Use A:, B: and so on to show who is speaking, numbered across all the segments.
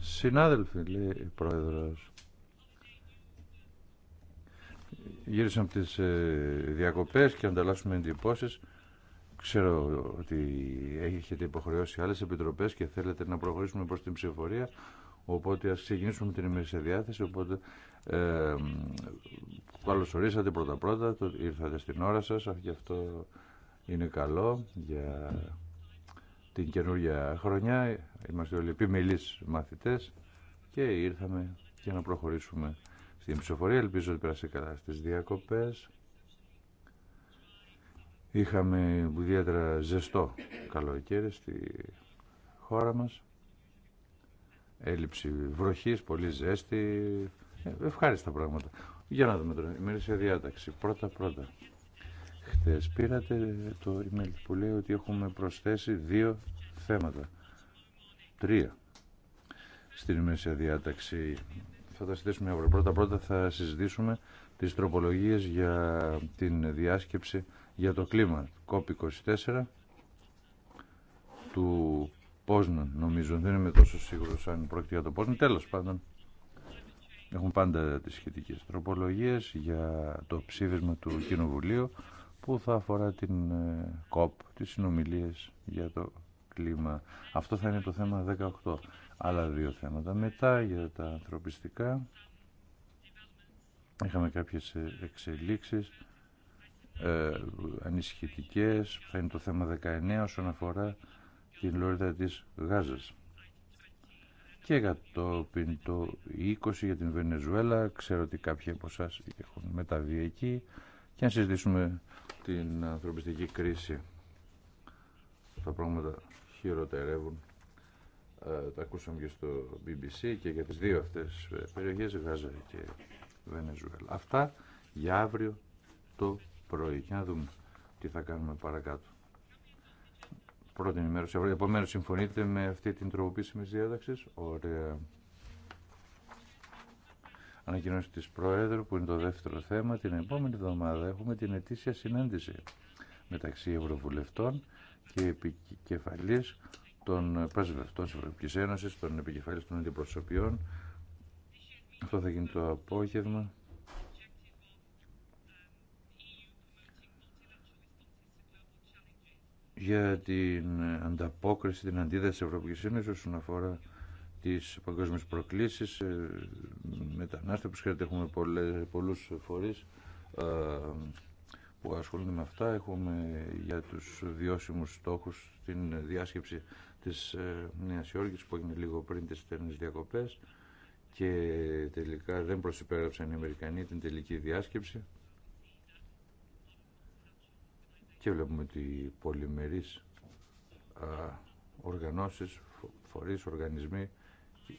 A: Συνάδελφοι, λέει η Πρόεδρος. Γύρισαμε από τις ε, διακοπές και ανταλλάσσουμε εντυπώσεις. Ξέρω ότι έχετε υποχρεώσει άλλες επιτροπές και θέλετε να προχωρήσουμε προς την ψηφορία. Οπότε ας ξεκινήσουμε την ημερήσια διάθεση. Οπότε ε, καλώς ορίσατε πρώτα-πρώτα, ήρθατε στην ώρα σας. Αυτό είναι καλό για την καινούργια χρονιά. Είμαστε όλοι επιμελείς μαθητές και ήρθαμε για να προχωρήσουμε στην ψηφοφορία. Ελπίζω ότι πέρασε καλά στις διακοπές. Είχαμε ιδιαίτερα ζεστό καλοκαίρι στη χώρα μας. Έλλειψη βροχής, πολύ ζέστη. Ε, ευχάριστα πράγματα. Για να δούμε τώρα. Ημερήσια διάταξη. Πρώτα-πρώτα. Χτες πήρατε το email που λέει ότι έχουμε προσθέσει δύο θέματα. Τρία. Στην μέσα διάταξη θα τα συζητήσουμε αύριο. Πρώτα πρώτα θα συζητήσουμε τις τροπολογίες για την διάσκεψη για το κλίμα. COP24 του Πόσνα νομίζω. Δεν είμαι τόσο σίγουρος αν πρόκειται για το Πόσνα. Τέλος πάντων. Έχουν πάντα τις σχετικές τροπολογίες για το ψήφισμα του Κοινοβουλίου που θα αφορά την ε, ΚΟΠ, τις συνομιλίες για το κλίμα. Αυτό θα είναι το θέμα 18. Άλλα δύο θέματα μετά για τα ανθρωπιστικά. Είχαμε κάποιες ε, εξελίξεις ε, ανησυχητικές. Θα είναι το θέμα 19 όσον αφορά την λόριδα της Γάζας. Και κατόπιν το 20 για την Βενεζουέλα. Ξέρω ότι κάποιοι από εσά έχουν μεταβεί εκεί. Και να συζητήσουμε την ανθρωπιστική κρίση. Τα πράγματα χειροτερεύουν. Ε, τα ακούσαμε και στο BBC και για τις δύο αυτές ε, περιοχές, Γάζα και Βενεζουέλα. Αυτά για αύριο το πρωί. Και να δούμε τι θα κάνουμε παρακάτω. Πρώτη ενημέρωση. Επομένως συμφωνείτε με αυτή την τροποποίηση μες διάταξης. Ωραία. Ανακοινώσει της Προέδρου που είναι το δεύτερο θέμα. Την επόμενη εβδομάδα έχουμε την ετήσια συνάντηση μεταξύ Ευρωβουλευτών και επικεφαλής των πρεσβευτών της Ευρωπαϊκής Ένωσης, των επικεφαλής των αντιπροσωπιών. Αυτό θα γίνει το απόγευμα. για την ανταπόκριση, την αντίδραση της Ευρωπαϊκής Ένωσης όσον αφορά τις παγκόσμιες προκλήσεις, ε, μετανάστευση, χαίρετε έχουμε πολλές, πολλούς φορείς ε, που ασχολούνται με αυτά. Έχουμε για τους βιώσιμους στόχους την διάσκεψη της ε, Νέας Υόρκης που έγινε λίγο πριν τις τέρνες διακοπές και τελικά δεν προσυπέραψαν οι Αμερικανοί την τελική διάσκεψη και βλέπουμε ότι οι πολυμερείς οργανώσεις, φορείς, οργανισμοί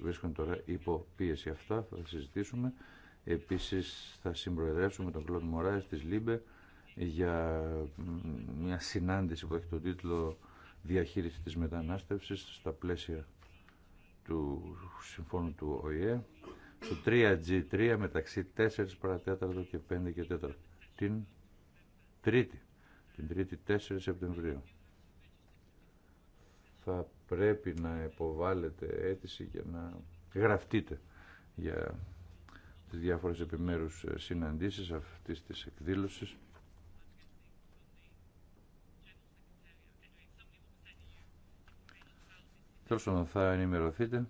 A: βρίσκονται τώρα υπό πίεση αυτά, θα συζητήσουμε. Επίσης θα συμπροεδρεύσουμε τον Κλοντ Μωράες της ΛΥΜΠΕ για μια συνάντηση που έχει τον τίτλο «Διαχείριση της μετανάστευσης» στα πλαίσια του Συμφώνου του ΟΗΕ το 3G3 μεταξύ 4 παρατέταρτο και 5 και 4 την Τρίτη την Τρίτη 4 Σεπτεμβρίου θα πρέπει να υποβάλλετε αίτηση για να γραφτείτε για τις διάφορες επιμέρους συναντήσεις αυτής της εκδήλωσης Τέλος πάντων θα ενημερωθείτε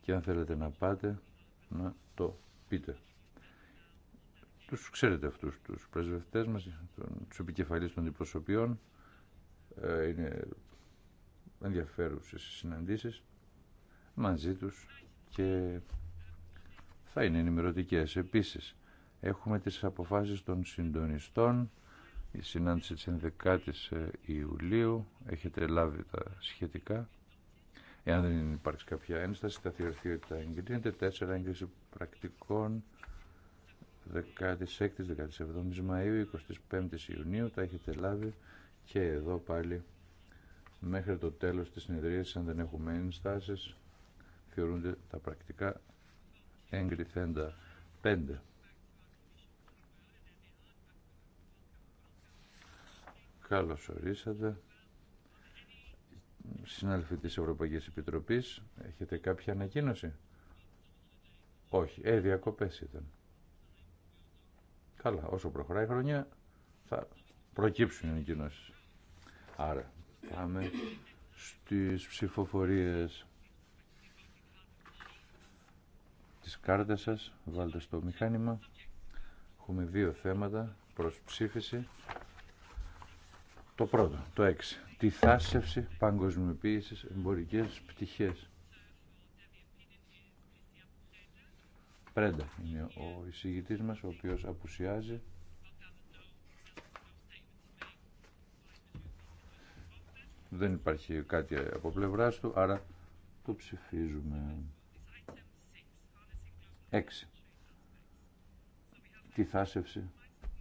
A: και αν θέλετε να πάτε να το πείτε. Τους ξέρετε αυτούς τους πρεσβευτές μας, τους επικεφαλείς των αντιπροσωπιών. Ε, είναι ενδιαφέρουσες συναντήσεις μαζί τους και θα είναι ενημερωτικές. Επίσης, έχουμε τις αποφάσεις των συντονιστών, η συνάντηση της 11ης Ιουλίου, έχετε λάβει τα σχετικά. Εάν δεν υπάρξει κάποια ένσταση, θα θεωρηθεί ότι τα εγκρίνεται. τεσσερα Έγκριση πρακτικών 16η-17η Μαου, 25 Ιουνίου. Τα έχετε λάβει και εδώ πάλι μέχρι το τέλος της συνεδρίας, αν δεν έχουμε ενστάσεις, θεωρούνται τα πρακτικά έγκριθέντα 5. Καλώς ορίσατε συνάδελφοι της Ευρωπαϊκής Επιτροπής, έχετε κάποια ανακοίνωση. Όχι. Ε, διακοπές ήταν. Καλά, όσο προχωράει η χρονιά θα προκύψουν οι ανακοινώσεις. Άρα, πάμε στις ψηφοφορίες. της κάρτας σας βάλτε στο μηχάνημα. Έχουμε δύο θέματα προς ψήφιση. Το πρώτο, το έξι τη θάσευση παγκοσμιοποίησης εμπορικές πτυχές. Πρέντα είναι ο εισηγητής μας, ο οποίος απουσιάζει. Δεν υπάρχει κάτι από πλευράς του, άρα το ψηφίζουμε. 6. Τη θάσευση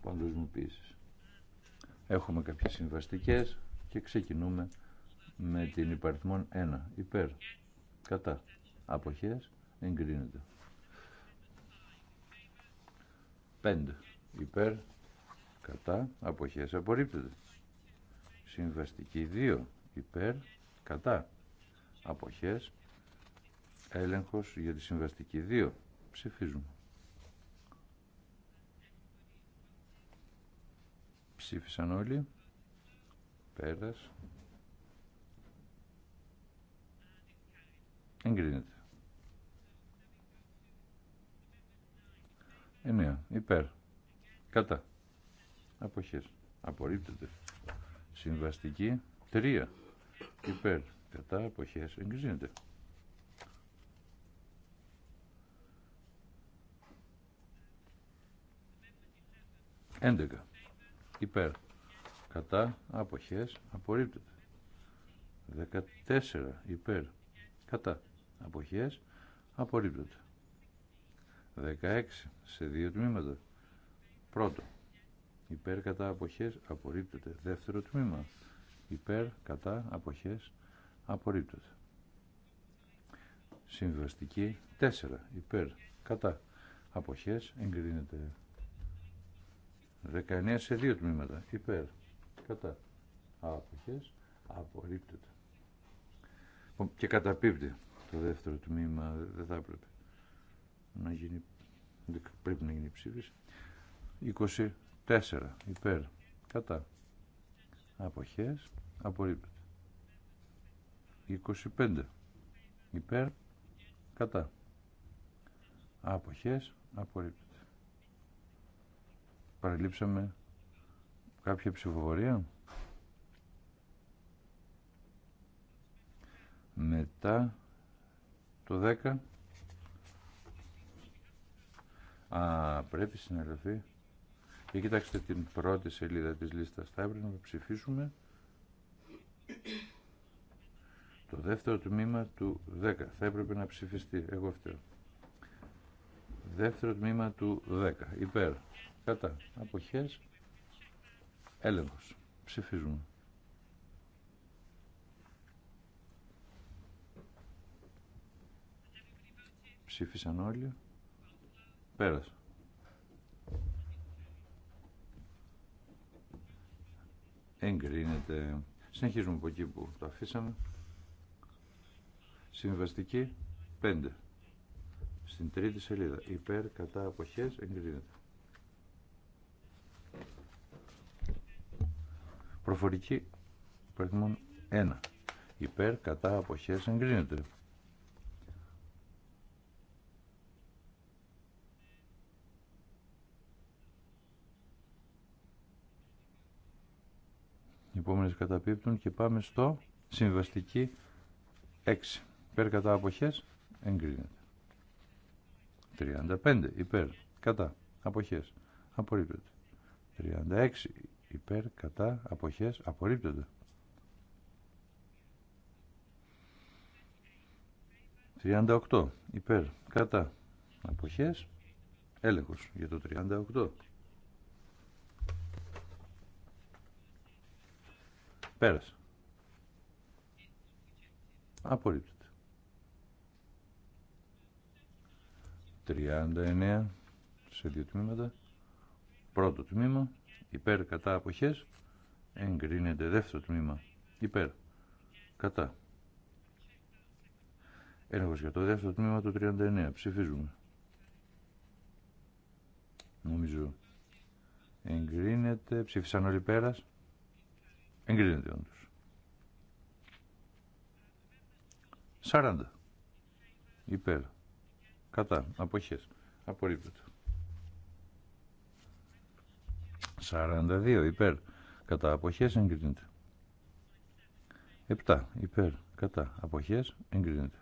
A: παγκοσμιοποίησης. Έχουμε κάποιες συμβαστικές και ξεκινούμε με την υπαριθμόν 1 υπέρ κατά αποχές εγκρίνεται 5 υπέρ κατά αποχές απορρίπτεται συμβαστική 2 υπέρ κατά αποχές έλεγχος για τη συμβαστική 2 ψηφίζουμε ψήφισαν όλοι Πέρας. Εγκρίνεται. 9. Υπέρ. Κατά. Αποχές. Απορρίπτεται. Συμβαστική. τρία, Υπέρ. Κατά. Αποχές. Εγκρίνεται. Έντεκα. Υπέρ κατά αποχές απορρίπτεται 14 υπέρ κατά αποχές απορρίπτεται 16 σε δύο τμήματα πρώτο υπέρ κατά αποχές απορρίπτεται δεύτερο τμήμα υπέρ κατά αποχές απορρίπτεται συμβιβαστική 4 υπέρ κατά αποχές εγκρίνεται 19 σε δύο τμήματα υπέρ κατά αποχές απορρίπτεται. Λοιπόν, και καταπίπτει το δεύτερο τμήμα, δεν θα έπρεπε να γίνει, πρέπει να γίνει ψήφιση. 24 υπέρ, κατά αποχές απορρίπτεται. 25 υπέρ, κατά αποχές απορρίπτεται. Παραλείψαμε Κάποια ψηφοφορία. Μετά το 10. Α, πρέπει συνεργαθεί. Και ε, κοιτάξτε την πρώτη σελίδα της λίστας. Θα έπρεπε να ψηφίσουμε το δεύτερο τμήμα του 10. Θα έπρεπε να ψηφιστεί. Εγώ φταίω. Δεύτερο τμήμα του 10. Υπέρ. Κατά. Αποχές. Έλεγχος. Ψηφίζουμε. Ψήφισαν όλοι. Πέρασε. Εγκρίνεται. Συνεχίζουμε από εκεί που το αφήσαμε. Συμβαστική 5. Στην τρίτη σελίδα. Υπέρ κατά αποχές εγκρίνεται. Προφορική παριθμών 1. Υπέρ κατά αποχές εγκρίνεται. Οι επόμενες καταπίπτουν και πάμε στο συμβαστική 6. Υπέρ κατά αποχές εγκρίνεται. 35. Υπέρ κατά αποχές απορρίπτεται. 36 υπέρ, κατά, αποχές, απορρίπτονται. 38 υπέρ, κατά, αποχές, έλεγχος για το 38. Πέρασε. Απορρίπτεται. 39 σε δύο τμήματα. Πρώτο τμήμα υπέρ κατά αποχές εγκρίνεται δεύτερο τμήμα υπέρ κατά έλεγχος για το δεύτερο τμήμα του 39 ψηφίζουμε νομίζω εγκρίνεται ψήφισαν όλοι πέρας εγκρίνεται όντως 40 υπέρ κατά αποχές απορρίπτεται 42 υπέρ κατά αποχές εγκρίνεται. 7 υπέρ κατά αποχές εγκρίνεται.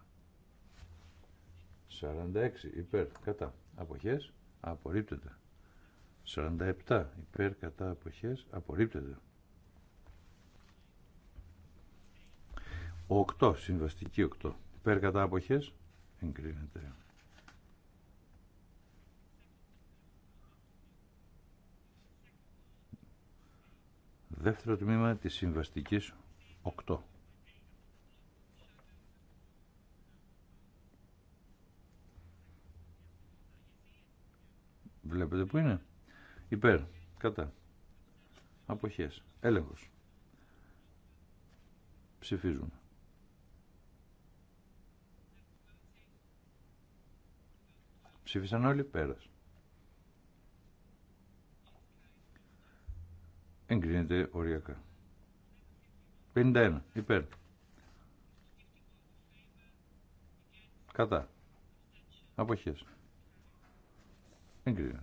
A: 46 υπέρ κατά αποχές απορρίπτεται. 47 υπέρ κατά αποχές απορρίπτεται. 8 συμβαστική 8 υπέρ κατά αποχές εγκρίνεται. δεύτερο τμήμα της συμβαστικής 8. Βλέπετε που είναι. Υπέρ. Κατά. Αποχές. Έλεγχος. Ψηφίζουμε. Ψήφισαν όλοι πέρας. εγκρίνεται οριακά. 51 υπέρ. Κατά. Αποχές. Εγκρίνεται.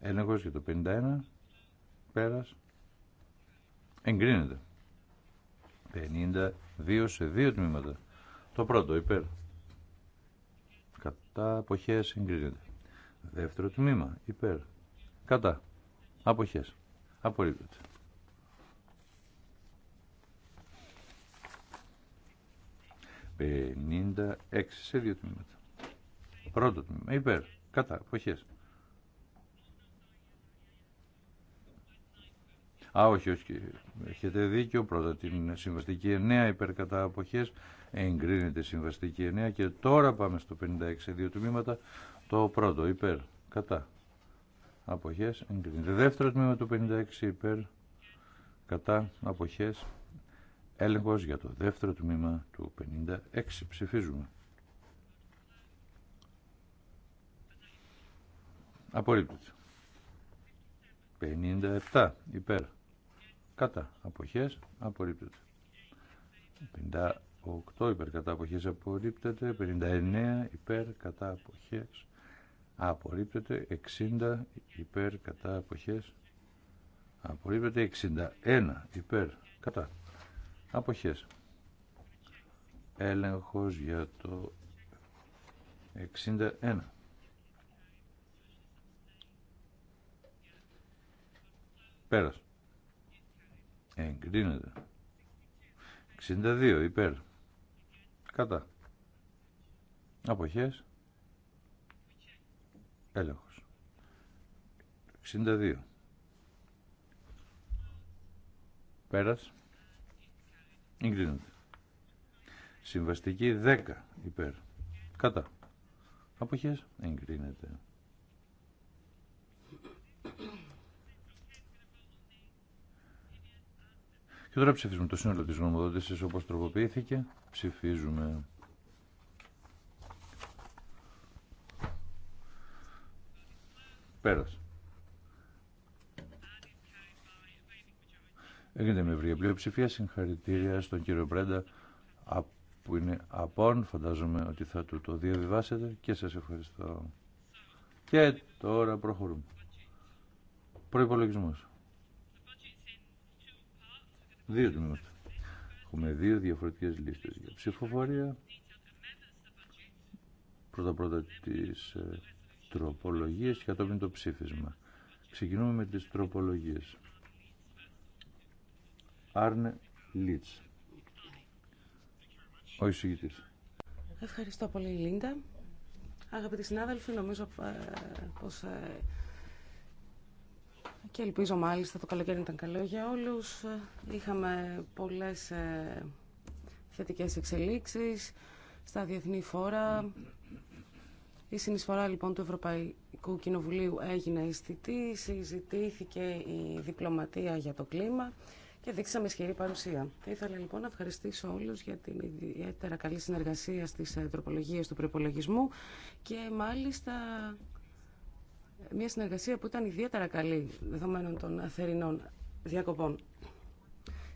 A: Έλεγχος για το 51. Πέρας. Εγκρίνεται. 52 σε δύο τμήματα. Το πρώτο υπέρ. Κατά αποχές εγκρίνεται. Δεύτερο τμήμα. Υπέρ. Κατά. Αποχές. Απορρίπτεται. Πενήντα έξι σε δύο τμήματα. Πρώτο τμήμα. Υπέρ. Κατά. Αποχές. Α, όχι, όχι. Έχετε δίκιο. Πρώτα την συμβαστική 9 υπέρ κατά αποχές. Εγκρίνεται συμβαστική 9 και τώρα πάμε στο 56 δύο τμήματα. Το πρώτο υπέρ κατά αποχές εγκρίνεται. Δεύτερο τμήμα του 56 υπέρ κατά αποχές έλεγχος για το δεύτερο τμήμα του 56 ψηφίζουμε. Απορρίπτεται. 57 υπέρ κατά αποχές απορρίπτεται. 58 υπέρ κατά αποχές απορρίπτεται. 59 υπέρ κατά αποχές απορρίπτεται 60 υπέρ κατά αποχές απορρίπτεται 61 υπέρ κατά αποχές έλεγχος για το 61 πέρας εγκρίνεται 62 υπέρ κατά αποχές έλεγχος 62 πέρας εγκρίνεται συμβαστική 10 υπέρ κατά αποχές εγκρίνεται και τώρα ψηφίζουμε το σύνολο της νομοδότησης όπως τροποποιήθηκε ψηφίζουμε Πέρας. Έγινε με ευρία πλειοψηφία. Συγχαρητήρια στον κύριο Πρέντα που είναι απόν. Φαντάζομαι ότι θα του το διαβιβάσετε και σας ευχαριστώ. Και τώρα προχωρούμε. Προϋπολογισμός. Δύο τμήματα. Έχουμε δύο διαφορετικές λίστες για ψηφοφορία. Πρώτα-πρώτα τις ε, τροπολογίες και κατόπιν το ψήφισμα. Ξεκινούμε με τις τροπολογίες. Άρνε Λίτς. Ο εισηγητής.
B: Ευχαριστώ πολύ, Λίντα. Αγαπητοί συνάδελφοι, νομίζω ε, πως ε, και ελπίζω μάλιστα το καλοκαίρι ήταν καλό για όλους. Είχαμε πολλές ε, θετικές εξελίξεις στα διεθνή φόρα, η συνεισφορά λοιπόν του Ευρωπαϊκού Κοινοβουλίου έγινε αισθητή, συζητήθηκε η διπλωματία για το κλίμα και δείξαμε ισχυρή παρουσία. Θα ήθελα λοιπόν να ευχαριστήσω όλους για την ιδιαίτερα καλή συνεργασία στις ε, τροπολογίες του προπολογισμού και μάλιστα μια συνεργασία που ήταν ιδιαίτερα καλή δεδομένων των θερινών διακοπών.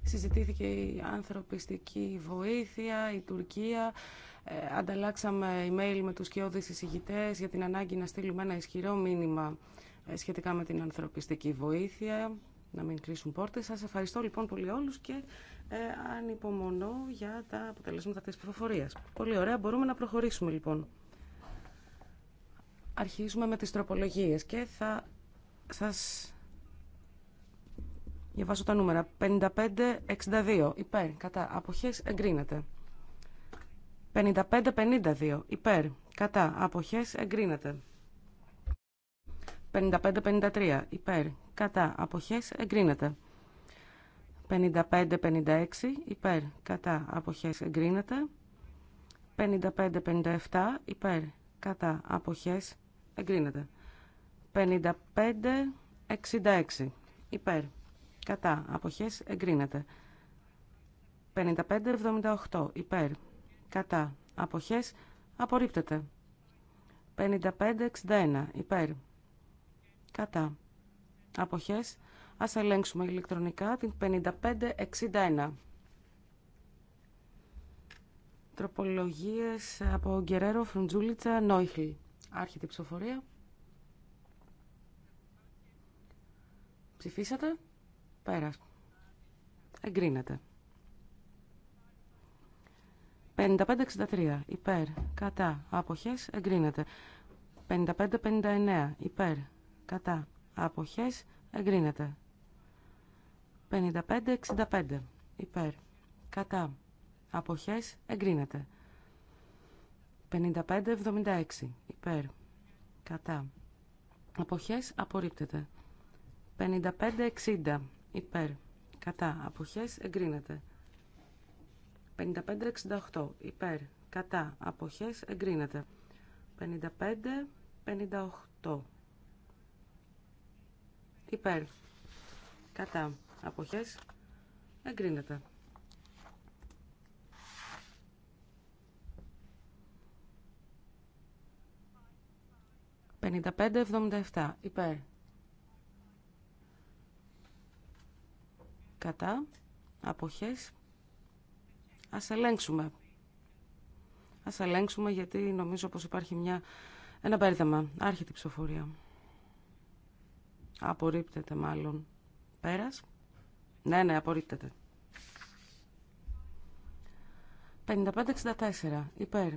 B: Συζητήθηκε η ανθρωπιστική βοήθεια, η Τουρκία, ε, ανταλλάξαμε email με τους κοιόδης εισηγητές για την ανάγκη να στείλουμε ένα ισχυρό μήνυμα ε, σχετικά με την ανθρωπιστική βοήθεια, να μην κλείσουν πόρτες. Σας ευχαριστώ λοιπόν πολύ όλους και ε, ανυπομονώ για τα αποτελέσματα της ψηφοφορίας. Πολύ ωραία, μπορούμε να προχωρήσουμε λοιπόν. Αρχίζουμε με τις τροπολογίες και θα σας διαβάσω τα νούμερα. 55-62 υπέρ, κατά αποχές εγκρίνεται. 55-52 υπέρ. Κατά. Αποχές εγκρίνεται. 55-53 υπέρ. Κατά. Αποχές εγκρίνεται. 55-56 υπέρ. Κατά. Αποχές εγκρίνεται. 55-57 υπέρ. Κατά. Αποχές εγκρίνεται. 55-66 υπέρ. Κατά. Αποχές εγκρίνεται. 55-78 υπέρ κατά, αποχές, 5561 55-61 υπέρ, κατά, αποχές, ας ελέγξουμε ηλεκτρονικά την 5561 61 Τροπολογίες από Γκερέρο, Φρουντζούλιτσα, Νόιχλ. Άρχεται η ψηφοφορία. Ψηφίσατε. Πέρας. Εγκρίνεται 5563 63 υπέρ, κατά, αποχές, εγκρίνεται. 55-59 υπέρ, κατά, αποχές, εγκρίνεται. 55-65 υπέρ, κατά, αποχές, εγκρίνεται. 55-76 υπέρ, κατά, αποχές, απορρίπτεται. 55-60 υπέρ, κατά, αποχές, εγκρίνεται. 55-68 υπέρ κατά αποχές εγκρίνεται 55-58 υπέρ κατά αποχές εγκρίνεται 55, 77. εβδομήντα εφτά υπέρ κατά αποχές Ας ελέγξουμε. Ας ελέγξουμε γιατί νομίζω πως υπάρχει μια, ένα μπέρδεμα. Άρχεται η ψηφοφορία. Απορρίπτεται μάλλον. Πέρας. Ναι, ναι, απορρίπτεται. 55-64. Υπέρ.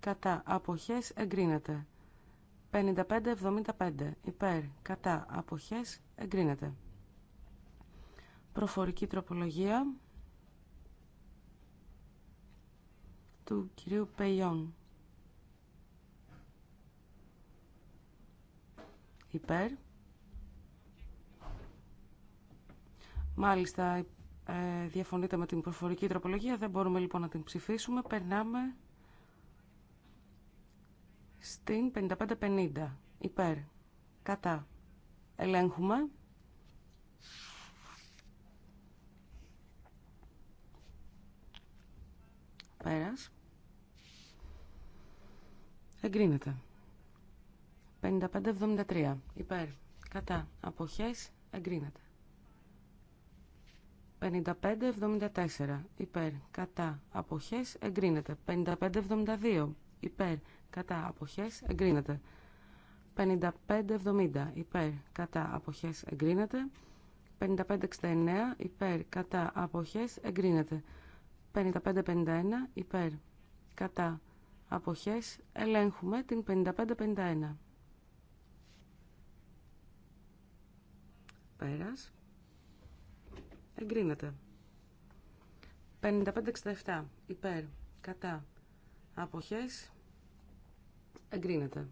B: Κατά. Αποχές εγκρίνεται. 55-75. Υπέρ. Κατά. Αποχές εγκρίνεται. Προφορική τροπολογία. του κυρίου Πεϊόν. Υπέρ. Μάλιστα, ε, διαφωνείτε με την προφορική τροπολογία, δεν μπορούμε λοιπόν να την ψηφίσουμε. Περνάμε στην 5550. Υπέρ. Κατά. Ελέγχουμε. Πέρας. Εγκρίνεται. 5573. Υπέρ. Κατά. Αποχές. Εγκρίνεται. 5574. Υπέρ. Κατά. Αποχές. Εγκρίνεται. 5572. Υπέρ. Κατά. Αποχές. Εγκρίνεται. 5570. Υπέρ. Κατά. Αποχές. Εγκρίνεται. 5569. Υπέρ. Κατά. Αποχές. Εγκρίνεται. 5551. Υπέρ. Κατά αποχές ελέγχουμε την 5551. Πέρας. Εγκρίνεται. 5567 υπέρ κατά αποχές εγκρίνεται.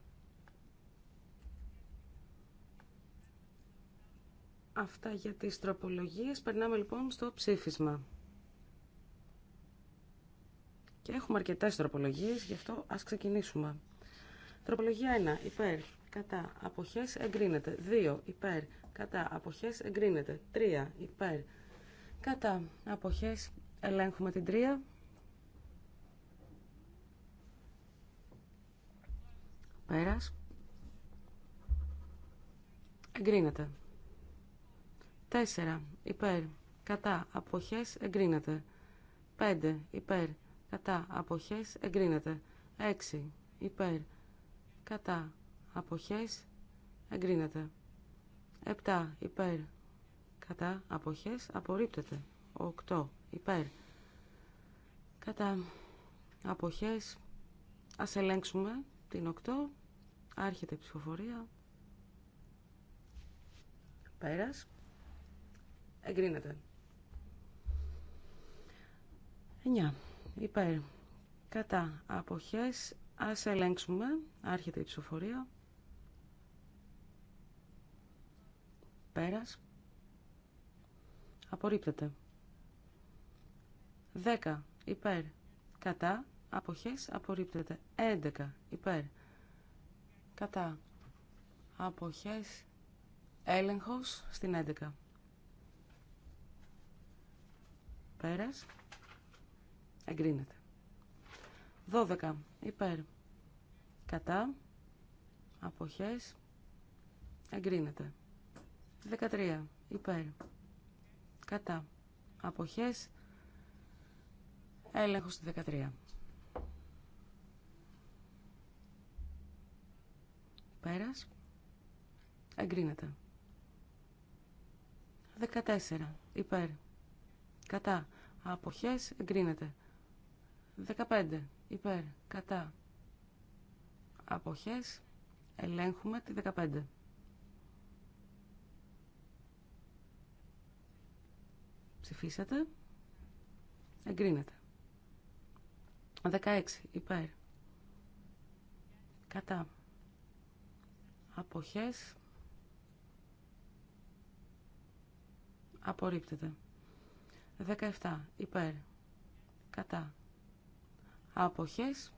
B: Αυτά για τις τροπολογίες. Περνάμε λοιπόν στο ψήφισμα. Και έχουμε αρκετέ τροπολογίες, γι' αυτό α ξεκινήσουμε. Τροπολογία 1. Υπέρ. Κατά. Αποχές εγκρίνεται. 2. Υπέρ. Κατά. Αποχές εγκρίνεται. 3. Υπέρ. Κατά. απόχέ ελέγχουμε την 3. Πέρας. Εγκρίνεται. 4. Υπέρ. Κατά. Αποχές εγκρίνεται. 5. Υπέρ κατά αποχές εγκρίνεται. 6 υπέρ κατά αποχές εγκρίνεται. 7 υπέρ κατά αποχές απορρίπτεται. 8 υπέρ κατά αποχές ας ελέγξουμε την 8 άρχεται η ψηφοφορία πέρας εγκρίνεται 9 υπέρ, κατά, αποχές, ας ελέγξουμε, άρχεται η ψηφοφορία. Πέρας. Απορρίπτεται. 10. Υπέρ. Κατά. Αποχές. Απορρίπτεται. 11. Υπέρ. Κατά. Αποχές. Έλεγχος στην 11. Πέρας. Εγκρίνεται. 12. Υπέρ. Κατά. Αποχές. Εγκρίνεται. 13. Υπέρ. Κατά. Αποχές. έλεγχο στη 13. Πέρας. Εγκρίνεται. 14. Υπέρ. Κατά. Αποχές. Εγκρίνεται. 15. Υπέρ. Κατά. Αποχές. Ελέγχουμε τη 15. Ψηφίσατε. Εγκρίνεται. 16. Υπέρ. Κατά. Αποχές. Απορρίπτεται. 17. Υπέρ. Κατά. Αποχές.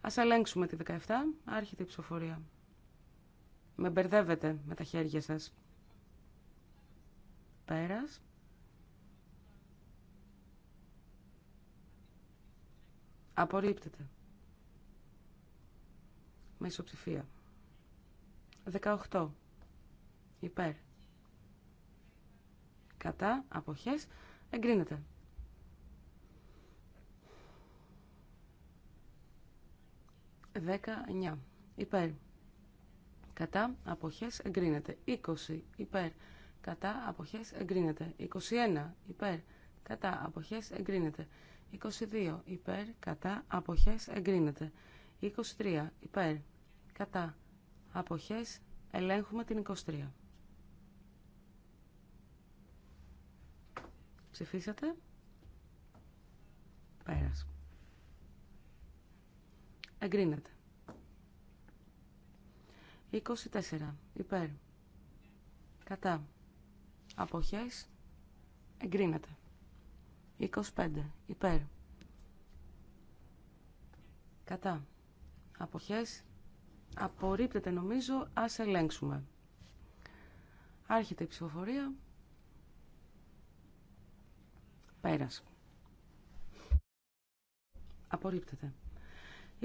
B: Ας ελέγξουμε τη 17. Άρχεται η ψηφοφορία. Με μπερδεύετε με τα χέρια σας. Πέρας. Απορρίπτεται. Με ισοψηφία. 18. Υπέρ. Κατά. Αποχές. Εγκρίνεται. 19 υπέρ. Κατά αποχές εγκρίνεται. 20 υπέρ. Κατά αποχές εγκρίνεται. 21 υπέρ. Κατά αποχές εγκρίνεται. 22 υπέρ. Κατά αποχές εγκρίνεται. 23 υπέρ. Κατά αποχές ελέγχουμε την 23. Ψηφίσατε. Πέρασε. Εγκρίνεται. 24. Υπέρ. Κατά. Αποχές. Εγκρίνεται. 25. Υπέρ. Κατά. Αποχές. Απορρίπτεται νομίζω. Ας ελέγξουμε. Άρχεται η ψηφοφορία. Πέρας. Απορρίπτεται.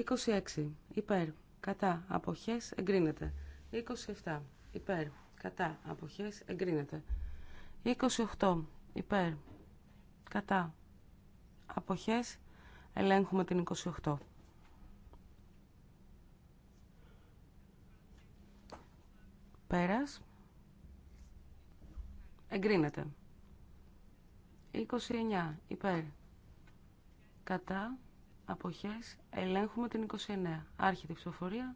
B: 26. Υπέρ. Κατά. Αποχές. Εγκρίνεται. 27. Υπέρ. Κατά. Αποχές. Εγκρίνεται. 28. Υπέρ. Κατά. Αποχές. Ελέγχουμε την 28. Πέρας. Εγκρίνεται. 29. Υπέρ. Κατά αποχές ελέγχουμε την 29. Άρχεται η ψηφοφορία.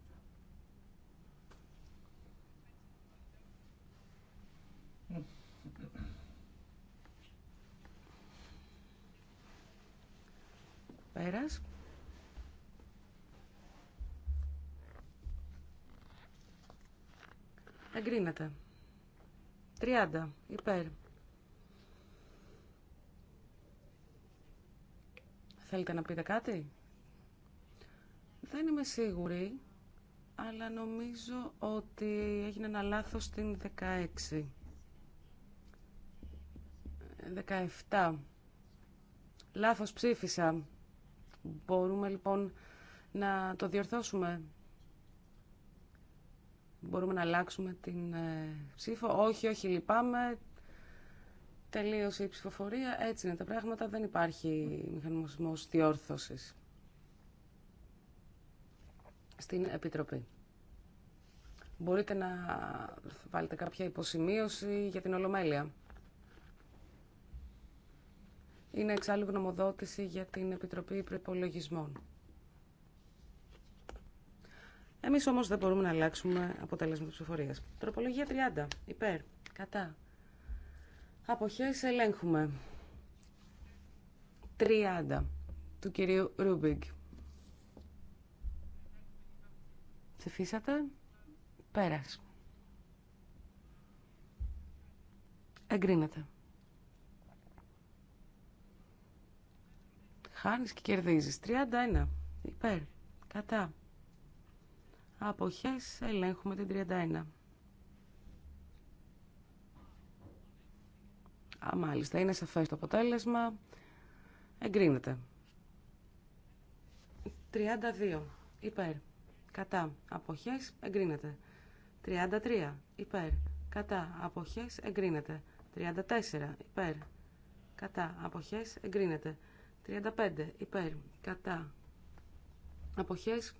B: Πέρας. Εγκρίνεται. 30. Υπέρ. Θέλετε να πείτε κάτι? Δεν είμαι σίγουρη, αλλά νομίζω ότι έγινε ένα λάθος στην 16. 17. Λάθος ψήφισα. Μπορούμε λοιπόν να το διορθώσουμε. Μπορούμε να αλλάξουμε την ε, ψήφο. Όχι, όχι, λυπάμαι τελείωσε η ψηφοφορία. Έτσι είναι τα πράγματα. Δεν υπάρχει μηχανισμός διόρθωσης στην Επιτροπή. Μπορείτε να βάλετε κάποια υποσημείωση για την Ολομέλεια. Είναι εξάλλου γνωμοδότηση για την Επιτροπή Προπολογισμών. Εμείς όμως δεν μπορούμε να αλλάξουμε αποτέλεσμα της ψηφοφορίας. Τροπολογία 30. Υπέρ. Κατά. Αποχές ελέγχουμε. 30 του κυρίου Ρούμπιγκ. Ψηφίσατε. Πέρας. Εγκρίνεται. Χάνεις και κερδίζεις. 31. Υπέρ. Κατά. Αποχές ελέγχουμε την 31. Α, μάλιστα, είναι σαφές το αποτέλεσμα. Εγκρίνεται. 32. Υπέρ. Κατά. Αποχές. Εγκρίνεται. 33. Υπέρ. Κατά. Αποχές. Εγκρίνεται. 34. Υπέρ. Κατά. Αποχές. Εγκρίνεται. 35. Υπέρ. Κατά. Αποχές.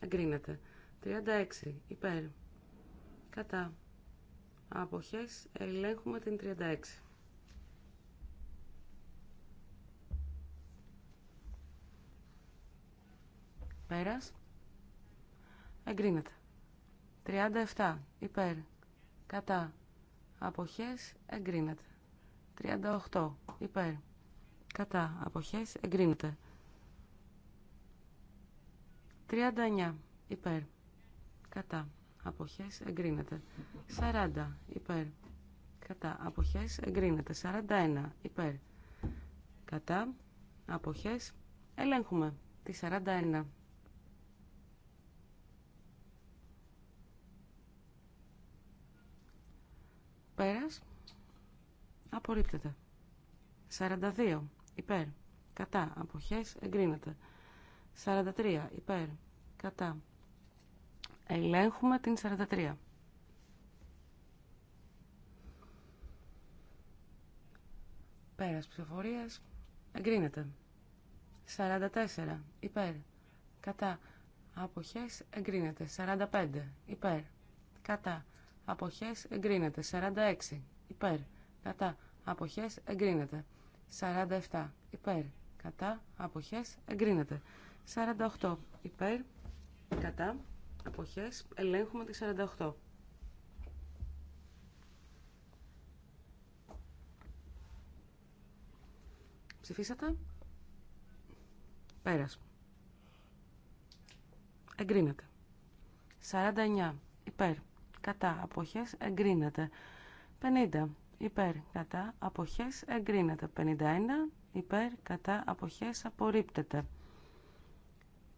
B: Εγκρίνεται. 36. Υπέρ. Κατά. Αποχές. Ελέγχουμε την 36. Πέρας. Εγκρίνεται. 37. Υπέρ. Κατά. Αποχές. Εγκρίνεται. 38. Υπέρ. Κατά. Αποχές. Εγκρίνεται. 39. Υπέρ. Κατά. Αποχές. Εγκρίνεται. 40. Υπέρ. Κατά. Αποχές. Εγκρίνεται. 41. Υπέρ. Κατά. Αποχές. Ελέγχουμε. Τη 41. Πέρας. Απορρίπτεται. 42. Υπέρ. Κατά. Αποχές. Εγκρίνεται. 43. Υπέρ. Κατά. Ελέγχουμε την 43. Πέρας ψηφοφορίας. Εγκρίνεται. 44. Υπέρ. Κατά. Αποχές εγκρίνεται. 45. Υπέρ. Κατά αποχές εγκρίνεται. 46 υπέρ, κατά, αποχές εγκρίνεται. 47 υπέρ, κατά, αποχές εγκρίνεται. 48 υπέρ, κατά, αποχές ελέγχουμε τη 48. Ψηφίσατε. Πέρας. Εγκρίνεται. 49. Υπέρ κατά αποχές εγκρίνεται. 50 υπέρ κατά αποχές εγκρίνεται. 51 υπέρ κατά αποχές απορρίπτεται.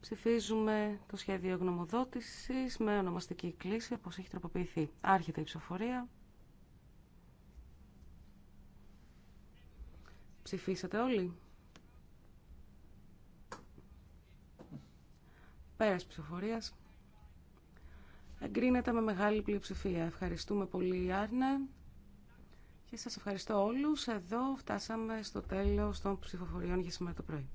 B: Ψηφίζουμε το σχέδιο γνωμοδότησης με ονομαστική κλίση όπως έχει τροποποιηθεί. Άρχεται η ψηφοφορία. Ψηφίσατε όλοι. Πέρας ψηφοφορίας. Εγκρίνεται με μεγάλη πλειοψηφία. Ευχαριστούμε πολύ, Άρνα. Και σας ευχαριστώ όλους. Εδώ φτάσαμε στο τέλος των ψηφοφοριών για σήμερα το πρωί.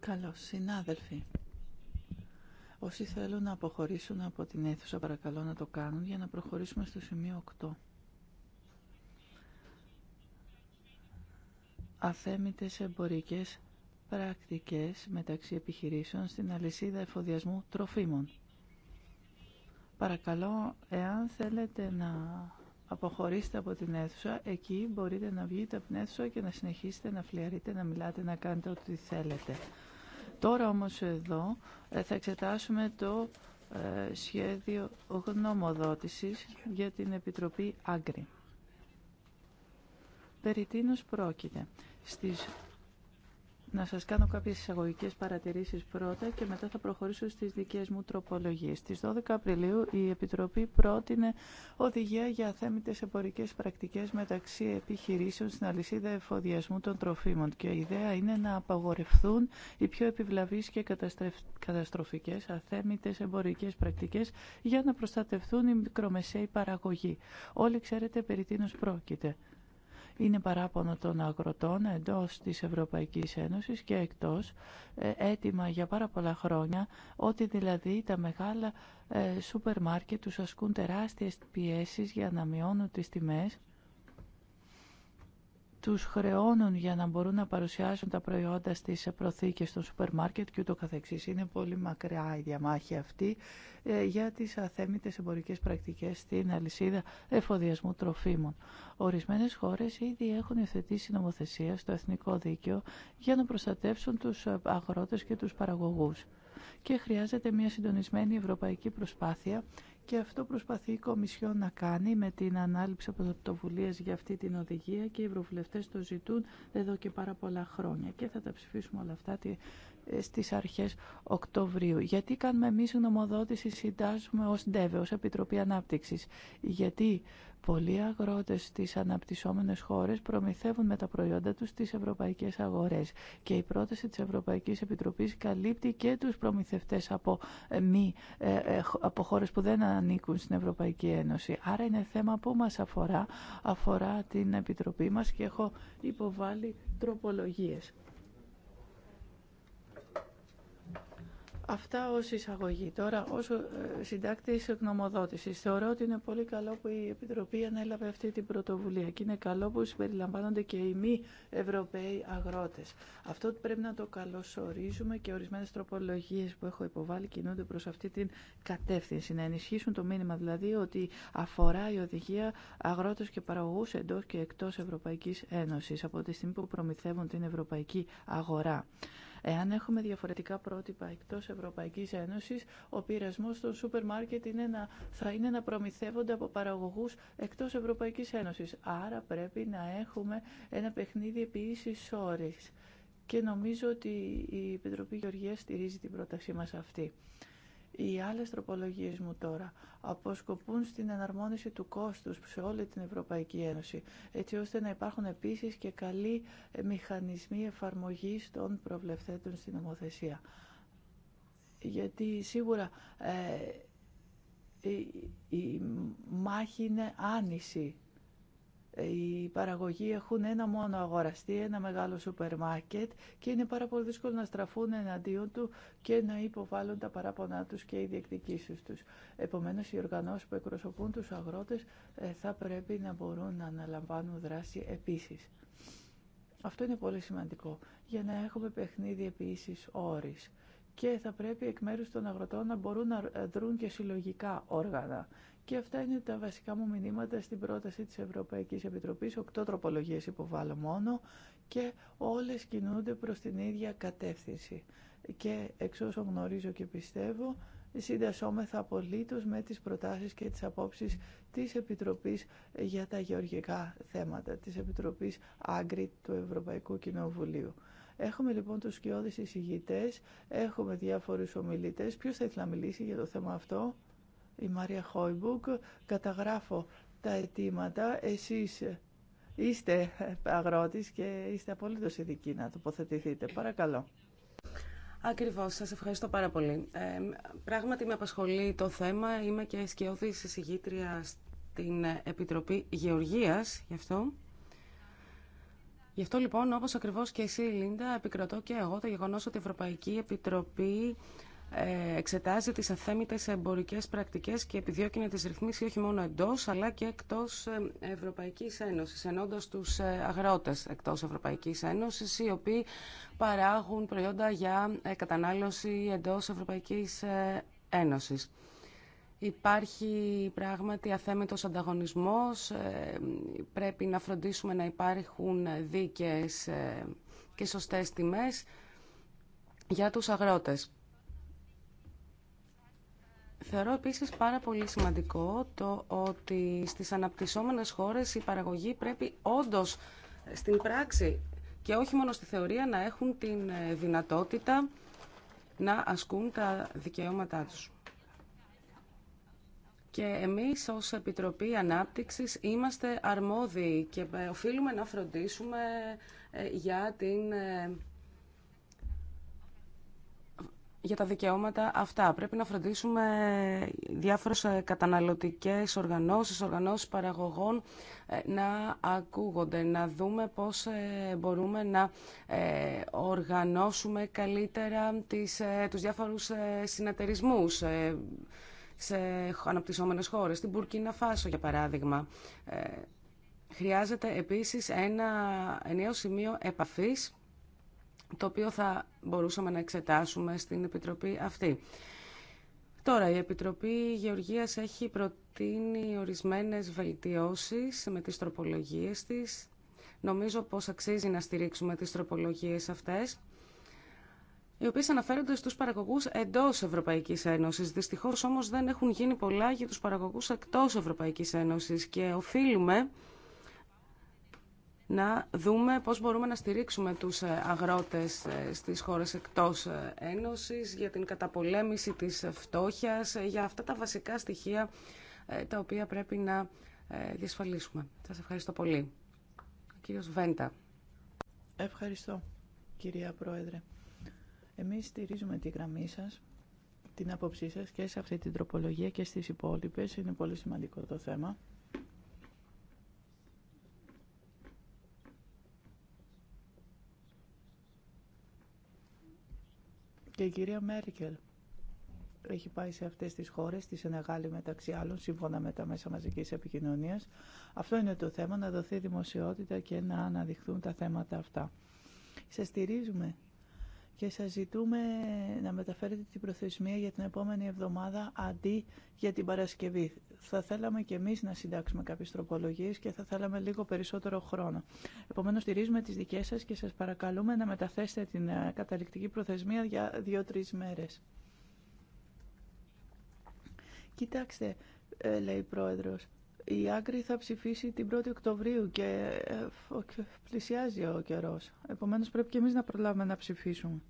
C: Καλώ συνάδελφοι. Όσοι θέλουν να αποχωρήσουν από την αίθουσα, παρακαλώ να το κάνουν για να προχωρήσουμε στο σημείο 8. Αθέμητες εμπορικές πρακτικές μεταξύ επιχειρήσεων στην αλυσίδα εφοδιασμού τροφίμων. Παρακαλώ, εάν θέλετε να Αποχωρήστε από την αίθουσα, εκεί μπορείτε να βγείτε από την αίθουσα και να συνεχίσετε να φλιαρείτε, να μιλάτε, να κάνετε ό,τι θέλετε. Τώρα όμως εδώ ε, θα εξετάσουμε το ε, σχέδιο γνωμοδότησης για την Επιτροπή Άγκρη. Περί πρόκειται. Στις να σας κάνω κάποιες εισαγωγικές παρατηρήσεις πρώτα και μετά θα προχωρήσω στις δικές μου τροπολογίες. Στις 12 Απριλίου η Επιτροπή πρότεινε οδηγία για θέμητες εμπορικές πρακτικές μεταξύ επιχειρήσεων στην αλυσίδα εφοδιασμού των τροφίμων και η ιδέα είναι να απαγορευθούν οι πιο επιβλαβείς και καταστροφικές αθέμητες εμπορικές πρακτικές για να προστατευτούν οι μικρομεσαίοι παραγωγοί. Όλοι ξέρετε περί πρόκειται είναι παράπονο των αγροτών εντός της Ευρωπαϊκής Ένωσης και εκτός, ε, έτοιμα για πάρα πολλά χρόνια, ότι δηλαδή τα μεγάλα ε, σούπερ μάρκετ τους ασκούν τεράστιες πιέσεις για να μειώνουν τις τιμές τους χρεώνουν για να μπορούν να παρουσιάσουν τα προϊόντα στις προθήκες των σούπερ μάρκετ και ούτω καθεξής. Είναι πολύ μακριά η διαμάχη αυτή ε, για τις αθέμητες εμπορικές πρακτικές στην αλυσίδα εφοδιασμού τροφίμων. Ορισμένες χώρες ήδη έχουν υιοθετήσει νομοθεσία στο εθνικό δίκαιο για να προστατεύσουν τους αγρότες και τους παραγωγούς και χρειάζεται μια συντονισμένη ευρωπαϊκή προσπάθεια και αυτό προσπαθεί η Κομισιόν να κάνει με την ανάληψη πρωτοβουλία για αυτή την οδηγία και οι ευρωβουλευτές το ζητούν εδώ και πάρα πολλά χρόνια. Και θα τα ψηφίσουμε όλα αυτά ε, στις αρχές Οκτωβρίου. Γιατί κάνουμε εμείς γνωμοδότηση, συντάσσουμε ως ΝΤΕΒΕ, ως Επιτροπή Ανάπτυξης. Γιατί Πολλοί αγρότες στις αναπτυσσόμενες χώρες προμηθεύουν με τα προϊόντα τους στις ευρωπαϊκές αγορές και η πρόταση της Ευρωπαϊκής Επιτροπής καλύπτει και τους προμηθευτές από, ε, μη, ε, ε, από χώρες που δεν ανήκουν στην Ευρωπαϊκή Ένωση. Άρα είναι θέμα που μας αφορά, αφορά την Επιτροπή μας και έχω υποβάλει τροπολογίες. Αυτά ως εισαγωγή. Τώρα, ως ε, συντάκτης γνωμοδότησης, θεωρώ ότι είναι πολύ καλό που η Επιτροπή ανέλαβε αυτή την πρωτοβουλία και είναι καλό που συμπεριλαμβάνονται και οι μη Ευρωπαίοι αγρότες. Αυτό πρέπει να το καλωσορίζουμε και ορισμένες τροπολογίες που έχω υποβάλει κινούνται προς αυτή την κατεύθυνση. Να ενισχύσουν το μήνυμα δηλαδή ότι αφορά η οδηγία αγρότες και παραγωγούς εντός και εκτός Ευρωπαϊκής Ένωσης από τη στιγμή που προμηθεύουν την Ευρωπαϊκή Αγορά. Εάν έχουμε διαφορετικά πρότυπα εκτός Ευρωπαϊκής Ένωσης, ο πειρασμός στο σούπερ μάρκετ είναι να, θα είναι να προμηθεύονται από παραγωγούς εκτός Ευρωπαϊκής Ένωσης. Άρα πρέπει να έχουμε ένα παιχνίδι επίσης όρης. Και νομίζω ότι η Επιτροπή Γεωργία στηρίζει την πρότασή μας αυτή. Οι άλλες τροπολογίες μου τώρα αποσκοπούν στην εναρμόνιση του κόστους σε όλη την Ευρωπαϊκή Ένωση, έτσι ώστε να υπάρχουν επίσης και καλοί ε, μηχανισμοί εφαρμογής των προβλεφθέντων στην νομοθεσία. Γιατί σίγουρα ε, η, η μάχη είναι άνηση οι παραγωγοί έχουν ένα μόνο αγοραστή, ένα μεγάλο σούπερ μάρκετ και είναι πάρα πολύ δύσκολο να στραφούν εναντίον του και να υποβάλουν τα παράπονά τους και οι διεκδικήσεις τους. Επομένως, οι οργανώσεις που εκπροσωπούν τους αγρότες ε, θα πρέπει να μπορούν να αναλαμβάνουν δράση επίσης. Αυτό είναι πολύ σημαντικό για να έχουμε παιχνίδι επίσης όρης και θα πρέπει εκ μέρους των αγροτών να μπορούν να ε, δρουν και συλλογικά όργανα και αυτά είναι τα βασικά μου μηνύματα στην πρόταση της Ευρωπαϊκής Επιτροπής. Οκτώ τροπολογίες υποβάλλω μόνο και όλες κινούνται προς την ίδια κατεύθυνση. Και εξ όσων γνωρίζω και πιστεύω, συντασσόμεθα απολύτως με τις προτάσεις και τις απόψεις της Επιτροπής για τα γεωργικά θέματα, της Επιτροπής Άγκρη του Ευρωπαϊκού Κοινοβουλίου. Έχουμε λοιπόν τους σκιώδεις εισηγητές, έχουμε διάφορους ομιλητές. Ποιος θα ήθελα να μιλήσει για το θέμα αυτό η Μαρία Χόιμπουκ, καταγράφω τα αιτήματα, εσείς είστε αγρότης και είστε απολύτως ειδικοί να τοποθετηθείτε. Παρακαλώ.
B: Ακριβώς, σας ευχαριστώ πάρα πολύ. Ε, πράγματι με απασχολεί το θέμα, είμαι και σκιώδης εισηγήτρια στην Επιτροπή Γεωργίας, γι' αυτό. Γι' αυτό λοιπόν, όπως ακριβώς και εσύ Λίντα, επικρατώ και εγώ το γεγονός ότι η Ευρωπαϊκή Επιτροπή εξετάζει τις αθέμητες εμπορικές πρακτικές και επιδιώκει να τις ρυθμίσει όχι μόνο εντός αλλά και εκτός ε, Ευρωπαϊκής Ένωσης, ενώντας τους ε, αγρότες εκτός Ευρωπαϊκής Ένωσης, οι οποίοι παράγουν προϊόντα για ε, κατανάλωση εντός Ευρωπαϊκής Ένωσης. Υπάρχει πράγματι αθέμητος ανταγωνισμός, πρέπει να φροντίσουμε να υπάρχουν δίκαιες και σωστές τιμές για τους αγρότες. Θεωρώ επίσης πάρα πολύ σημαντικό το ότι στις αναπτυσσόμενες χώρες η παραγωγή πρέπει όντως στην πράξη και όχι μόνο στη θεωρία να έχουν την ε, δυνατότητα να ασκούν τα δικαιώματά τους. Και εμείς ως Επιτροπή Ανάπτυξης είμαστε αρμόδιοι και ε, οφείλουμε να φροντίσουμε ε, για την για τα δικαιώματα αυτά. Πρέπει να φροντίσουμε διάφορες ε, καταναλωτικές οργανώσεις, οργανώσεις παραγωγών ε, να ακούγονται, να δούμε πώς ε, μπορούμε να οργανώσουμε καλύτερα τις, τους διάφορους συνεταιρισμούς σε αναπτυσσόμενες χώρες, στην Μπουρκίνα Φάσο για παράδειγμα. Χρειάζεται επίσης ένα νέο σημείο επαφής το οποίο θα μπορούσαμε να εξετάσουμε στην Επιτροπή αυτή. Τώρα, η Επιτροπή Γεωργίας έχει προτείνει ορισμένες βελτιώσεις με τις τροπολογίες της. Νομίζω πως αξίζει να στηρίξουμε τις τροπολογίες αυτές, οι οποίες αναφέρονται στους παραγωγούς εντός Ευρωπαϊκής Ένωσης. Δυστυχώς όμως δεν έχουν γίνει πολλά για τους παραγωγούς εκτός Ευρωπαϊκής Ένωσης και οφείλουμε να δούμε πώς μπορούμε να στηρίξουμε τους ε, αγρότες ε, στις χώρες εκτός ε, Ένωσης για την καταπολέμηση της φτώχειας, για αυτά τα βασικά στοιχεία τα οποία πρέπει να διασφαλίσουμε. Σας ευχαριστώ πολύ. κύριος Βέντα.
C: Ευχαριστώ, κυρία Πρόεδρε. Εμείς στηρίζουμε τη γραμμή σας, την άποψή σας και σε αυτή την τροπολογία και στις υπόλοιπες. Είναι πολύ σημαντικό το θέμα. Και η κυρία Μέρκελ έχει πάει σε αυτές τις χώρες, τις Σενεγάλη μεταξύ άλλων, σύμφωνα με τα μέσα μαζικής επικοινωνίας. Αυτό είναι το θέμα, να δοθεί δημοσιότητα και να αναδειχθούν τα θέματα αυτά. Σε στηρίζουμε και σας ζητούμε να μεταφέρετε την προθεσμία για την επόμενη εβδομάδα αντί για την Παρασκευή. Θα θέλαμε και εμείς να συντάξουμε κάποιες τροπολογίες και θα θέλαμε λίγο περισσότερο χρόνο. Επομένως, στηρίζουμε τις δικές σας και σας παρακαλούμε να μεταθέσετε την ε, καταληκτική προθεσμία για δύο-τρεις μέρες. Κοιτάξτε, ε, λέει η Πρόεδρος, η άκρη θα ψηφίσει την 1η Οκτωβρίου ε, και πλησιάζει ο καιρός. Επομένως πρέπει και εμείς να προλάβουμε να ψηφίσουμε.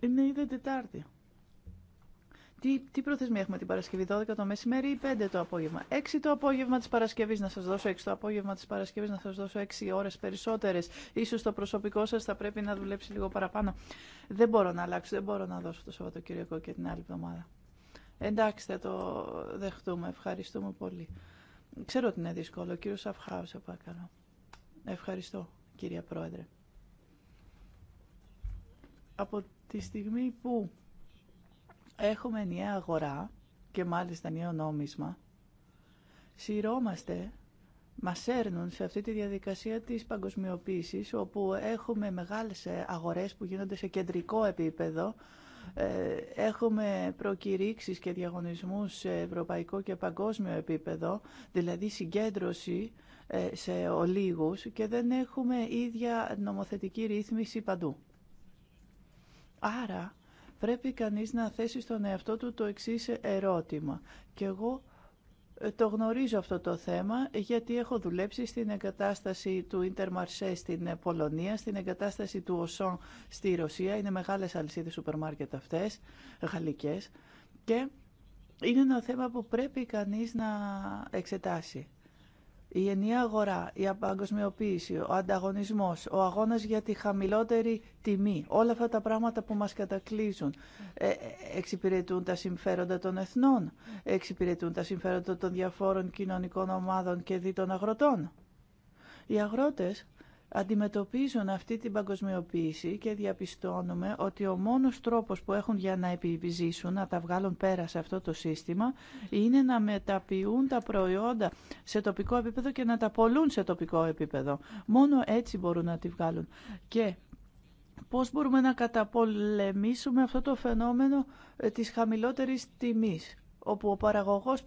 C: Είναι ήδη Τετάρτη. Τι, τι προθεσμία έχουμε την Παρασκευή, 12 το μεσημέρι ή 5 το απόγευμα. 6 το απόγευμα τη Παρασκευή να σα δώσω 6 το απόγευμα τη Παρασκευή, να σα δώσω 6 ώρε περισσότερε. σω το προσωπικό σα θα πρέπει να δουλέψει λίγο παραπάνω. Δεν μπορώ να αλλάξω, δεν μπορώ να δώσω το Σαββατοκύριακο και την άλλη εβδομάδα. Εντάξει, θα το δεχτούμε. Ευχαριστούμε πολύ. Ξέρω ότι είναι δύσκολο. Ο κύριο σε παρακαλώ. Ευχαριστώ, κυρία Πρόεδρε. Από τη στιγμή που Έχουμε νέα αγορά και μάλιστα νέο νόμισμα. Συρώμαστε Μα έρνουν σε αυτή τη διαδικασία της παγκοσμιοποίησης όπου έχουμε μεγάλες ε, αγορές που γίνονται σε κεντρικό επίπεδο ε, έχουμε προκηρύξεις και διαγωνισμούς σε ευρωπαϊκό και παγκόσμιο επίπεδο δηλαδή συγκέντρωση ε, σε ολίγους και δεν έχουμε ίδια νομοθετική ρύθμιση παντού. Άρα πρέπει κανείς να θέσει στον εαυτό του το εξής ερώτημα. Και εγώ ε, το γνωρίζω αυτό το θέμα γιατί έχω δουλέψει στην εγκατάσταση του Ιντερ Μαρσέ στην ε, Πολωνία, στην εγκατάσταση του Οσόν στη Ρωσία. Είναι μεγάλες αλυσίδες σούπερ μάρκετ αυτές, γαλλικές. Και είναι ένα θέμα που πρέπει κανείς να εξετάσει η ενιαία αγορά, η απαγκοσμιοποίηση, ο ανταγωνισμός, ο αγώνας για τη χαμηλότερη τιμή, όλα αυτά τα πράγματα που μας κατακλείζουν, ε, ε εξυπηρετούν τα συμφέροντα των εθνών, εξυπηρετούν τα συμφέροντα των διαφόρων κοινωνικών ομάδων και δι των αγροτών. Οι αγρότες αντιμετωπίζουν αυτή την παγκοσμιοποίηση και διαπιστώνουμε ότι ο μόνος τρόπος που έχουν για να επιζήσουν, να τα βγάλουν πέρα σε αυτό το σύστημα, είναι να μεταποιούν τα προϊόντα σε τοπικό επίπεδο και να τα πολλούν σε τοπικό επίπεδο. Μόνο έτσι μπορούν να τη βγάλουν. Και πώς μπορούμε να καταπολεμήσουμε αυτό το φαινόμενο ε, της χαμηλότερης τιμής όπου ο παραγωγός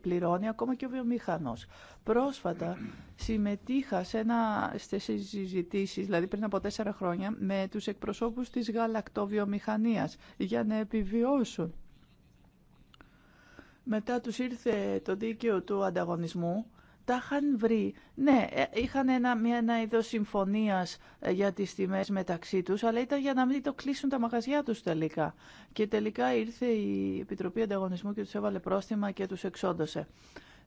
C: πληρώνει, ακόμα και ο βιομηχανός. Πρόσφατα συμμετείχα σε ένα, στις συζητήσεις, δηλαδή πριν από τέσσερα χρόνια, με τους εκπροσώπους της γαλακτοβιομηχανίας για να επιβιώσουν. Μετά τους ήρθε το δίκαιο του ανταγωνισμού τα είχαν βρει. Ναι, ε, είχαν ένα, μια, ένα είδος συμφωνίας ε, για τις τιμές μεταξύ τους, αλλά ήταν για να μην το κλείσουν τα μαγαζιά τους τελικά. Και τελικά ήρθε η Επιτροπή Ανταγωνισμού και τους έβαλε πρόστιμα και τους εξόντωσε.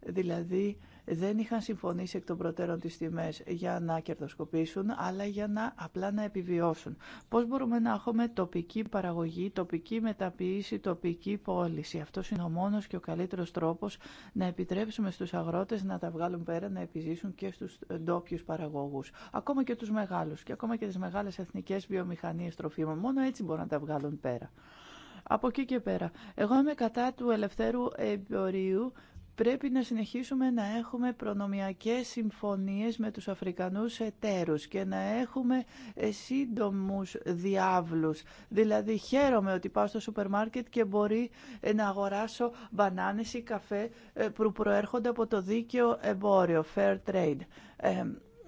C: Δηλαδή, δεν είχαν συμφωνήσει εκ των προτέρων τις τιμές για να κερδοσκοπήσουν, αλλά για να απλά να επιβιώσουν. Πώς μπορούμε να έχουμε τοπική παραγωγή, τοπική μεταποίηση, τοπική πώληση. Αυτό είναι ο μόνος και ο καλύτερος τρόπος να επιτρέψουμε στους αγρότες να τα βγάλουν πέρα, να επιζήσουν και στους ντόπιου παραγωγούς. Ακόμα και τους μεγάλους και ακόμα και τις μεγάλες εθνικές βιομηχανίες τροφίμων. Μόνο έτσι μπορούν να τα βγάλουν πέρα. Από εκεί και πέρα. Εγώ είμαι κατά του ελευθέρου εμπορίου πρέπει να συνεχίσουμε να έχουμε προνομιακές συμφωνίες με τους Αφρικανούς εταίρους και να έχουμε ε, σύντομους διάβλους. Δηλαδή χαίρομαι ότι πάω στο σούπερ μάρκετ και μπορεί ε, να αγοράσω μπανάνες ή καφέ ε, που προέρχονται από το δίκαιο εμπόριο, fair trade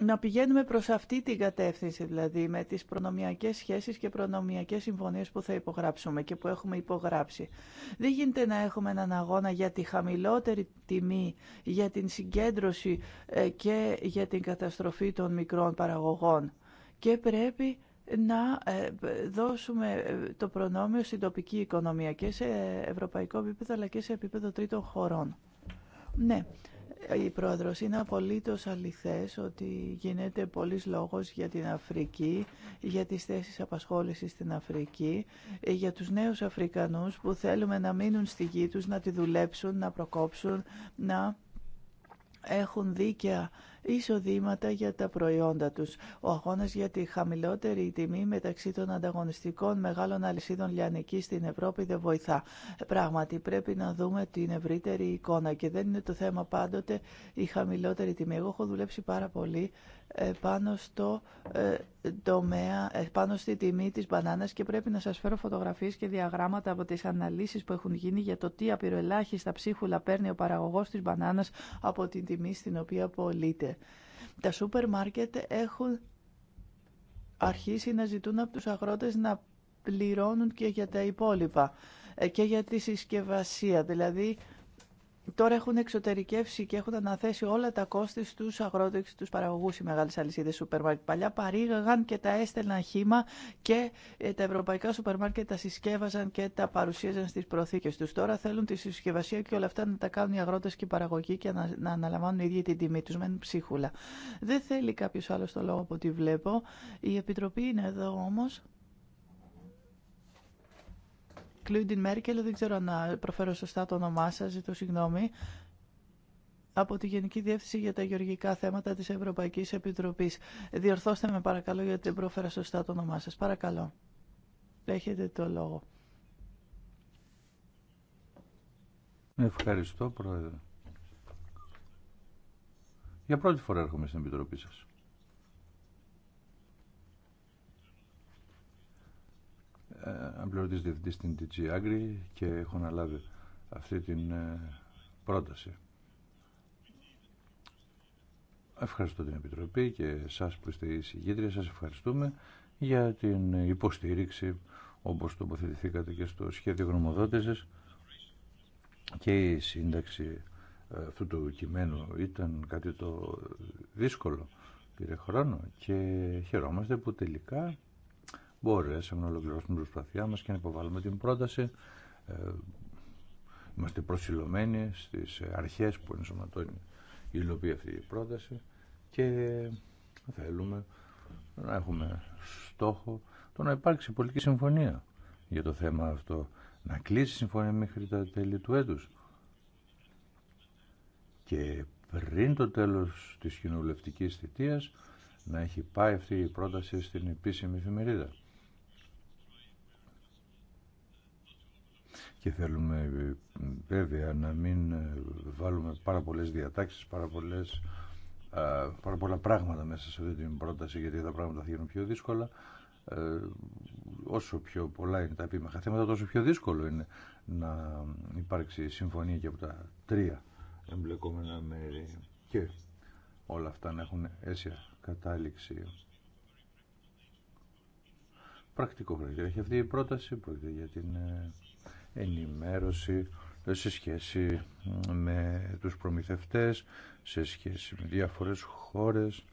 C: να πηγαίνουμε προς αυτή την κατεύθυνση, δηλαδή με τις προνομιακές σχέσεις και προνομιακές συμφωνίες που θα υπογράψουμε και που έχουμε υπογράψει. Δεν γίνεται να έχουμε έναν αγώνα για τη χαμηλότερη τιμή, για την συγκέντρωση ε, και για την καταστροφή των μικρών παραγωγών. Και πρέπει να ε, δώσουμε ε, το προνόμιο στην τοπική οικονομία και σε ευρωπαϊκό επίπεδο αλλά και σε επίπεδο τρίτων χωρών. Ναι, η Πρόεδρος, είναι απολύτως αληθές ότι γίνεται πολλής λόγος για την Αφρική, για τις θέσεις απασχόλησης στην Αφρική, για τους νέους Αφρικανούς που θέλουμε να μείνουν στη γη τους, να τη δουλέψουν, να προκόψουν, να έχουν δίκαια εισοδήματα για τα προϊόντα τους. Ο αγώνας για τη χαμηλότερη τιμή μεταξύ των ανταγωνιστικών μεγάλων αλυσίδων λιανικής στην Ευρώπη δεν βοηθά. Πράγματι πρέπει να δούμε την ευρύτερη εικόνα και δεν είναι το θέμα πάντοτε η χαμηλότερη τιμή. Εγώ έχω δουλέψει πάρα πολύ ε, πάνω στο ε, τομέα, ε, πάνω στη τιμή της μπανάνας και πρέπει να σας φέρω φωτογραφίες και διαγράμματα από τις αναλύσεις που έχουν γίνει για το τι απειροελάχιστα ψίχουλα παίρνει ο παραγωγός της μπανάνας από την τιμή στην οποία πωλείται. Τα σούπερ μάρκετ έχουν αρχίσει να ζητούν από τους αγρότες να πληρώνουν και για τα υπόλοιπα ε, και για τη συσκευασία. Δηλαδή Τώρα έχουν εξωτερικεύσει και έχουν αναθέσει όλα τα κόστη στου αγρότες και στους παραγωγούς οι μεγάλε αλυσίδες σούπερ μάρκετ. Παλιά παρήγαγαν και τα έστελναν χήμα και ε, τα ευρωπαϊκά σούπερ μάρκετ τα συσκεύαζαν και τα παρουσίαζαν στι προθήκε του. Τώρα θέλουν τη συσκευασία και όλα αυτά να τα κάνουν οι αγρότε και οι παραγωγοί και να, να αναλαμβάνουν οι ίδιοι την τιμή του. Μένουν ψίχουλα. Δεν θέλει κάποιο άλλο το λόγο από ό,τι βλέπω. Η Επιτροπή είναι εδώ όμω. Κλούντιν Μέρκελ, δεν ξέρω να προφέρω σωστά το όνομά σα, ζητώ συγγνώμη, από τη Γενική Διεύθυνση για τα Γεωργικά Θέματα τη Ευρωπαϊκή Επιτροπή. Διορθώστε με παρακαλώ γιατί δεν πρόφερα σωστά το όνομά σα. Παρακαλώ. Έχετε το λόγο.
A: Ευχαριστώ, Πρόεδρε. Για πρώτη φορά έρχομαι στην Επιτροπή σας. αμπληρωτής διευθυντής στην DG Agri και έχω αναλάβει αυτή την ε, πρόταση. Ευχαριστώ την Επιτροπή και σας που είστε οι συγκίτρια, Σας ευχαριστούμε για την υποστήριξη όπως τοποθετηθήκατε και στο σχέδιο γνωμοδότησης και η σύνταξη ε, αυτού του κειμένου ήταν κάτι το δύσκολο πήρε χρόνο και χαιρόμαστε που τελικά μπορέσαμε να ολοκληρώσουμε την προσπαθειά μας και να υποβάλουμε την πρόταση. Ε, είμαστε προσιλωμένοι στις αρχές που ενσωματώνει η υλοποίηση αυτή η πρόταση και θέλουμε να έχουμε στόχο το να υπάρξει πολιτική συμφωνία για το θέμα αυτό. Να κλείσει η συμφωνία μέχρι τα τέλη του έτους. Και πριν το τέλος της κοινοβουλευτικής θητείας να έχει πάει αυτή η πρόταση στην επίσημη εφημερίδα. και θέλουμε βέβαια να μην ε, βάλουμε πάρα πολλές διατάξεις, πάρα, πολλές, πάρα πολλά πράγματα μέσα σε αυτή την πρόταση γιατί τα πράγματα θα γίνουν πιο δύσκολα. Ε, όσο πιο πολλά είναι τα επίμαχα θέματα τόσο πιο δύσκολο είναι να υπάρξει συμφωνία και από τα τρία εμπλεκόμενα μέρη και όλα αυτά να έχουν αίσια κατάληξη. Πρακτικό χαρακτήρα έχει αυτή η πρόταση, για την ε, ενημέρωση σε σχέση με τους προμηθευτές, σε σχέση με διάφορες χώρες,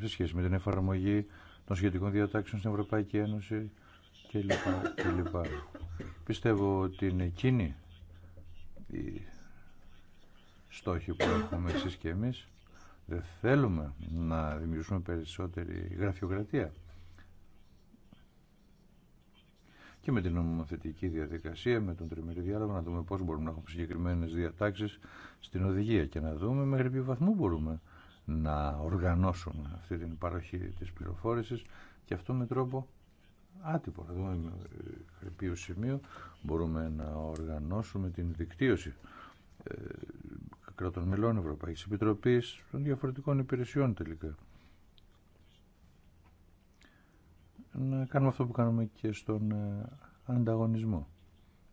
A: σε σχέση με την εφαρμογή των σχετικών διατάξεων στην Ευρωπαϊκή Ένωση κλπ. Πιστεύω ότι είναι εκείνη η στόχη που έχουμε εσείς και εμείς. Δεν θέλουμε να δημιουργήσουμε περισσότερη γραφειοκρατία. και με την νομοθετική διαδικασία, με τον τριμερή διάλογο, να δούμε πώς μπορούμε να έχουμε συγκεκριμένες διατάξεις στην οδηγία και να δούμε μέχρι ποιο βαθμό μπορούμε να οργανώσουμε αυτή την παροχή της πληροφόρησης και αυτό με τρόπο άτυπο. Να δούμε μέχρι ποιο σημείο μπορούμε να οργανώσουμε την δικτύωση ε, κρατών μελών Ευρωπαϊκής Επιτροπής των διαφορετικών υπηρεσιών τελικά να κάνουμε αυτό που κάνουμε και στον ε, ανταγωνισμό.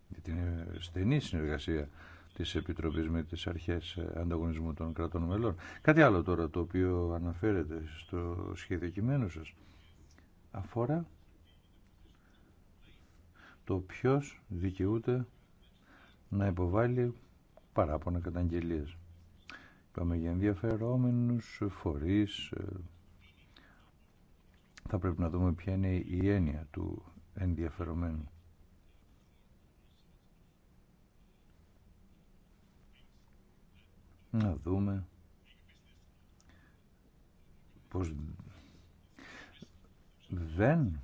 A: Για την ε, στενή συνεργασία της Επιτροπής με τις αρχές ε, ανταγωνισμού των κρατών μελών. Κάτι άλλο τώρα το οποίο αναφέρεται στο σχέδιο κειμένου σας αφορά το ποιος δικαιούται να υποβάλει παράπονα καταγγελίες. Είπαμε για ενδιαφερόμενους φορείς, θα πρέπει να δούμε ποια είναι η έννοια του ενδιαφερομένου. Να δούμε πως δεν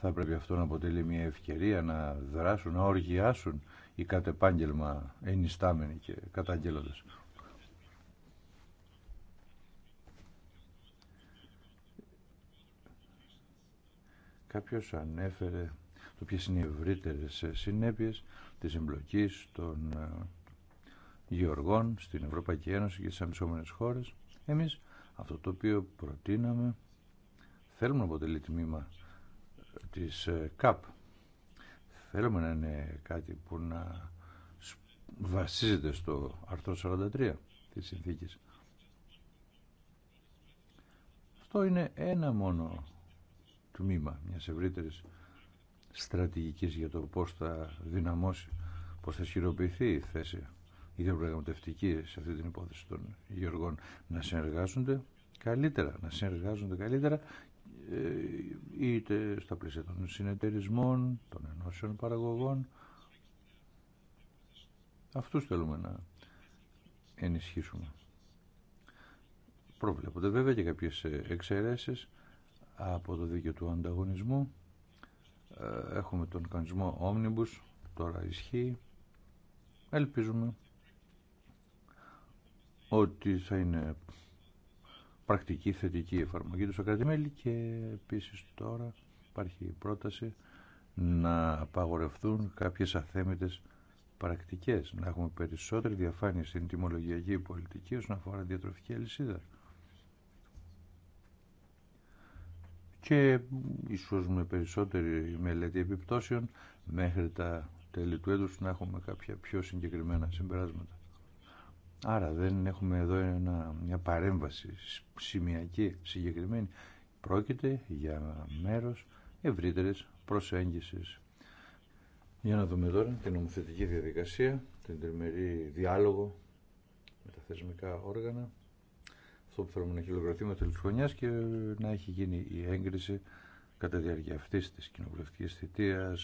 A: θα πρέπει αυτό να αποτελεί μια ευκαιρία να δράσουν, να οργιάσουν οι κατ' επάγγελμα ενιστάμενοι και κατάγγελοντες. Κάποιος ανέφερε το ποιες είναι οι ευρύτερε συνέπειες της εμπλοκής των ε, γεωργών στην Ευρωπαϊκή Ένωση και στις αντισώμενες χώρες. Εμείς αυτό το οποίο προτείναμε θέλουμε να αποτελεί τμήμα της ε, ΚΑΠ. Θέλουμε να είναι κάτι που να βασίζεται στο άρθρο 43 της συνθήκης. Αυτό είναι ένα μόνο τμήμα μια ευρύτερης στρατηγική για το πώ θα δυναμώσει, πώ θα ισχυροποιηθεί η θέση η σε αυτή την υπόθεση των γεωργών να συνεργάζονται καλύτερα, να συνεργάζονται καλύτερα ε, είτε στα πλαίσια των συνεταιρισμών, των ενώσεων παραγωγών. Αυτούς θέλουμε να ενισχύσουμε. Προβλέπονται βέβαια και κάποιες εξαιρέσεις από το δίκαιο του ανταγωνισμού. Ε, έχουμε τον κανονισμό Omnibus, τώρα ισχύει. Ελπίζουμε ότι θα είναι πρακτική θετική εφαρμογή του Σακρατημέλη και επίσης τώρα υπάρχει η πρόταση να απαγορευτούν κάποιες αθέμητες πρακτικές, να έχουμε περισσότερη διαφάνεια στην τιμολογιακή πολιτική όσον αφορά διατροφική αλυσίδα. και ίσως με περισσότερη μελέτη επιπτώσεων μέχρι τα τέλη του έτους να έχουμε κάποια πιο συγκεκριμένα συμπεράσματα. Άρα δεν έχουμε εδώ μια παρέμβαση σημειακή, συγκεκριμένη. Πρόκειται για μέρος ευρύτερης προσέγγισης. Για να δούμε τώρα την νομοθετική διαδικασία, την τριμερή διάλογο με τα θεσμικά όργανα. Αυτό που θέλουμε να με χρονιά και να έχει γίνει η έγκριση κατά τη διάρκεια αυτή τη κοινοβουλευτική θητεία.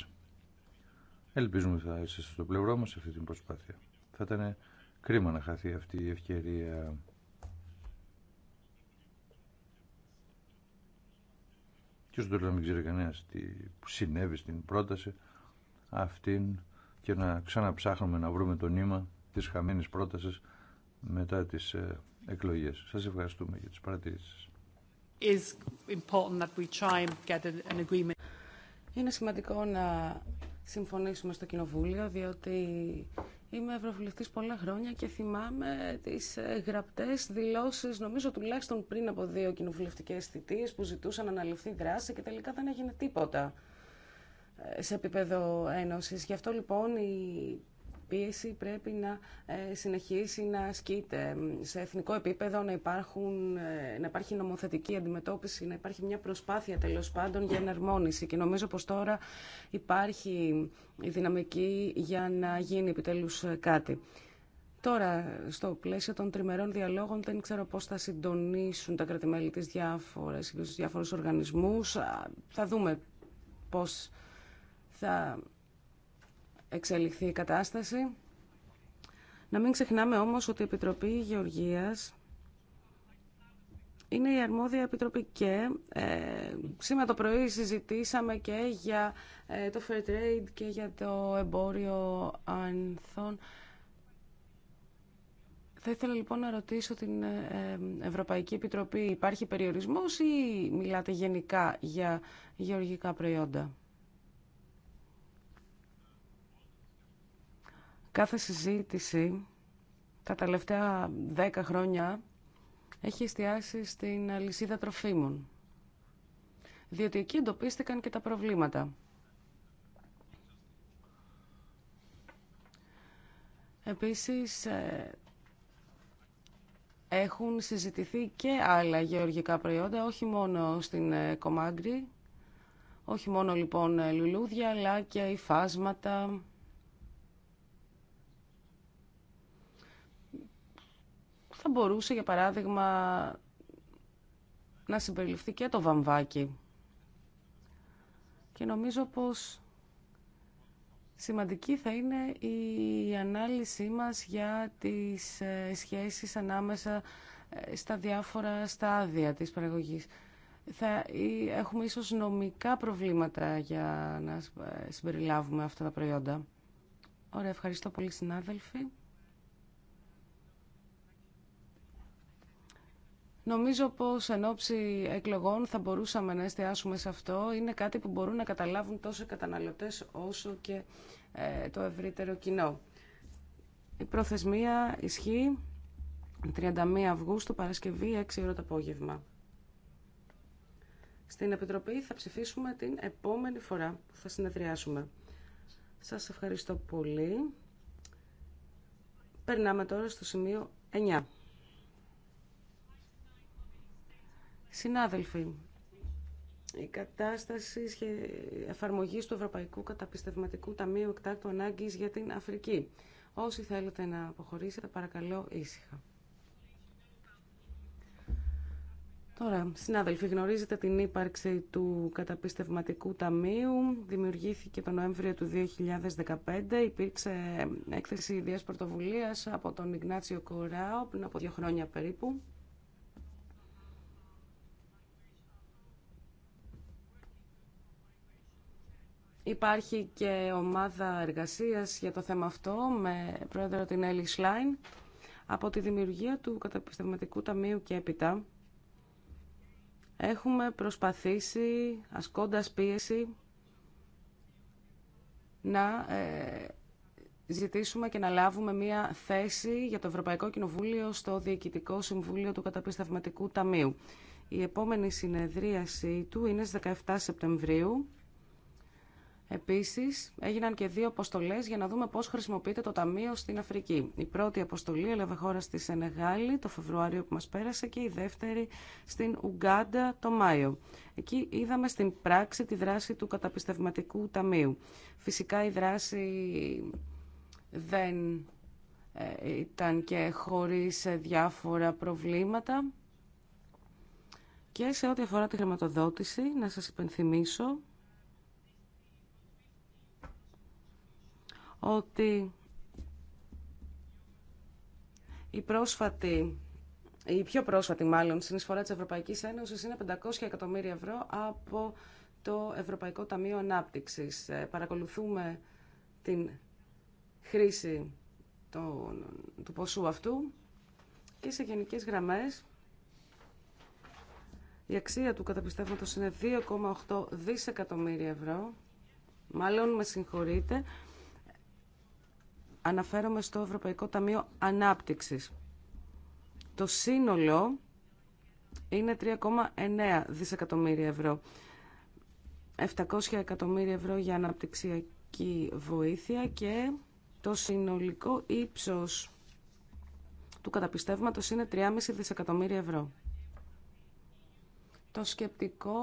A: Ελπίζουμε θα είσαι στο πλευρό μα σε αυτή την προσπάθεια. Θα ήταν κρίμα να χαθεί αυτή η ευκαιρία. Και όσο τώρα να μην ξέρει κανένα τι συνέβη στην πρόταση αυτήν και να ξαναψάχνουμε να βρούμε το νήμα της χαμένης πρότασης μετά τις ε, εκλογές. Σας ευχαριστούμε για τις παρατηρήσεις
B: Είναι σημαντικό να συμφωνήσουμε στο Κοινοβούλιο, διότι είμαι ευρωβουλευτής πολλά χρόνια και θυμάμαι τις ε, γραπτές δηλώσεις, νομίζω τουλάχιστον πριν από δύο κοινοβουλευτικές θητείες, που ζητούσαν να αναλυφθεί δράση και τελικά δεν έγινε τίποτα ε, σε επίπεδο ένωσης. Γι' αυτό λοιπόν η πίεση πρέπει να ε, συνεχίσει να ασκείται. Σε εθνικό επίπεδο να, υπάρχουν, ε, να υπάρχει νομοθετική αντιμετώπιση, να υπάρχει μια προσπάθεια τέλο πάντων για εναρμόνιση. Και νομίζω πως τώρα υπάρχει η δυναμική για να γίνει επιτέλους κάτι. Τώρα, στο πλαίσιο των τριμερών διαλόγων, δεν ξέρω πώς θα συντονίσουν τα κρατημέλη τις διάφορες, διάφορους οργανισμούς. Θα δούμε πώς θα εξελιχθεί η κατάσταση. Να μην ξεχνάμε όμως ότι η Επιτροπή Γεωργίας είναι η αρμόδια επιτροπή και ε, σήμερα το πρωί συζητήσαμε και για ε, το fair trade και για το εμπόριο ανθών. Θα ήθελα λοιπόν να ρωτήσω την ε, Ευρωπαϊκή Επιτροπή, υπάρχει περιορισμός ή μιλάτε γενικά για γεωργικά προϊόντα. Κάθε συζήτηση τα τελευταία δέκα χρόνια έχει εστιάσει στην λυσίδα τροφίμων. Διότι εκεί εντοπίστηκαν και τα προβλήματα. Επίσης, ε, έχουν συζητηθεί και άλλα γεωργικά προϊόντα, όχι μόνο στην ε, Κομάγκρη, όχι μόνο λοιπόν ε, λουλούδια, αλλά και υφάσματα, θα μπορούσε για παράδειγμα να συμπεριληφθεί και το βαμβάκι. Και νομίζω πως σημαντική θα είναι η ανάλυση μας για τις ε, σχέσεις ανάμεσα ε, στα διάφορα στάδια της παραγωγής. Θα ε, έχουμε ίσως νομικά προβλήματα για να συμπεριλάβουμε αυτά τα προϊόντα. Ωραία, ευχαριστώ πολύ συνάδελφοι. Νομίζω πως εν ώψη εκλογών θα μπορούσαμε να εστιάσουμε σε αυτό. Είναι κάτι που μπορούν να καταλάβουν τόσο οι καταναλωτές όσο και ε, το ευρύτερο κοινό. Η προθεσμία ισχύει 31 Αυγούστου, Παρασκευή, 6 ώρα το απόγευμα. Στην Επιτροπή θα ψηφίσουμε την επόμενη φορά που θα συνεδριάσουμε. Σας ευχαριστώ πολύ. Περνάμε τώρα στο σημείο 9. Συνάδελφοι, η κατάσταση εφαρμογή του Ευρωπαϊκού Καταπιστευματικού Ταμείου Εκτάκτου Ανάγκης για την Αφρική. Όσοι θέλετε να αποχωρήσετε, παρακαλώ ήσυχα. Τώρα, συνάδελφοι, γνωρίζετε την ύπαρξη του καταπιστευματικού ταμείου. Δημιουργήθηκε τον Νοέμβριο του 2015. Υπήρξε έκθεση ιδέα πρωτοβουλίας από τον Ιγνάτσιο Κοράο πριν από δύο χρόνια περίπου. Υπάρχει και ομάδα εργασίας για το θέμα αυτό με πρόεδρο την Έλλη Σλάιν από τη δημιουργία του Καταπιστευματικού Ταμείου και έπειτα. Έχουμε προσπαθήσει, ασκώντας πίεση, να ε, ζητήσουμε και να λάβουμε μία θέση για το Ευρωπαϊκό Κοινοβούλιο στο Διοικητικό Συμβούλιο του Καταπιστευματικού Ταμείου. Η επόμενη συνεδρίαση του είναι στις 17 Σεπτεμβρίου. Επίσης, έγιναν και δύο αποστολές για να δούμε πώς χρησιμοποιείται το Ταμείο στην Αφρική. Η πρώτη αποστολή έλαβε χώρα στη Σενεγάλη το Φεβρουάριο που μας πέρασε και η δεύτερη στην Ουγγάντα το Μάιο. Εκεί είδαμε στην πράξη τη δράση του καταπιστευματικού ταμείου. Φυσικά η δράση δεν ε, ήταν και χωρίς διάφορα προβλήματα. Και σε ό,τι αφορά τη χρηματοδότηση, να σας υπενθυμίσω ότι η πρόσφατη η πιο πρόσφατη μάλλον συνεισφορά της Ευρωπαϊκής Ένωσης είναι 500 εκατομμύρια ευρώ από το Ευρωπαϊκό Ταμείο Ανάπτυξης. Ε, παρακολουθούμε την χρήση του, του ποσού αυτού και σε γενικές γραμμές η αξία του καταπιστεύματος είναι 2,8 δισεκατομμύρια ευρώ. Μάλλον με συγχωρείτε, Αναφέρομαι στο Ευρωπαϊκό Ταμείο Ανάπτυξης. Το σύνολο είναι 3,9 δισεκατομμύρια ευρώ. 700 εκατομμύρια ευρώ για αναπτυξιακή βοήθεια και το συνολικό ύψος του καταπιστεύματος είναι 3,5 δισεκατομμύρια ευρώ. Το σκεπτικό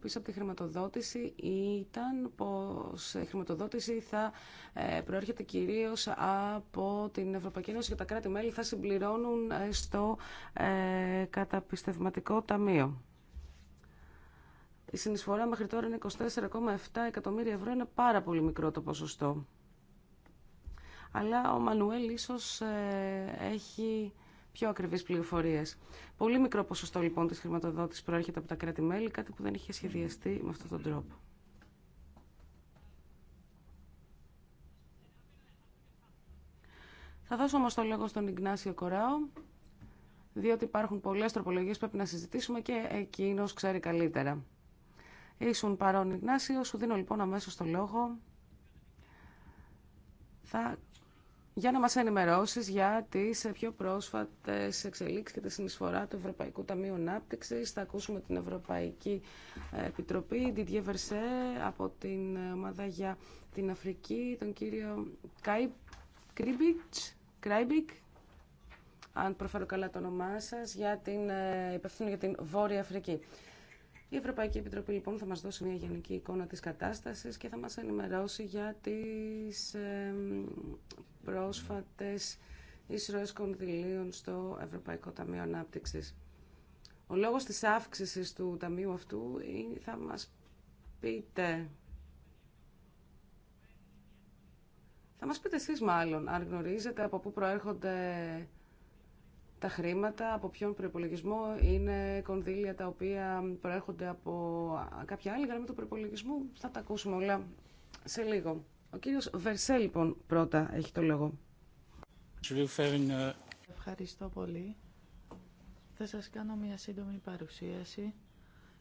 B: πίσω από τη χρηματοδότηση ήταν πως η χρηματοδότηση θα ε, προέρχεται κυρίως από την Ευρωπαϊκή Ένωση και τα κράτη-μέλη θα συμπληρώνουν ε, στο ε, καταπιστευματικό ταμείο. Η συνεισφορά μέχρι τώρα είναι 24,7 εκατομμύρια ευρώ, είναι πάρα πολύ μικρό το ποσοστό. Αλλά ο Μανουέλ ίσως έχει πιο ακριβείς πληροφορίες. Πολύ μικρό ποσοστό λοιπόν της χρηματοδότησης προέρχεται από τα κράτη-μέλη, κάτι που δεν είχε σχεδιαστεί με αυτόν τον τρόπο. Θα δώσω όμως το λόγο στον Ιγνάσιο Κοράο, διότι υπάρχουν πολλές τροπολογίες που πρέπει να συζητήσουμε και εκείνο ξέρει καλύτερα. Ήσουν παρόν Ιγνάσιο, σου δίνω λοιπόν αμέσως το λόγο. Θα για να μας ενημερώσεις για τις πιο πρόσφατες εξελίξεις και τη συνεισφορά του Ευρωπαϊκού Ταμείου ανάπτυξη. Θα ακούσουμε την Ευρωπαϊκή ε, Επιτροπή, την Βερσέ από την ομάδα για την Αφρική, τον κύριο Κάι Κράιμπικ, αν προφέρω καλά το όνομά σας, για την ε, υπευθύνη για την Βόρεια Αφρική. Η Ευρωπαϊκή Επιτροπή λοιπόν θα μας δώσει μια γενική εικόνα της κατάστασης και θα μας ενημερώσει για τις ε, πρόσφατες εισρωές κονδυλίων στο Ευρωπαϊκό Ταμείο Ανάπτυξης. Ο λόγος της αύξησης του ταμείου αυτού θα μας πείτε... Θα μας πείτε εσείς μάλλον, αν γνωρίζετε από πού προέρχονται τα χρήματα, από ποιον προπολογισμό είναι κονδύλια τα οποία προέρχονται από κάποια άλλη γραμμή του προπολογισμού. Θα τα ακούσουμε όλα σε λίγο. Ο κύριος Βερσέ, λοιπόν, πρώτα έχει το λόγο. Ευχαριστώ πολύ.
C: Θα σας κάνω μια
B: σύντομη παρουσίαση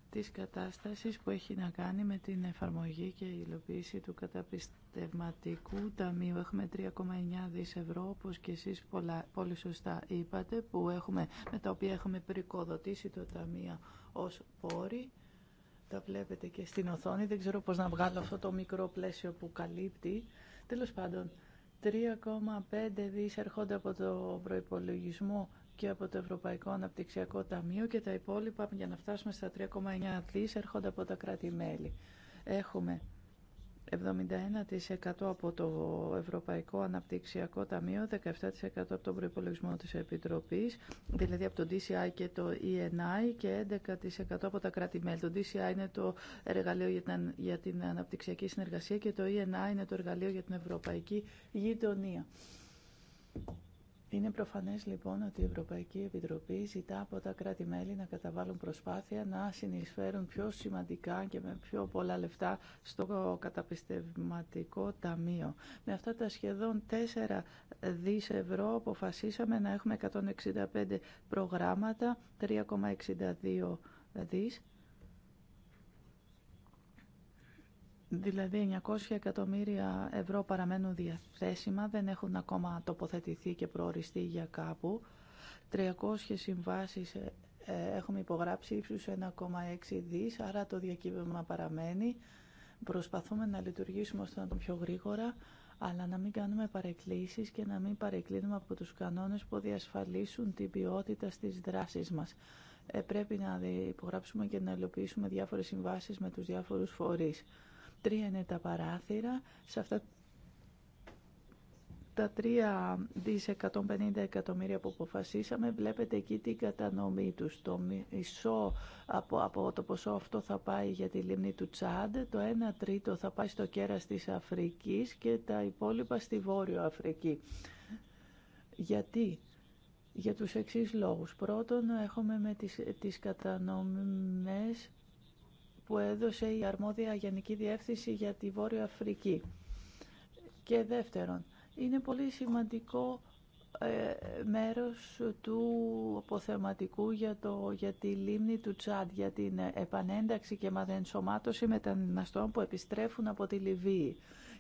B: της κατάστασης
C: που έχει να κάνει με την εφαρμογή και υλοποίηση του καταπιστευματικού ταμείου. Έχουμε 3,9 δις ευρώ, όπως και εσείς πολύ σωστά είπατε, που έχουμε, με τα οποία έχουμε περικοδοτήσει το ταμείο ως πόροι. Τα βλέπετε και στην οθόνη. Δεν ξέρω πώς να βγάλω αυτό το μικρό πλαίσιο που καλύπτει. Τέλος πάντων, 3,5 δις έρχονται από το προϋπολογισμό και από το Ευρωπαϊκό Αναπτυξιακό Ταμείο και τα υπόλοιπα για να φτάσουμε στα 3,9 δις έρχονται από τα κράτη-μέλη. Έχουμε 71% από το Ευρωπαϊκό Αναπτυξιακό Ταμείο, 17% από τον προϋπολογισμό της Επιτροπής, δηλαδή από το DCI και το ENI και 11% από τα κράτη-μέλη. Το DCI είναι το εργαλείο για την αναπτυξιακή συνεργασία και το ENI είναι το εργαλείο για την ευρωπαϊκή γειτονία. Είναι προφανές λοιπόν ότι η Ευρωπαϊκή Επιτροπή ζητά από τα κράτη-μέλη να καταβάλουν προσπάθεια να συνεισφέρουν πιο σημαντικά και με πιο πολλά λεφτά στο καταπιστευματικό ταμείο. Με αυτά τα σχεδόν 4 δις ευρώ αποφασίσαμε να έχουμε 165 προγράμματα, 3,62 δις Δηλαδή 900 εκατομμύρια ευρώ παραμένουν διαθέσιμα, δεν έχουν ακόμα τοποθετηθεί και προοριστεί για κάπου. 300 συμβάσεις ε, ε, έχουμε υπογράψει ύψους 1,6 δις, άρα το διακύβευμα παραμένει. Προσπαθούμε να λειτουργήσουμε ώστε να πιο γρήγορα, αλλά να μην κάνουμε παρεκκλήσεις και να μην παρεκκλίνουμε από τους κανόνες που διασφαλίσουν την ποιότητα στις δράσεις μας. Ε, πρέπει να υπογράψουμε και να υλοποιήσουμε διάφορες συμβάσεις με τους διάφορους φορείς. Τρία είναι τα παράθυρα. Σε αυτά τα τρία δις 150 εκατομμύρια που αποφασίσαμε, βλέπετε εκεί την κατανομή του. Το μισό από, από το ποσό αυτό θα πάει για τη λίμνη του Τσάντ, το 1 τρίτο θα πάει στο κέρας της Αφρικής και τα υπόλοιπα στη Βόρειο Αφρική. Γιατί? Για τους εξής λόγους. Πρώτον, έχουμε με τις, τις κατανομές που έδωσε η αρμόδια Γενική Διεύθυνση για τη Βόρεια Αφρική. Και δεύτερον, είναι πολύ σημαντικό ε, μέρος του αποθεματικού για, το, για τη λίμνη του Τσάντ, για την ε, επανένταξη και μαδενσωμάτωση μεταναστών που επιστρέφουν από τη Λιβύη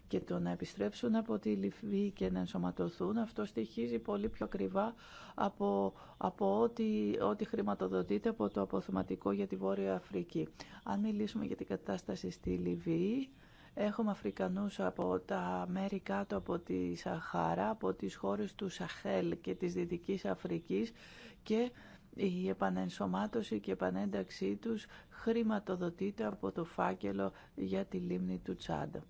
C: και το να επιστρέψουν από τη Λιβύη και να ενσωματωθούν, αυτό στοιχίζει πολύ πιο ακριβά από, από ό,τι, ό,τι χρηματοδοτείται από το αποθεματικό για τη Βόρεια Αφρική. Αν μιλήσουμε για την κατάσταση στη Λιβύη, Έχουμε Αφρικανούς από τα μέρη κάτω από τη Σαχάρα, από τις χώρες του Σαχέλ και της Δυτικής Αφρικής και η επανενσωμάτωση και επανένταξή τους χρηματοδοτείται από το φάκελο για τη λίμνη του Τσάντα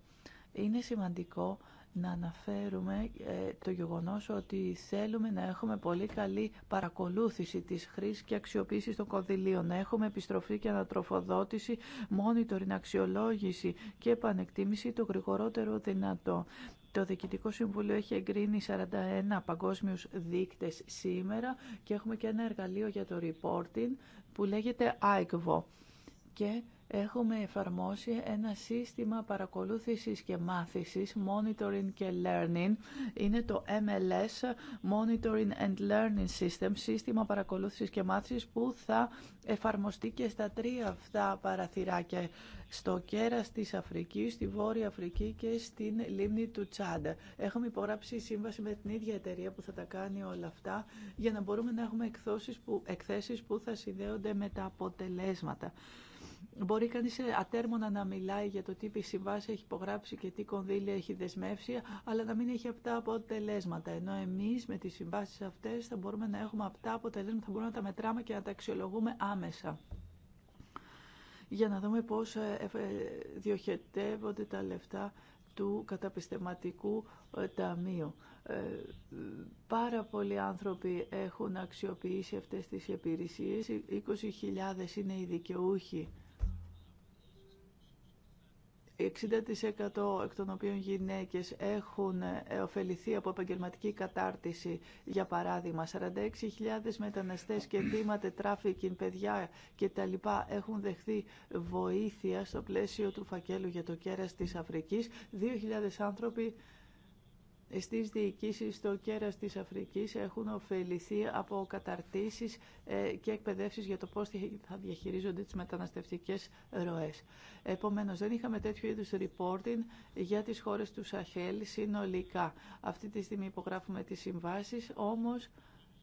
C: είναι σημαντικό να αναφέρουμε ε, το γεγονός ότι θέλουμε να έχουμε πολύ καλή παρακολούθηση της χρήσης και αξιοποίησης των κονδυλίων, να έχουμε επιστροφή και ανατροφοδότηση, monitoring, αξιολόγηση και επανεκτίμηση το γρηγορότερο δυνατό. Το Διοικητικό Συμβούλιο έχει εγκρίνει 41 παγκόσμιους δείκτες σήμερα και έχουμε και ένα εργαλείο για το reporting που λέγεται ICVO. Και έχουμε εφαρμόσει ένα σύστημα παρακολούθησης και μάθησης, monitoring και learning. Είναι το MLS, Monitoring and Learning System, σύστημα παρακολούθησης και μάθησης που θα εφαρμοστεί και στα τρία αυτά παραθυράκια στο κέρας της Αφρικής, στη Βόρεια Αφρική και στην λίμνη του Τσάντα. Έχουμε υπογράψει σύμβαση με την ίδια εταιρεία που θα τα κάνει όλα αυτά για να μπορούμε να έχουμε εκθέσεις που, εκθέσεις που θα συνδέονται με τα αποτελέσματα. Μπορεί κανείς ατέρμονα να μιλάει για το τι συμβάσει έχει υπογράψει και τι κονδύλια έχει δεσμεύσει, αλλά να μην έχει αυτά αποτελέσματα. Ενώ εμείς με τις συμβάσει αυτές θα μπορούμε να έχουμε αυτά αποτελέσματα, θα μπορούμε να τα μετράμε και να τα αξιολογούμε άμεσα για να δούμε πώς ε, ε, διοχετεύονται τα λεφτά του καταπιστευματικού ε, ταμείου. Πάρα πολλοί άνθρωποι έχουν αξιοποιήσει αυτές τις υπηρεσίες. 20.000 είναι οι δικαιούχοι 60% εκ των οποίων γυναίκες έχουν ε, ωφεληθεί από επαγγελματική κατάρτιση, για παράδειγμα. 46.000 μεταναστές και θύματα τράφικιν, παιδιά κτλ. έχουν δεχθεί βοήθεια στο πλαίσιο του φακέλου για το κέρας της Αφρικής. 2.000 άνθρωποι στις διοικήσεις στο κέρας της Αφρικής έχουν ωφεληθεί από καταρτήσεις ε, και εκπαιδεύσεις για το πώς θα διαχειρίζονται τις μεταναστευτικές ροές. Επομένως, δεν είχαμε τέτοιου είδους reporting για τις χώρες του Σαχέλ συνολικά. Αυτή τη στιγμή υπογράφουμε τις συμβάσεις, όμως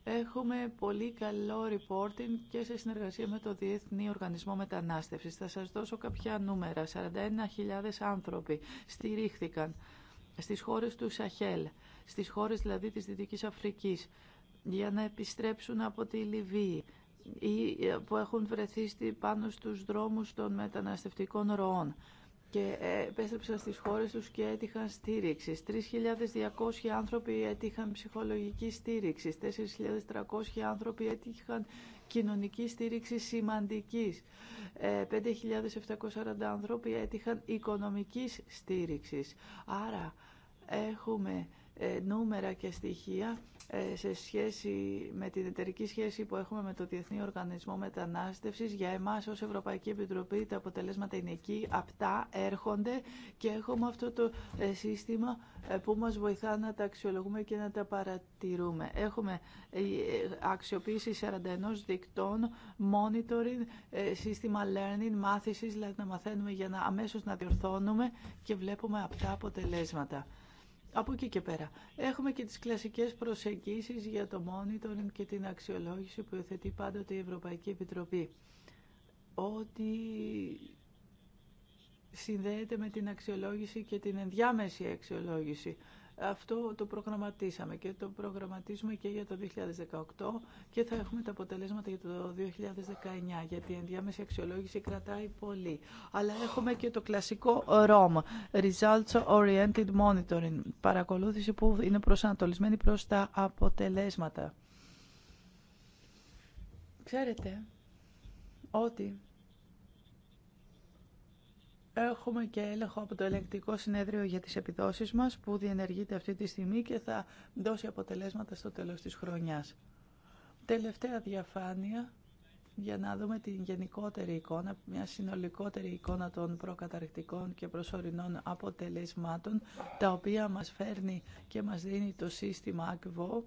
C: έχουμε πολύ καλό reporting και σε συνεργασία με το Διεθνή Οργανισμό Μετανάστευσης. Θα σας δώσω κάποια νούμερα. 41.000 άνθρωποι στηρίχθηκαν στις χώρες του Σαχέλ, στις χώρες δηλαδή της Δυτικής Αφρικής, για να επιστρέψουν από τη Λιβύη ή που έχουν βρεθεί πάνω στους δρόμους των μεταναστευτικών ροών και ε, επέστρεψαν στις χώρες τους και έτυχαν στήριξης. 3.200 άνθρωποι έτυχαν ψυχολογική στήριξη, 4.300 άνθρωποι έτυχαν κοινωνική στήριξη σημαντικής, 5.740 ε, άνθρωποι έτυχαν οικονομικής στήριξης. Άρα έχουμε ε, νούμερα και στοιχεία ε, σε σχέση με την εταιρική σχέση που έχουμε με το Διεθνή Οργανισμό Μετανάστευσης. Για εμάς ως Ευρωπαϊκή Επιτροπή τα αποτελέσματα είναι εκεί, απτά έρχονται και έχουμε αυτό το ε, σύστημα που μας βοηθά να τα αξιολογούμε και να τα παρατηρούμε. Έχουμε αξιοποίηση 41 δικτών, monitoring, σύστημα learning, μάθηση, δηλαδή να μαθαίνουμε για να αμέσως να διορθώνουμε και βλέπουμε αυτά αποτελέσματα. Από εκεί και πέρα. Έχουμε και τις κλασικές προσεγγίσεις για το monitoring και την αξιολόγηση που υιοθετεί πάντοτε η Ευρωπαϊκή Επιτροπή. Ότι συνδέεται με την αξιολόγηση και την ενδιάμεση αξιολόγηση αυτό το προγραμματίσαμε και το προγραμματίζουμε και για το 2018 και θα έχουμε τα αποτελέσματα για το 2019 γιατί η ενδιάμεση αξιολόγηση κρατάει πολύ. Αλλά έχουμε και το κλασικό ROM, Results Oriented Monitoring, παρακολούθηση που είναι προσανατολισμένη προς τα αποτελέσματα. Ξέρετε ότι Έχουμε και έλεγχο από το ελεγκτικό συνέδριο για τις επιδόσεις μας που διενεργείται αυτή τη στιγμή και θα δώσει αποτελέσματα στο τέλος της χρονιάς. Τελευταία διαφάνεια για να δούμε την γενικότερη εικόνα, μια συνολικότερη εικόνα των προκαταρκτικών και προσωρινών αποτελεσμάτων, τα οποία μας φέρνει και μας δίνει το σύστημα ΑΚΒΟ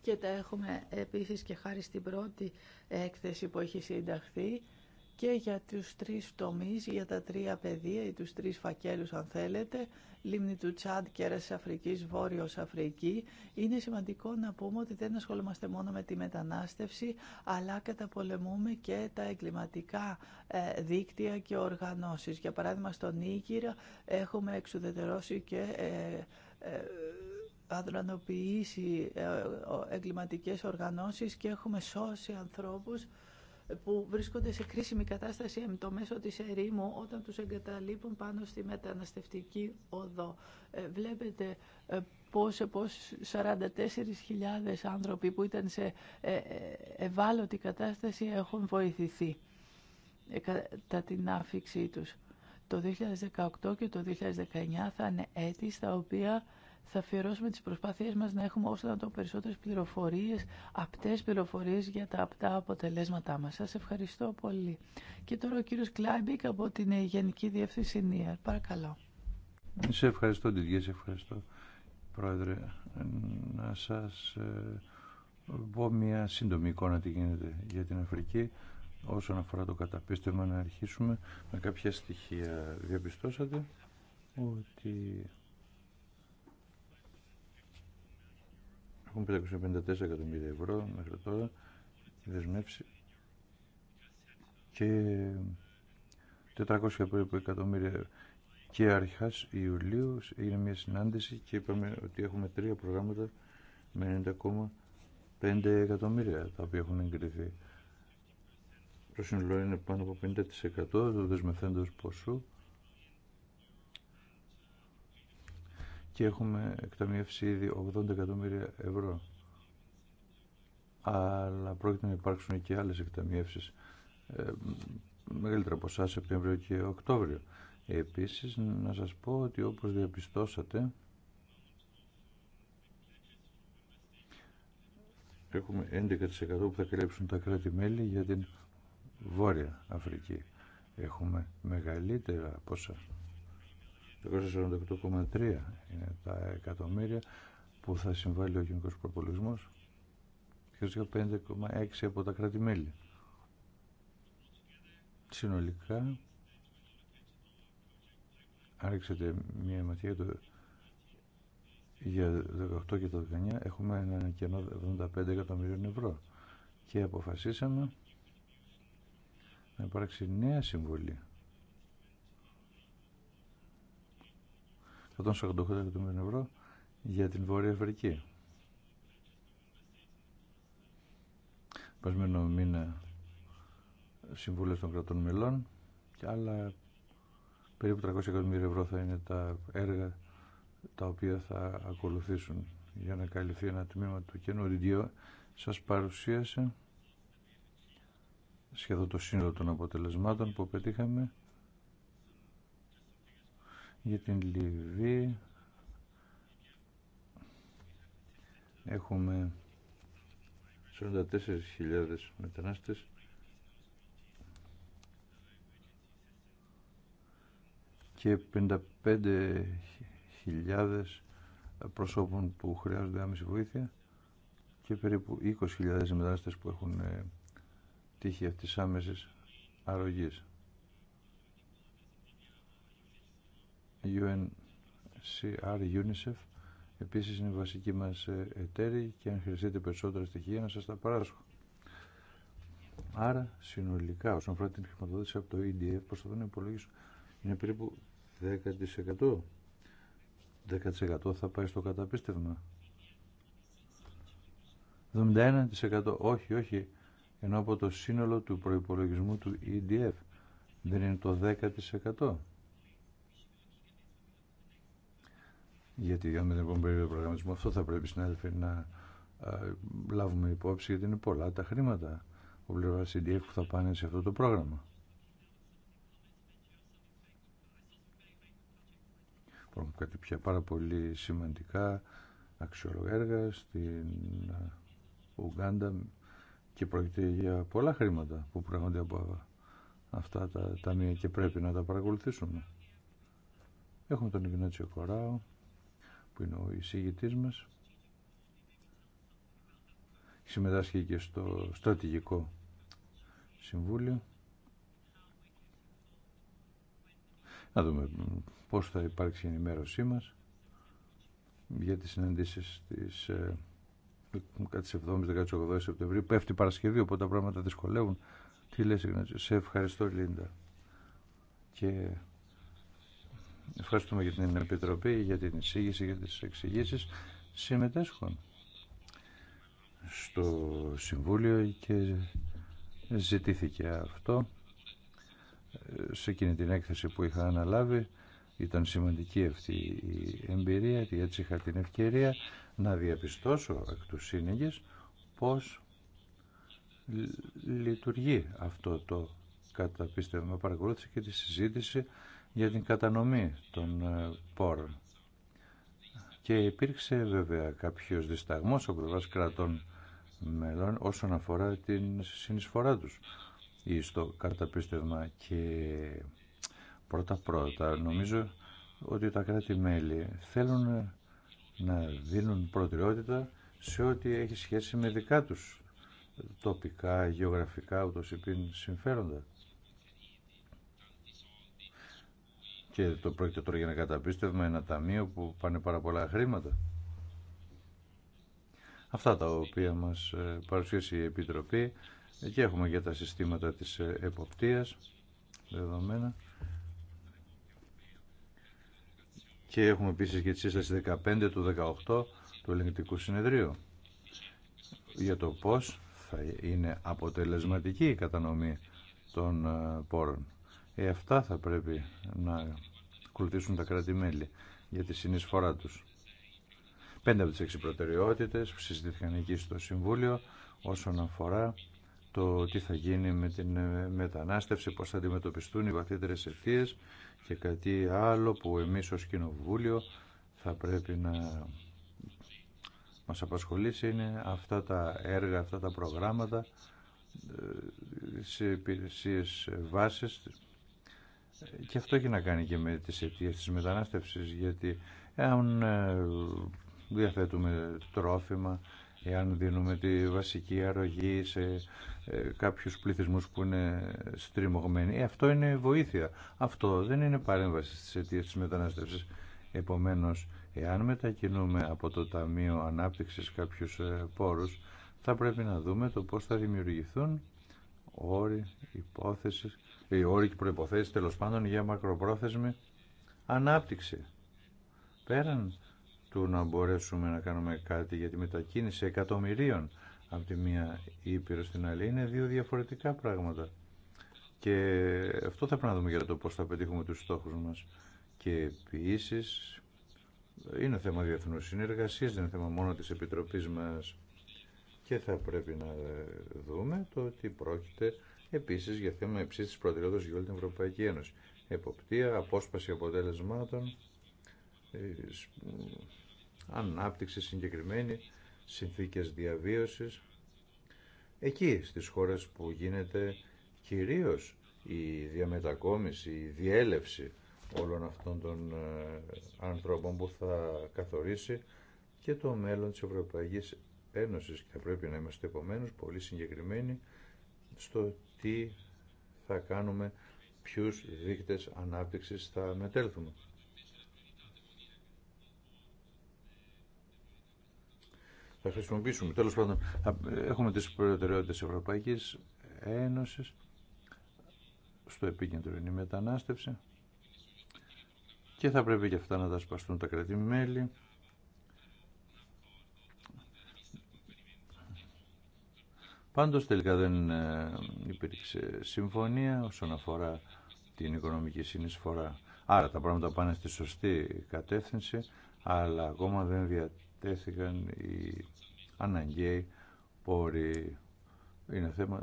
C: και τα έχουμε επίσης και χάρη στην πρώτη έκθεση που έχει συνταχθεί και για τους τρεις τομείς, για τα τρία πεδία ή τους τρεις φακέλους αν θέλετε, λίμνη του Τσάντ, κέρας Αφρικής, Βόρειος Αφρική, είναι σημαντικό να πούμε ότι δεν ασχολούμαστε μόνο με τη μετανάστευση, αλλά καταπολεμούμε και τα εγκληματικά ε, δίκτυα και οργανώσεις. Για παράδειγμα, στο Νίγηρα έχουμε εξουδετερώσει και ε, ε, αδρανοποιήσει εγκληματικές οργανώσεις και έχουμε σώσει ανθρώπους που βρίσκονται σε κρίσιμη κατάσταση με το μέσο της ερήμου όταν τους εγκαταλείπουν πάνω στη μεταναστευτική οδό. Ε, βλέπετε ε, πώς, πώς 44.000 άνθρωποι που ήταν σε ε, ευάλωτη κατάσταση έχουν βοηθηθεί κατά την άφηξή τους. Το 2018 και το 2019 θα είναι έτη στα οποία θα αφιερώσουμε τις προσπάθειές μας να έχουμε όσο να το περισσότερες πληροφορίες, απτές πληροφορίες για τα απτά αποτελέσματά μας. Σας ευχαριστώ πολύ. Και τώρα ο κύριος Κλάιμπικ από την ε, Γενική Διεύθυνση Παρακαλώ.
A: Σε ευχαριστώ, Τιδιέ, σε ευχαριστώ, Πρόεδρε. Να σας ε, πω μια σύντομη εικόνα τι γίνεται για την Αφρική όσον αφορά το καταπίστευμα να αρχίσουμε με κάποια στοιχεία. Διαπιστώσατε ότι Έχουν 554 εκατομμύρια ευρώ μέχρι τώρα δεσμεύσει και 400 περίπου εκατομμύρια και αρχάς Ιουλίου έγινε μια συνάντηση και είπαμε ότι έχουμε τρία προγράμματα με 90,5 εκατομμύρια τα οποία έχουν εγκριθεί. Το σύνολο είναι πάνω από 50% του δεσμευθέντος ποσού και έχουμε εκταμιεύσει ήδη 80 εκατομμύρια ευρώ. Αλλά πρόκειται να υπάρξουν και άλλες εκταμιεύσεις ε, μεγαλύτερα από εσάς Σεπτέμβριο και Οκτώβριο. Επίσης, να σας πω ότι όπως διαπιστώσατε, έχουμε 11% που θα καλύψουν τα κράτη-μέλη για την Βόρεια Αφρική. Έχουμε μεγαλύτερα ποσά 248,3 είναι τα εκατομμύρια που θα συμβάλλει ο γενικός προπολογισμός και 5,6 από τα κράτη-μέλη. Συνολικά άρχισετε μία ματιά το για 18 και το 19 έχουμε ένα κενό 75 εκατομμυρίων ευρώ και αποφασίσαμε να υπάρξει νέα συμβολή 148 εκατομμύρια ευρώ για την Βόρεια Αφρική. Πασμένο μήνα συμβούλες των κρατών μελών και άλλα περίπου 300 εκατομμύρια ευρώ θα είναι τα έργα τα οποία θα ακολουθήσουν για να καλυφθεί ένα τμήμα του κενού. σας παρουσίασε σχεδόν το σύνολο των αποτελεσμάτων που πετύχαμε για την Λιβύη έχουμε 44.000 μετανάστες και 55.000 προσώπων που χρειάζονται άμεση βοήθεια και περίπου 20.000 μετανάστες που έχουν τύχει αυτής άμεσης αρρωγής. UNCR, UNICEF, επίσης είναι η βασική μας ε, εταίρη και αν χρειαστείτε περισσότερα στοιχεία να σας τα παράσχω. Άρα, συνολικά, όσον αφορά την χρηματοδότηση από το EDF, θα να υπολογίσω, είναι περίπου 10%. 10% θα πάει στο καταπίστευμα. 71% όχι, όχι, ενώ από το σύνολο του προϋπολογισμού του EDF δεν είναι το 10%. γιατί αν δεν έχουμε περίοδο προγραμματισμού, αυτό θα πρέπει συνάδελφοι να λάβουμε υπόψη, γιατί είναι πολλά τα χρήματα ο πλευρά CDF που θα πάνε σε αυτό το πρόγραμμα. Υπάρχουν κάτι πια πάρα πολύ σημαντικά έργα στην Ουγγάντα και πρόκειται για πολλά χρήματα που προέρχονται από αυτά τα ταμεία και πρέπει να τα παρακολουθήσουμε. Έχουμε τον Ιγνάτσιο Κοράο, που είναι ο εισηγητής μας. Συμμετάσχει και στο στρατηγικό συμβούλιο. Να δούμε πώς θα υπάρξει η ενημέρωσή μας για τις συναντήσεις της 17-18 ε, Σεπτεμβρίου. Πέφτει Παρασκευή, οπότε τα πράγματα δυσκολεύουν. Τι λες, Σε ευχαριστώ, Λίντα. Και Ευχαριστούμε για την Επιτροπή, για την εισήγηση, για τις εξηγήσει συμμετέσχων στο Συμβούλιο και ζητήθηκε αυτό σε εκείνη την έκθεση που είχα αναλάβει ήταν σημαντική αυτή η εμπειρία γιατί έτσι είχα την ευκαιρία να διαπιστώσω εκ του πως λειτουργεί αυτό το καταπίστευμα παρακολούθηση και τη συζήτηση για την κατανομή των ε, πόρων. Και υπήρξε βέβαια κάποιος δισταγμός από πλευράς κρατών μελών όσον αφορά την συνεισφορά τους ή στο καταπίστευμα και πρώτα-πρώτα νομίζω ότι τα κράτη-μέλη θέλουν να δίνουν προτεραιότητα σε ό,τι έχει σχέση με δικά τους τοπικά, γεωγραφικά, ούτως υπήν συμφέροντα. Και το πρόκειται τώρα για ένα καταπίστευμα, ένα ταμείο που πάνε πάρα πολλά χρήματα. Αυτά τα οποία μας ε, παρουσίασε η Επιτροπή και έχουμε για τα συστήματα της ε, εποπτείας δεδομένα. Και έχουμε επίσης και τη σύσταση 15 του 18 του ελεγκτικού συνεδρίου για το πώς θα είναι αποτελεσματική η κατανομή των ε, πόρων. Ε, αυτά θα πρέπει να ακολουθήσουν τα κράτη-μέλη για τη συνεισφορά τους. Πέντε από τις έξι προτεραιότητες συζητήθηκαν εκεί στο Συμβούλιο όσον αφορά το τι θα γίνει με την ε, μετανάστευση, πώς θα αντιμετωπιστούν οι βαθύτερες αιτίε και κάτι άλλο που εμείς ως Κοινοβούλιο θα πρέπει να μας απασχολήσει είναι αυτά τα έργα, αυτά τα προγράμματα ε, σε υπηρεσίες βάσης και αυτό έχει να κάνει και με τις αιτίες της μετανάστευσης, γιατί εάν ε, διαθέτουμε τρόφιμα, εάν δίνουμε τη βασική αρρωγή σε ε, κάποιους πληθυσμούς που είναι στριμωγμένοι, ε, αυτό είναι βοήθεια. Αυτό δεν είναι παρέμβαση στις αιτίες της μετανάστευσης. Επομένως, εάν μετακινούμε από το Ταμείο Ανάπτυξης κάποιους πόρους, θα πρέπει να δούμε το πώς θα δημιουργηθούν όροι, υπόθεσεις οι όροι και προϋποθέσεις τέλος πάντων για μακροπρόθεσμη ανάπτυξη. Πέραν του να μπορέσουμε να κάνουμε κάτι για τη μετακίνηση εκατομμυρίων από τη μία ήπειρο στην άλλη είναι δύο διαφορετικά πράγματα. Και αυτό θα πρέπει να δούμε για το πώς θα πετύχουμε τους στόχους μας. Και επίση είναι θέμα διεθνούς συνεργασίας, δεν είναι θέμα μόνο της Επιτροπής μας και θα πρέπει να δούμε το ότι πρόκειται επίσης για θέμα υψή τη προτεραιότητα για όλη την Ευρωπαϊκή Ένωση. Εποπτεία, απόσπαση αποτέλεσμάτων, ανάπτυξη συγκεκριμένη, συνθήκες διαβίωσης. Εκεί στις χώρες που γίνεται κυρίως η διαμετακόμιση, η διέλευση όλων αυτών των ε, ανθρώπων που θα καθορίσει και το μέλλον της Ευρωπαϊκής Ένωσης και θα πρέπει να είμαστε επομένω πολύ συγκεκριμένοι στο τι θα κάνουμε, ποιους δείκτες ανάπτυξης θα μετέλθουμε. Θα χρησιμοποιήσουμε. Τέλος πάντων, ε, έχουμε τις προτεραιότητες Ευρωπαϊκής Ένωσης. Στο επίκεντρο είναι η μετανάστευση. Και θα πρέπει και αυτά να τα σπαστούν τα μέλη. Πάντως τελικά δεν ε, υπήρξε συμφωνία όσον αφορά την οικονομική συνεισφορά. Άρα τα πράγματα πάνε στη σωστή κατεύθυνση, αλλά ακόμα δεν διατέθηκαν οι αναγκαίοι πόροι. Είναι θέμα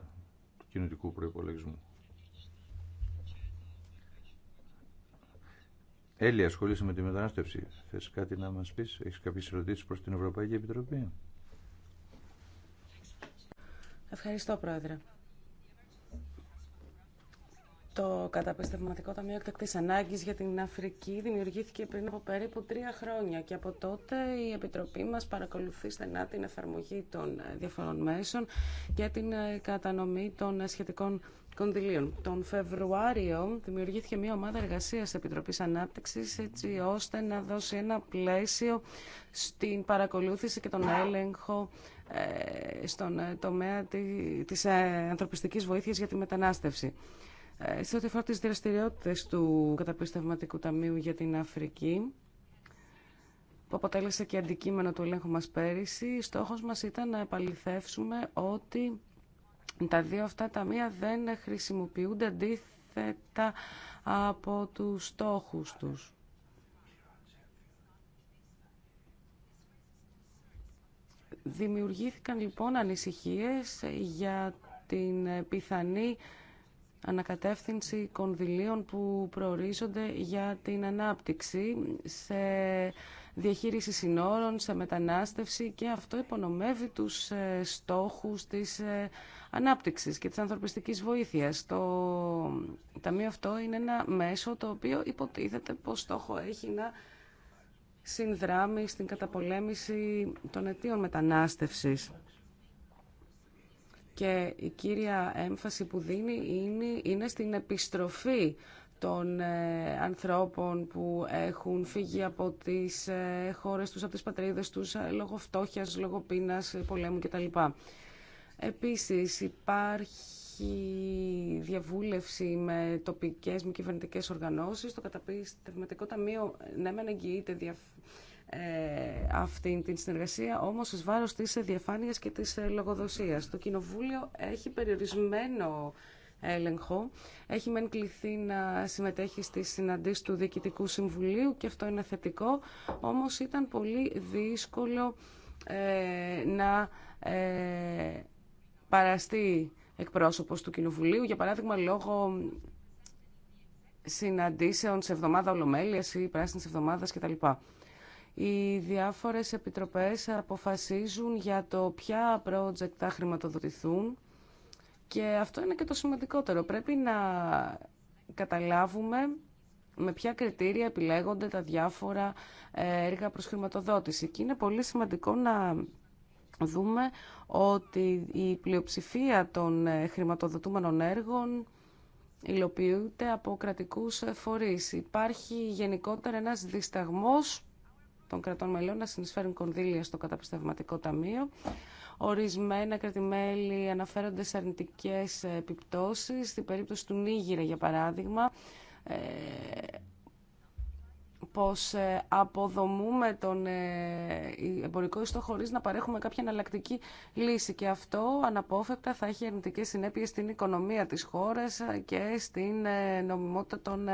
A: του κοινωτικού προϋπολογισμού. Έλλη, ασχολείσαι με τη μετανάστευση. Θες κάτι να μας πεις, έχεις κάποιες ερωτήσεις προς την Ευρωπαϊκή Επιτροπή.
B: Ευχαριστώ, Πρόεδρε. Το καταπιστευματικό ταμείο εκτακτή ανάγκη για την Αφρική δημιουργήθηκε πριν από περίπου τρία χρόνια και από τότε η Επιτροπή μα παρακολουθεί στενά την εφαρμογή των διαφορών μέσων και την ε, κατανομή των σχετικών κονδυλίων. Τον Φεβρουάριο δημιουργήθηκε μια ομάδα εργασία τη Επιτροπή Ανάπτυξη έτσι ώστε να δώσει ένα πλαίσιο στην παρακολούθηση και τον έλεγχο ε, στον ε, τομέα της ε, ανθρωπιστικής βοήθειας για τη μετανάστευση. Σε ό,τι αφορά τις δραστηριότητε του Καταπιστευματικού Ταμείου για την Αφρική, που αποτέλεσε και αντικείμενο του ελέγχου μας πέρυσι, στόχος μας ήταν να επαληθεύσουμε ότι τα δύο αυτά ταμεία δεν χρησιμοποιούνται αντίθετα από τους στόχους τους. Δημιουργήθηκαν λοιπόν ανησυχίες για την πιθανή ανακατεύθυνση κονδυλίων που προορίζονται για την ανάπτυξη σε διαχείριση συνόρων, σε μετανάστευση και αυτό υπονομεύει τους ε, στόχους της ε, ανάπτυξης και της ανθρωπιστικής βοήθειας. Το ταμείο αυτό είναι ένα μέσο το οποίο υποτίθεται πως στόχο έχει να συνδράμει στην καταπολέμηση των αιτίων μετανάστευσης. Και η κύρια έμφαση που δίνει είναι, είναι στην επιστροφή των ε, ανθρώπων που έχουν φύγει από τις ε, χώρες τους, από τις πατρίδες τους, ε, λόγω φτώχειας, λόγω πείνας, ε, πολέμου κτλ. Επίσης υπάρχει υπάρχει διαβούλευση με τοπικές μη κυβερνητικέ οργανώσεις. Το καταπιστευματικό ταμείο ναι μεν εγγυείται δια... Ε, αυτή την συνεργασία, όμως εις βάρος της διαφάνειας και της ε, λογοδοσίας. Το Κοινοβούλιο έχει περιορισμένο έλεγχο. Έχει μεν κληθεί να συμμετέχει στη συναντήσεις του Διοικητικού Συμβουλίου και αυτό είναι θετικό, όμως ήταν πολύ δύσκολο ε, να παραστεί Εκπρόσωπο του Κοινοβουλίου, για παράδειγμα λόγω συναντήσεων σε εβδομάδα ολομέλεια ή πράσινη εβδομάδα κτλ. Οι διάφορες επιτροπές αποφασίζουν για το ποια project θα χρηματοδοτηθούν και αυτό είναι και το σημαντικότερο. Πρέπει να καταλάβουμε με ποια κριτήρια επιλέγονται τα διάφορα ε, έργα προς χρηματοδότηση. Και είναι πολύ σημαντικό να δούμε ότι η πλειοψηφία των ε, χρηματοδοτούμενων έργων υλοποιούνται από κρατικούς ε, φορείς. Υπάρχει γενικότερα ένας δισταγμός των κρατών μελών να συνεισφέρουν κονδύλια στο καταπιστευματικό ταμείο. Ορισμένα κρατημέλη αναφέρονται σε αρνητικές ε, επιπτώσεις. Στην περίπτωση του Νίγηρα, για παράδειγμα, πως ε, αποδομούμε τον ε, εμπορικό ιστό χωρίς να παρέχουμε κάποια εναλλακτική λύση και αυτό αναπόφευκτα θα έχει αρνητικές συνέπειες στην οικονομία της χώρας και στην ε, νομιμότητα των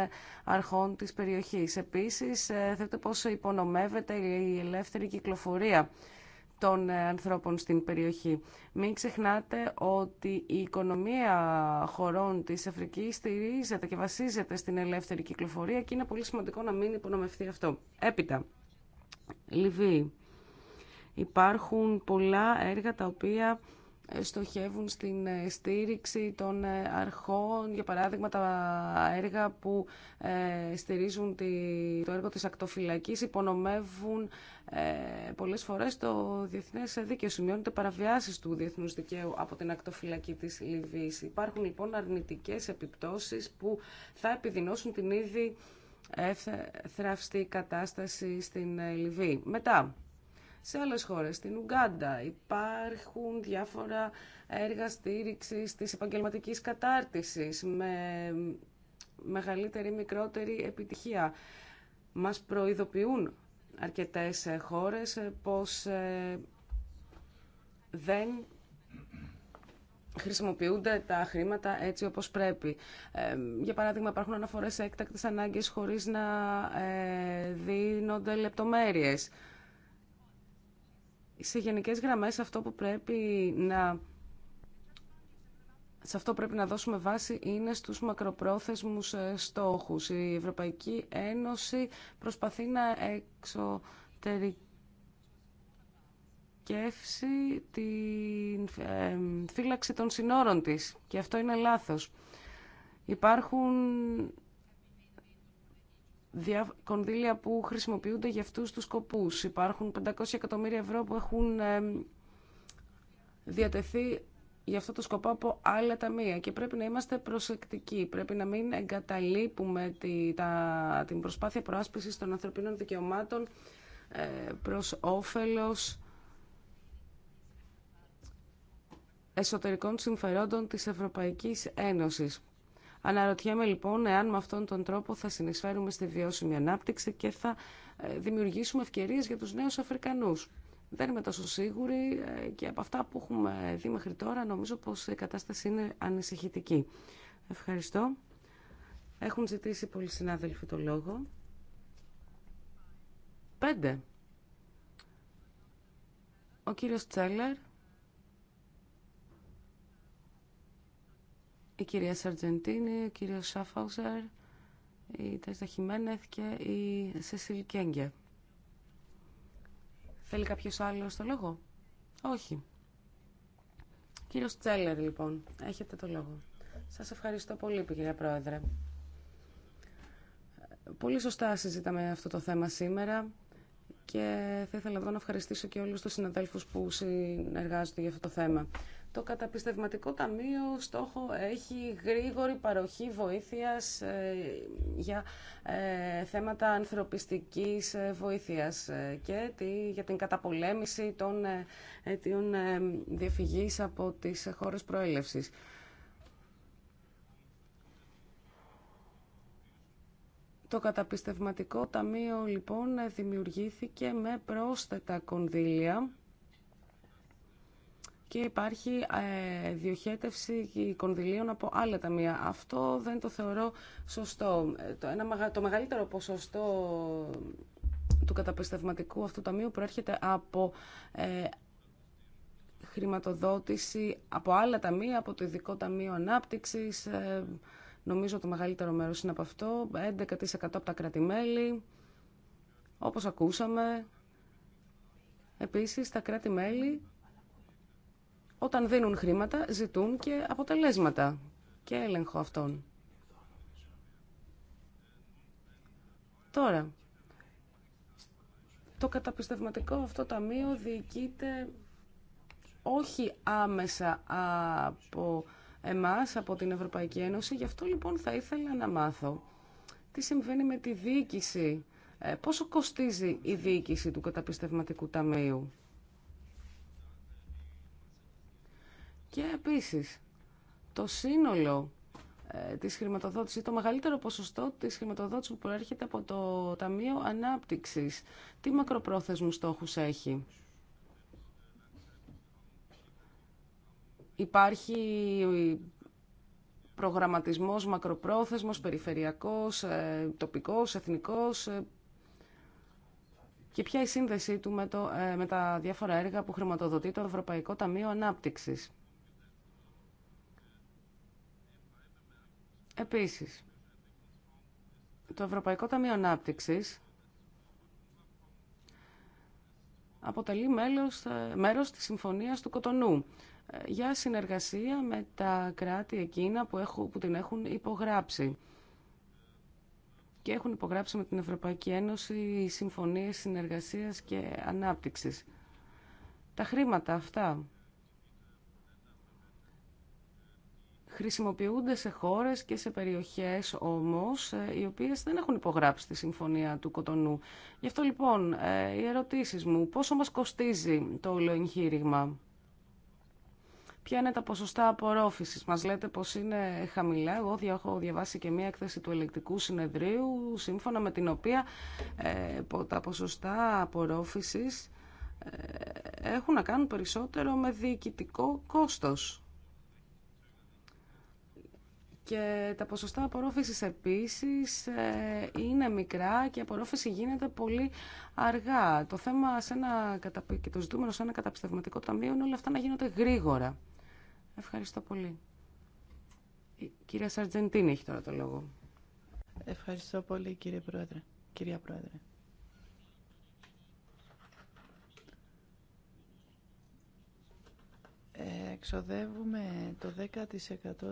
B: αρχών της περιοχής. Επίσης, θέλετε πως υπονομεύεται η ελεύθερη κυκλοφορία των ε, ανθρώπων στην περιοχή. Μην ξεχνάτε ότι η οικονομία χωρών της Αφρικής στηρίζεται και βασίζεται στην ελεύθερη κυκλοφορία και είναι πολύ σημαντικό να μην υπονομευτεί αυτό. Έπειτα, Λιβύη. Υπάρχουν πολλά έργα τα οποία στοχεύουν στην ε, στήριξη των ε, αρχών, για παράδειγμα τα έργα που ε, στηρίζουν το έργο της ακτοφυλακής υπονομεύουν πολλές φορές το διεθνές δίκαιο. Σημειώνεται παραβιάσεις του διεθνούς δικαίου από την ακτοφυλακή της Λιβύης. Υπάρχουν λοιπόν αρνητικές επιπτώσεις που θα επιδεινώσουν την ήδη θραυστή κατάσταση στην Λιβύη. Μετά, σε άλλες χώρες, στην Ουγκάντα. Υπάρχουν διάφορα έργα στήριξης της επαγγελματικής κατάρτισης με μεγαλύτερη ή μικρότερη επιτυχία. Μας προειδοποιούν αρκετές χώρες πως ε, δεν χρησιμοποιούνται τα χρήματα έτσι όπως πρέπει. Ε, για παράδειγμα, υπάρχουν αναφορές σε έκτακτες ανάγκες χωρίς να ε, δίνονται λεπτομέρειες σε γενικές γραμμές αυτό που πρέπει να... Σε αυτό πρέπει να δώσουμε βάση είναι στους μακροπρόθεσμους ε, στόχους. Η Ευρωπαϊκή Ένωση προσπαθεί να εξωτερικεύσει την ε, φύλαξη των συνόρων της και αυτό είναι λάθος. Υπάρχουν κονδύλια που χρησιμοποιούνται για αυτούς τους σκοπούς. Υπάρχουν 500 εκατομμύρια ευρώ που έχουν διατεθεί για αυτό το σκοπό από άλλα ταμεία και πρέπει να είμαστε προσεκτικοί. Πρέπει να μην εγκαταλείπουμε τη, την προσπάθεια προάσπισης των ανθρωπίνων δικαιωμάτων ε, προς όφελος εσωτερικών συμφερόντων της Ευρωπαϊκής Ένωσης. Αναρωτιέμαι λοιπόν εάν με αυτόν τον τρόπο θα συνεισφέρουμε στη βιώσιμη ανάπτυξη και θα ε, δημιουργήσουμε ευκαιρίες για τους νέους Αφρικανούς. Δεν είμαι τόσο σίγουρη ε, και από αυτά που έχουμε δει μέχρι τώρα νομίζω πως η κατάσταση είναι ανησυχητική. Ευχαριστώ. Έχουν ζητήσει πολλοί συνάδελφοι το λόγο. Πέντε. Ο κύριος Τσέλερ, η κυρία Σαρτζεντίνη, ο κύριος Σάφαουζερ, η Τέστα Χιμένεθ και η Σεσίλ Κέγγε. Θέλει κάποιος άλλος το λόγο? Όχι. Κύριος Τσέλερ, λοιπόν, έχετε το λόγο. Σας ευχαριστώ πολύ, κυρία Πρόεδρε. Πολύ σωστά συζητάμε αυτό το θέμα σήμερα και θα ήθελα εδώ να ευχαριστήσω και όλους τους συναδέλφους που συνεργάζονται για αυτό το θέμα. Το καταπιστευματικό ταμείο στόχο έχει γρήγορη παροχή βοήθειας ε, για ε, θέματα ανθρωπιστικής ε, βοήθειας και για την καταπολέμηση των αιτίων διαφυγής από τις χώρες προέλευσης. Το καταπιστευματικό ταμείο λοιπόν δημιουργήθηκε με πρόσθετα κονδύλια και υπάρχει ε, διοχέτευση κονδυλίων από άλλα ταμεία. Αυτό δεν το θεωρώ σωστό. Ε, το, ένα, το μεγαλύτερο ποσοστό του καταπιστευματικού αυτού ταμείου προέρχεται από ε, χρηματοδότηση από άλλα ταμεία, από το Ειδικό Ταμείο Ανάπτυξης, ε, νομίζω το μεγαλύτερο μέρος είναι από αυτό, 11% από τα κρατη όπως ακούσαμε. Επίσης, τα κράτη-μέλη όταν δίνουν χρήματα ζητούν και αποτελέσματα και έλεγχο αυτών. Τώρα, το καταπιστευματικό αυτό ταμείο διοικείται όχι άμεσα από εμάς, από την Ευρωπαϊκή Ένωση. Γι' αυτό λοιπόν θα ήθελα να μάθω τι συμβαίνει με τη διοίκηση, ε, πόσο κοστίζει η διοίκηση του καταπιστευματικού ταμείου. Και επίσης, το σύνολο ε, της χρηματοδότησης, το μεγαλύτερο ποσοστό της χρηματοδότησης που προέρχεται από το Ταμείο Ανάπτυξης. Τι μακροπρόθεσμους στόχους έχει. Υπάρχει προγραμματισμός μακροπρόθεσμος, περιφερειακός, ε, τοπικός, εθνικός ε, και ποια η σύνδεσή του με, το, με τα διάφορα έργα που χρηματοδοτεί το Ευρωπαϊκό Ταμείο Ανάπτυξης. Επίσης, το Ευρωπαϊκό Ταμείο Ανάπτυξης αποτελεί μέλος, ε, μέρος της Συμφωνίας του Κοτονού ε, για συνεργασία με τα κράτη εκείνα που, έχουν, που την έχουν υπογράψει και έχουν υπογράψει με την Ευρωπαϊκή Ένωση συμφωνίες συνεργασίας και ανάπτυξης. Τα χρήματα αυτά χρησιμοποιούνται σε χώρες και σε περιοχές όμως ε, οι οποίες δεν έχουν υπογράψει τη Συμφωνία του Κοτονού. Γι' αυτό λοιπόν ε, οι ερωτήσεις μου, πόσο μας κοστίζει το όλο εγχείρημα. Ποια είναι τα ποσοστά απορρόφησης. Μας λέτε πως είναι χαμηλά. Εγώ έχω διαβάσει και μία έκθεση του ελεκτικού συνεδρίου, σύμφωνα με την οποία ε, τα ποσοστά απορρόφησης ε, έχουν να κάνουν περισσότερο με διοικητικό κόστος. Και τα ποσοστά απορρόφησης επίσης ε, είναι μικρά και η απορρόφηση γίνεται πολύ αργά. Το θέμα σε ένα, και το ζητούμενο σε ένα καταπιστευματικό ταμείο είναι όλα αυτά να γίνονται γρήγορα. Ευχαριστώ πολύ. Η κυρία Σαρτζεντίνη έχει τώρα το λόγο.
C: Ευχαριστώ πολύ κύριε Πρόεδρε. Κυρία Πρόεδρε. εξοδεύουμε το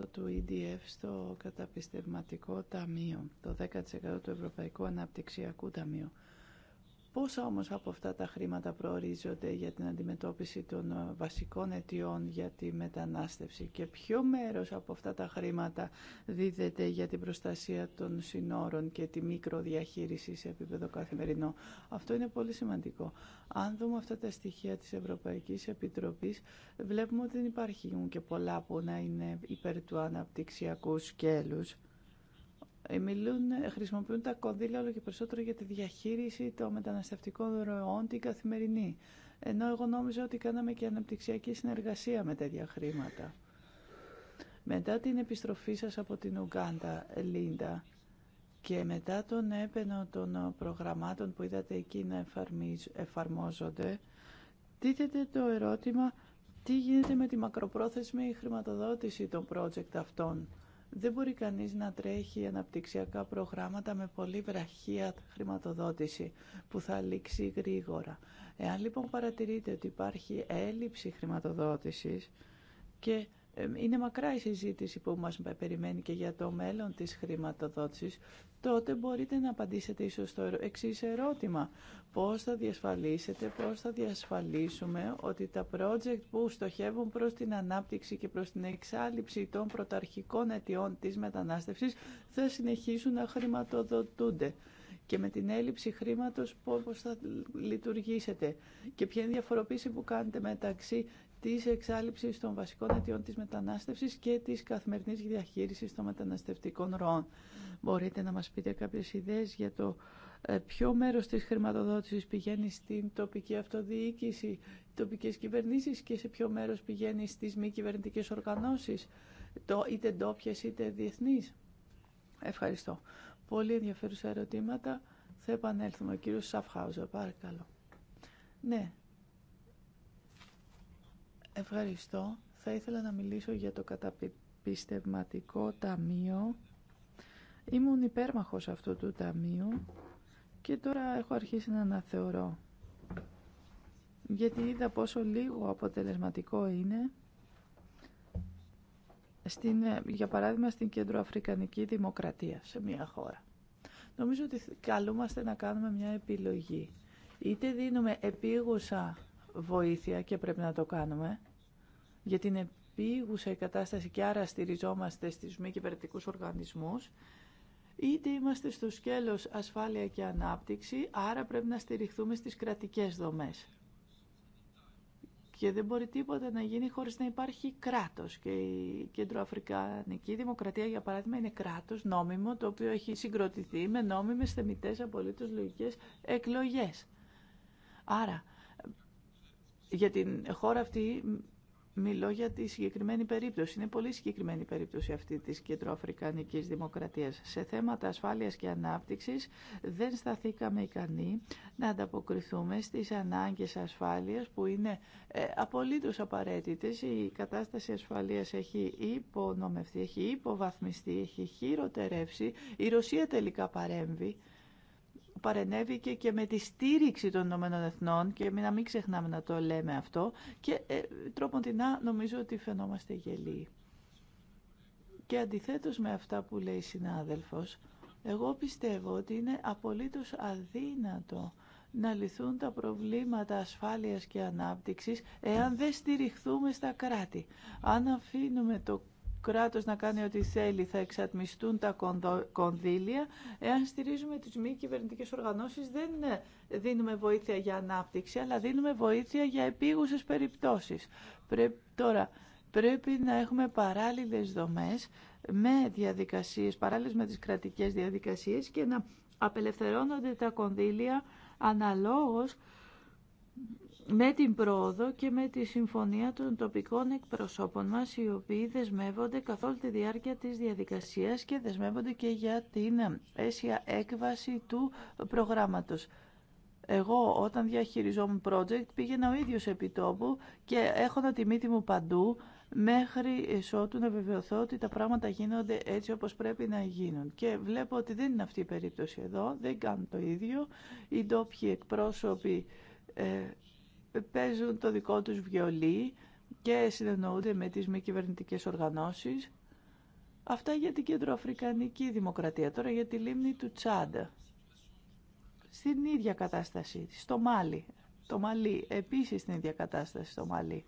C: 10% του EDF στο καταπιστευματικό ταμείο, το 10% του Ευρωπαϊκού Αναπτυξιακού Ταμείου. Πόσα όμως από αυτά τα χρήματα προορίζονται για την αντιμετώπιση των ε, βασικών αιτιών για τη μετανάστευση και ποιο μέρος από αυτά τα χρήματα δίδεται για την προστασία των συνόρων και τη μικροδιαχείριση σε επίπεδο καθημερινό. Αυτό είναι πολύ σημαντικό. Αν δούμε αυτά τα στοιχεία της Ευρωπαϊκής Επιτροπής βλέπουμε ότι δεν υπάρχουν και πολλά που να είναι υπέρ του αναπτυξιακού σκέλους. Μιλούν, ε, χρησιμοποιούν τα κονδύλια όλο και περισσότερο για τη διαχείριση των μεταναστευτικών ροών την καθημερινή. Ενώ εγώ νόμιζα ότι κάναμε και αναπτυξιακή συνεργασία με τέτοια χρήματα. Μετά την επιστροφή σας από την Ουγκάντα, Λίντα, και μετά τον έπαινο των προγραμμάτων που είδατε εκεί να εφαρμόζονται, τίθεται το ερώτημα τι γίνεται με τη μακροπρόθεσμη χρηματοδότηση των project αυτών δεν μπορεί κανείς να τρέχει αναπτυξιακά προγράμματα με πολύ βραχία χρηματοδότηση που θα λήξει γρήγορα. Εάν λοιπόν παρατηρείτε ότι υπάρχει έλλειψη χρηματοδότησης και είναι μακρά η συζήτηση που μας περιμένει και για το μέλλον της χρηματοδότησης, τότε μπορείτε να απαντήσετε ίσως στο εξή ερώτημα. Πώς θα διασφαλίσετε, πώς θα διασφαλίσουμε ότι τα project που στοχεύουν προς την ανάπτυξη και προς την εξάλληψη των πρωταρχικών αιτιών της μετανάστευσης θα συνεχίσουν να χρηματοδοτούνται και με την έλλειψη χρήματος πώς θα λειτουργήσετε και ποια είναι η διαφοροποίηση που κάνετε μεταξύ Τη εξάλληψη των βασικών αιτιών της μετανάστευση και της καθημερινής διαχείρισης των μεταναστευτικών ροών. Μπορείτε να μας πείτε κάποιες ιδέες για το ε, ποιο μέρος της χρηματοδότηση πηγαίνει στην τοπική αυτοδιοίκηση, τοπικές κυβερνήσει και σε ποιο μέρος πηγαίνει στις μη κυβερνητικέ οργανώσει, είτε ντόπιε είτε διεθνεί. Ευχαριστώ. Πολύ ενδιαφέρουσα ερωτήματα. Θα επανέλθουμε. Ο κύριος Σαφχάουζα, παρακαλώ. Ναι, Ευχαριστώ. Θα ήθελα να μιλήσω για το καταπιστευματικό ταμείο. Ήμουν υπέρμαχος αυτού του ταμείου και τώρα έχω αρχίσει να αναθεωρώ. Γιατί είδα πόσο λίγο αποτελεσματικό είναι στην, για παράδειγμα στην κεντροαφρικανική δημοκρατία σε μια χώρα. Νομίζω ότι καλούμαστε να κάνουμε μια επιλογή. Είτε δίνουμε επίγουσα βοήθεια και πρέπει να το κάνουμε, για την επίγουσα η κατάσταση και άρα στηριζόμαστε στις μη κυβερνητικού οργανισμούς, είτε είμαστε στο σκέλος ασφάλεια και ανάπτυξη, άρα πρέπει να στηριχθούμε στις κρατικές δομές. Και δεν μπορεί τίποτα να γίνει χωρίς να υπάρχει κράτος. Και η Κεντροαφρικανική Δημοκρατία, για παράδειγμα, είναι κράτος νόμιμο, το οποίο έχει συγκροτηθεί με νόμιμες θεμητές απολύτως λογικές εκλογές. Άρα, για την χώρα αυτή μιλώ για τη συγκεκριμένη περίπτωση. Είναι πολύ συγκεκριμένη περίπτωση αυτή της κεντροαφρικανικής δημοκρατίας. Σε θέματα ασφάλειας και ανάπτυξης δεν σταθήκαμε ικανοί να ανταποκριθούμε στις ανάγκες ασφάλειας που είναι ε, απολύτως απαραίτητες. Η κατάσταση ασφαλείας έχει υπονομευτεί, έχει υποβαθμιστεί, έχει χειροτερεύσει. Η Ρωσία τελικά παρέμβει παρενέβηκε και με τη στήριξη των Ηνωμένων Εθνών και να μην ξεχνάμε να το λέμε αυτό και ε, τρόποντινά νομίζω ότι φαινόμαστε γελοί. Και αντιθέτως με αυτά που λέει η συνάδελφος, εγώ πιστεύω ότι είναι απολύτως αδύνατο να λυθούν τα προβλήματα ασφάλειας και ανάπτυξης εάν δεν στηριχθούμε στα κράτη. Αν αφήνουμε το κράτος να κάνει ό,τι θέλει, θα εξατμιστούν τα κονδύλια. Εάν στηρίζουμε τις μη κυβερνητικές οργανώσεις δεν ε, δίνουμε βοήθεια για ανάπτυξη, αλλά δίνουμε βοήθεια για επίγουσες περιπτώσεις. τώρα, πρέπει να έχουμε παράλληλες δομές με διαδικασίες, παράλληλες με τις κρατικές διαδικασίες και να απελευθερώνονται τα κονδύλια αναλόγως με την πρόοδο και με τη συμφωνία των τοπικών εκπροσώπων μας οι οποίοι δεσμεύονται καθ' τη διάρκεια της διαδικασίας και δεσμεύονται και για την αίσια έκβαση του προγράμματος. Εγώ όταν διαχειριζόμουν project πήγαινα ο ίδιος επί τόπου και έχω τη μύτη μου παντού μέχρι εσώτου να βεβαιωθώ ότι τα πράγματα γίνονται έτσι όπως πρέπει να γίνουν. Και βλέπω ότι δεν είναι αυτή η περίπτωση εδώ, δεν κάνουν το ίδιο. Οι ντόπιοι εκπρόσωποι ε, παίζουν το δικό τους βιολί και συνεννοούνται με τις μη κυβερνητικέ οργανώσεις. Αυτά για την κεντροαφρικανική δημοκρατία. Τώρα για τη λίμνη του Τσάντα. Στην ίδια κατάσταση, στο Μάλι. Το Μάλι, επίσης στην ίδια κατάσταση στο Μάλι.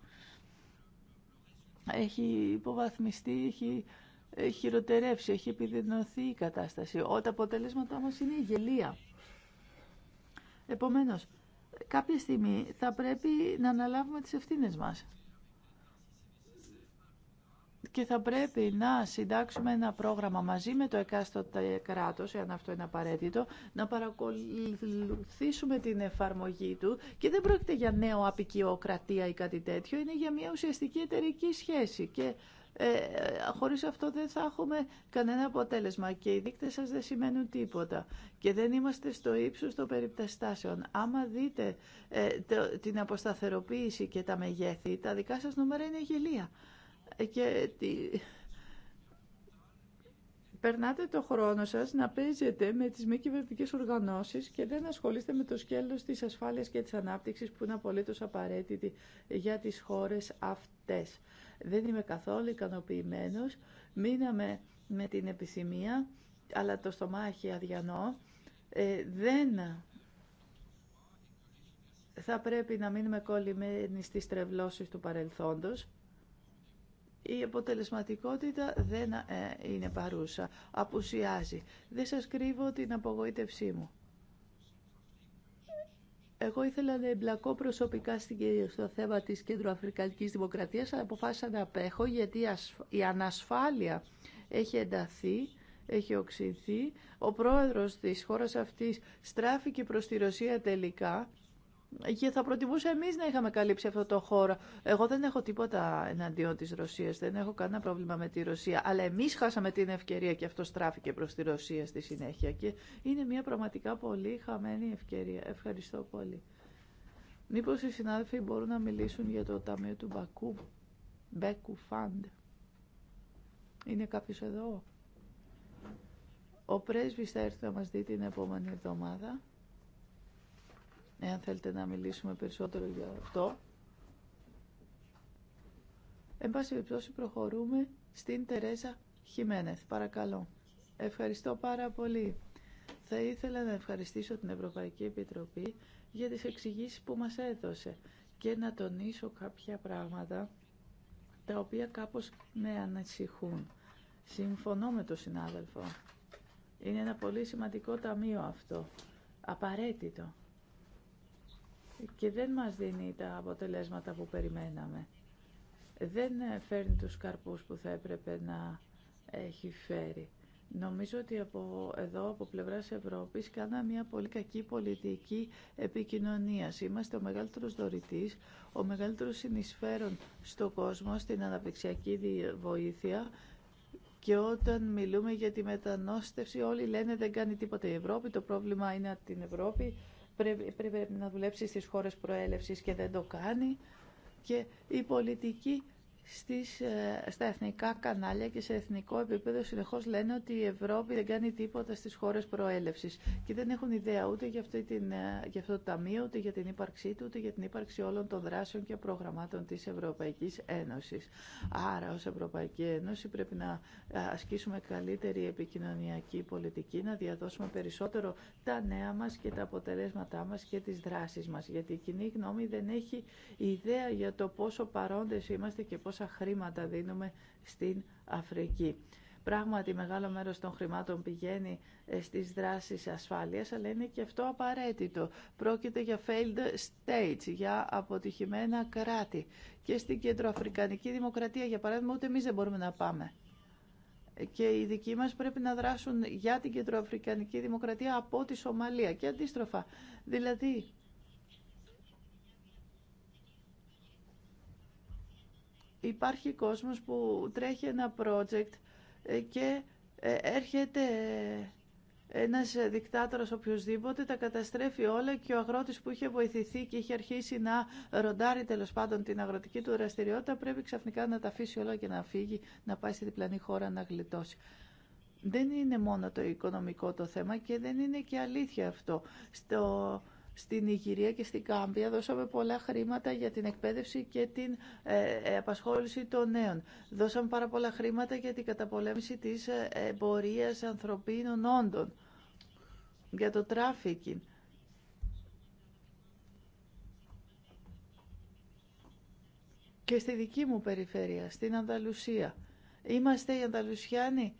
C: Έχει υποβαθμιστεί, έχει χειροτερεύσει, έχει επιδεινωθεί η κατάσταση. Ό, τα αποτελέσματά μας είναι η γελία. Επομένως, κάποια στιγμή θα πρέπει να αναλάβουμε τις ευθύνες μας. Και θα πρέπει να συντάξουμε ένα πρόγραμμα μαζί με το εκάστοτε κράτος, εάν αυτό είναι απαραίτητο, να παρακολουθήσουμε την εφαρμογή του και δεν πρόκειται για νέο απικιοκρατία ή κάτι τέτοιο, είναι για μια ουσιαστική εταιρική σχέση. Και ε, χωρίς αυτό δεν θα έχουμε κανένα αποτέλεσμα και οι δείκτες σας δεν σημαίνουν τίποτα και δεν είμαστε στο ύψος των περιπταστάσεων. Άμα δείτε ε, την αποσταθεροποίηση και τα μεγέθη, τα δικά σας νούμερα είναι γελία. Ε, και Περνάτε το χρόνο σας να παίζετε με τις μη κυβερνητικέ οργανώσεις και δεν ασχολείστε με το σκέλος της ασφάλειας και της ανάπτυξης που είναι απολύτως απαραίτητη για τις χώρες αυτές. Δεν είμαι καθόλου ικανοποιημένο. Μείναμε με την επισημία, αλλά το στομάχι αδιανό. Ε, δεν θα πρέπει να μείνουμε κολλημένοι στις τρευλώσεις του παρελθόντος. Η αποτελεσματικότητα δεν ε, είναι παρούσα, απουσιάζει. Δεν σας κρύβω την απογοήτευσή μου. Εγώ ήθελα να εμπλακώ προσωπικά στο θέμα της Κεντροαφρικανικής Δημοκρατίας, αλλά αποφάσισα να απέχω γιατί η ανασφάλεια έχει ενταθεί, έχει οξυνθεί. Ο πρόεδρος της χώρας αυτής στράφηκε προς τη Ρωσία τελικά και θα προτιμούσα εμείς να είχαμε καλύψει αυτό το χώρο. Εγώ δεν έχω τίποτα εναντίον της Ρωσίας, δεν έχω κανένα πρόβλημα με τη Ρωσία, αλλά εμείς χάσαμε την ευκαιρία και αυτό στράφηκε προς τη Ρωσία στη συνέχεια και είναι μια πραγματικά πολύ χαμένη ευκαιρία. Ευχαριστώ πολύ. Μήπω οι συνάδελφοι μπορούν να μιλήσουν για το Ταμείο του Μπακού, Μπέκου Φαντ. Είναι κάποιο εδώ. Ο πρέσβης θα έρθει να μας δει την επόμενη εβδομάδα εάν θέλετε να μιλήσουμε περισσότερο για αυτό. Εν πάση περιπτώσει προχωρούμε στην Τερέζα Χιμένεθ. Παρακαλώ. Ευχαριστώ πάρα πολύ. Θα ήθελα να ευχαριστήσω την Ευρωπαϊκή Επιτροπή για τις εξηγήσεις που μας έδωσε και να τονίσω κάποια πράγματα τα οποία κάπως με ανασυχούν. Συμφωνώ με τον συνάδελφο. Είναι ένα πολύ σημαντικό ταμείο αυτό. Απαραίτητο και δεν μας δίνει τα αποτελέσματα που περιμέναμε. Δεν φέρνει τους καρπούς που θα έπρεπε να έχει φέρει. Νομίζω ότι από εδώ, από πλευράς Ευρώπης, κάναμε μια πολύ κακή πολιτική επικοινωνία. Είμαστε ο μεγαλύτερος δωρητής, ο μεγαλύτερος συνεισφέρον στο κόσμο, στην αναπτυξιακή βοήθεια και όταν μιλούμε για τη μετανόστευση όλοι λένε δεν κάνει τίποτα η Ευρώπη, το πρόβλημα είναι από την Ευρώπη πρέπει, πρέπει να δουλέψει στις χώρες προέλευσης και δεν το κάνει και η πολιτική στις, ε, στα εθνικά κανάλια και σε εθνικό επίπεδο συνεχώς λένε ότι η Ευρώπη δεν κάνει τίποτα στις χώρες προέλευσης και δεν έχουν ιδέα ούτε για, αυτή την, ε, για αυτό το ταμείο, ούτε για την ύπαρξή του, ούτε για την ύπαρξη όλων των δράσεων και προγραμμάτων της Ευρωπαϊκής Ένωσης. Άρα ως Ευρωπαϊκή Ένωση πρέπει να ε, ασκήσουμε καλύτερη επικοινωνιακή πολιτική, να διαδώσουμε περισσότερο τα νέα μας και τα αποτελέσματά μας και τις δράσεις μας, γιατί η κοινή γνώμη δεν έχει ιδέα για το πόσο παρόντες είμαστε και πόσα χρήματα δίνουμε στην Αφρική. Πράγματι, μεγάλο μέρος των χρημάτων πηγαίνει ε, στις δράσεις ασφάλειας, αλλά είναι και αυτό απαραίτητο. Πρόκειται για failed states, για αποτυχημένα κράτη. Και στην Κεντροαφρικανική Δημοκρατία, για παράδειγμα, ούτε εμεί δεν μπορούμε να πάμε. Και οι δικοί μας πρέπει να δράσουν για την Κεντροαφρικανική Δημοκρατία από τη Σομαλία και αντίστροφα. Δηλαδή, υπάρχει κόσμος που τρέχει ένα project ε, και ε, έρχεται ένας δικτάτορας οποιοδήποτε τα καταστρέφει όλα και ο αγρότης που είχε βοηθηθεί και είχε αρχίσει να ροντάρει τέλο πάντων την αγροτική του δραστηριότητα πρέπει ξαφνικά να τα αφήσει όλα και να φύγει, να πάει στη διπλανή χώρα να γλιτώσει. Δεν είναι μόνο το οικονομικό το θέμα και δεν είναι και αλήθεια αυτό στην Ιγυρία και στην Κάμπια δώσαμε πολλά χρήματα για την εκπαίδευση και την ε, ε, απασχόληση των νέων. Δώσαμε πάρα πολλά χρήματα για την καταπολέμηση της ε, εμπορίας ανθρωπίνων όντων, για το τράφικιν. Και στη δική μου περιφέρεια, στην Ανταλουσία. Είμαστε οι Ανταλουσιάνοι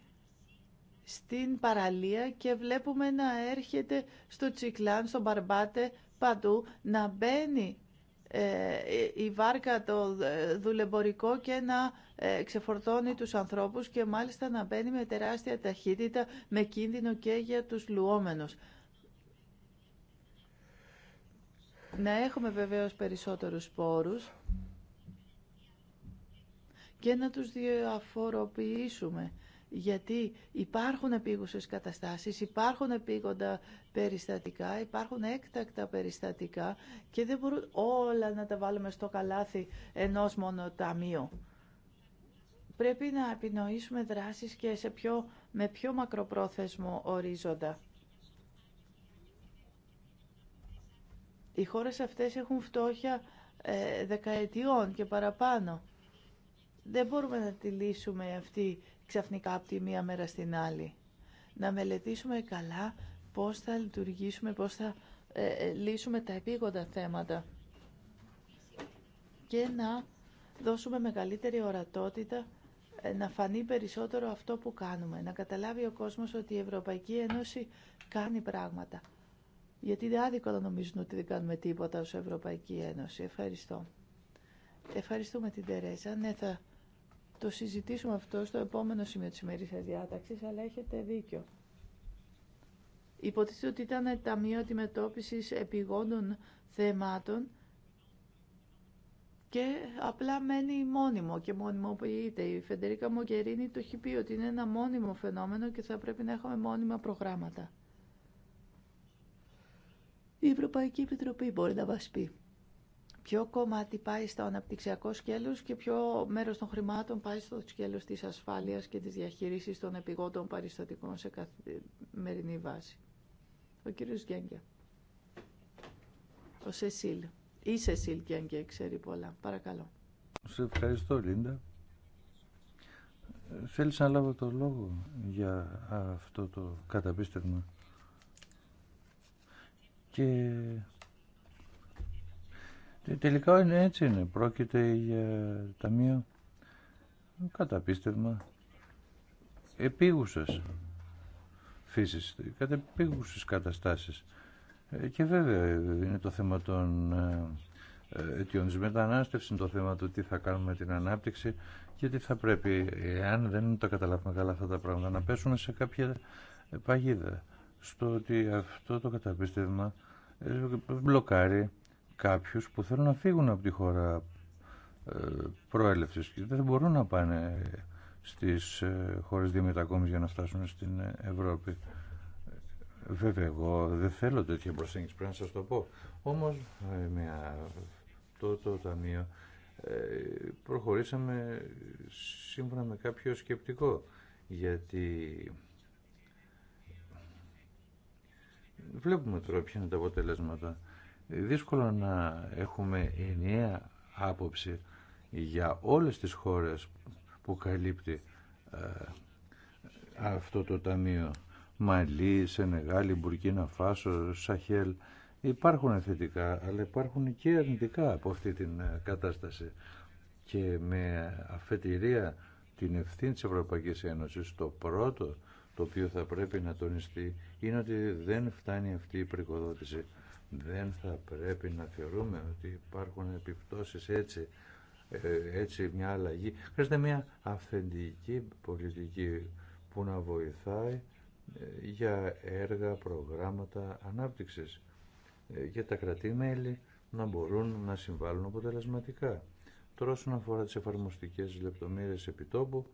C: στην παραλία και βλέπουμε να έρχεται στο Τσικλάν, στον Μπαρμπάτε, παντού, να μπαίνει ε, η βάρκα το ε, δουλεμπορικό και να ε, ξεφορτώνει τους ανθρώπους και μάλιστα να μπαίνει με τεράστια ταχύτητα με κίνδυνο και για τους λουόμενους. Να έχουμε βεβαίως περισσότερους πόρους και να τους διαφοροποιήσουμε γιατί υπάρχουν επίγουσες καταστάσεις, υπάρχουν επίγοντα περιστατικά, υπάρχουν έκτακτα περιστατικά και δεν μπορούν όλα να τα βάλουμε στο καλάθι ενός μόνο ταμείου. Πρέπει να επινοήσουμε δράσεις και σε πιο, με πιο μακροπρόθεσμο ορίζοντα. Οι χώρες αυτές έχουν φτώχεια ε, δεκαετιών και παραπάνω. Δεν μπορούμε να τη λύσουμε αυτή ξαφνικά από τη μία μέρα στην άλλη. Να μελετήσουμε καλά πώς θα λειτουργήσουμε, πώς θα ε, ε, λύσουμε τα επίγοντα θέματα και να δώσουμε μεγαλύτερη ορατότητα ε, να φανεί περισσότερο αυτό που κάνουμε, να καταλάβει ο κόσμος ότι η Ευρωπαϊκή Ένωση κάνει πράγματα. Γιατί είναι άδικο να νομίζουν ότι δεν κάνουμε τίποτα ως Ευρωπαϊκή Ένωση. Ευχαριστώ. Ευχαριστούμε την Τερέζα. Ναι, θα το συζητήσουμε αυτό στο επόμενο σημείο της σημερινής διάταξης, αλλά έχετε δίκιο. Υποτίθεται ότι ήταν Ταμείο αντιμετώπιση Επιγόντων Θεμάτων και απλά μένει μόνιμο και μόνιμο είτε. Η Φεντερίκα Μογκερίνη το έχει πει ότι είναι ένα μόνιμο φαινόμενο και θα πρέπει να έχουμε μόνιμα προγράμματα. Η Ευρωπαϊκή Επιτροπή μπορεί να μας πει. Ποιο κομμάτι πάει στο αναπτυξιακό σκέλος και ποιο μέρος των χρημάτων πάει στο σκέλος της ασφάλειας και της διαχείρισης των επιγόντων παριστατικών σε καθημερινή βάση. Ο κύριος Γκένγκια. Ο Σεσίλ. Ή Σεσίλ Γκένγκια ξέρει πολλά. Παρακαλώ.
A: Σε ευχαριστώ Λίντα. Θέλεις να λάβω το λόγο για αυτό το καταπίστευμα. Και Τελικά είναι έτσι είναι. Πρόκειται για ταμείο καταπίστευμα επίγουσας φύσης, επίγουσες καταστάσεις. Ε, και βέβαια είναι το θέμα των ε, ε, αιτιών της μετανάστευσης, το θέμα του τι θα κάνουμε την ανάπτυξη και τι θα πρέπει, αν δεν τα καταλάβουμε καλά αυτά τα πράγματα, να πέσουμε σε κάποια παγίδα στο ότι αυτό το καταπίστευμα μπλοκάρει κάποιους που θέλουν να φύγουν από τη χώρα ε, προέλευσης και δεν μπορούν να πάνε στις ε, χώρες διαμετακόμισης για να φτάσουν στην ε, Ευρώπη. Βέβαια, εγώ δεν θέλω τέτοια προσέγγιση, πρέπει να σας το πω. Όμως, με αυτό το ταμείο προχωρήσαμε σύμφωνα με κάποιο σκεπτικό, γιατί βλέπουμε τώρα ποια είναι τα αποτελέσματα δύσκολο να έχουμε ενιαία άποψη για όλες τις χώρες που καλύπτει ε, αυτό το ταμείο. Μαλή, Σενεγάλη, Μπουρκίνα Φάσο, Σαχέλ. Υπάρχουν θετικά, αλλά υπάρχουν και αρνητικά από αυτή την ε, κατάσταση. Και με αφετηρία την ευθύνη της Ευρωπαϊκής Ένωσης, το πρώτο το οποίο θα πρέπει να τονιστεί είναι ότι δεν φτάνει αυτή η πρικοδότηση δεν θα πρέπει να θεωρούμε ότι υπάρχουν επιπτώσεις έτσι, ε, έτσι μια αλλαγή. Χρειάζεται μια αυθεντική πολιτική που να βοηθάει ε, για έργα, προγράμματα ανάπτυξης ε, για τα κρατή-μέλη να μπορούν να συμβάλλουν αποτελεσματικά. Τώρα όσον αφορά τις εφαρμοστικές λεπτομέρειες επιτόπου,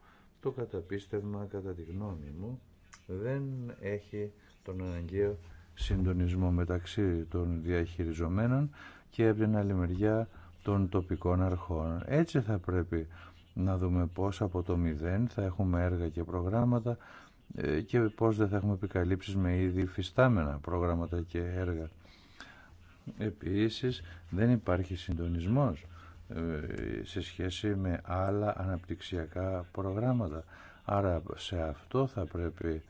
A: το καταπίστευμα κατά τη γνώμη μου δεν έχει τον αναγκαίο συντονισμό μεταξύ των διαχειριζομένων και από την άλλη μεριά των τοπικών αρχών. Έτσι θα πρέπει να δούμε πώς από το μηδέν θα έχουμε έργα και προγράμματα ε, και πώς δεν θα έχουμε επικαλύψεις με ήδη φυστάμενα προγράμματα και έργα. Επίσης δεν υπάρχει συντονισμός ε, σε σχέση με άλλα αναπτυξιακά προγράμματα. Άρα σε αυτό θα πρέπει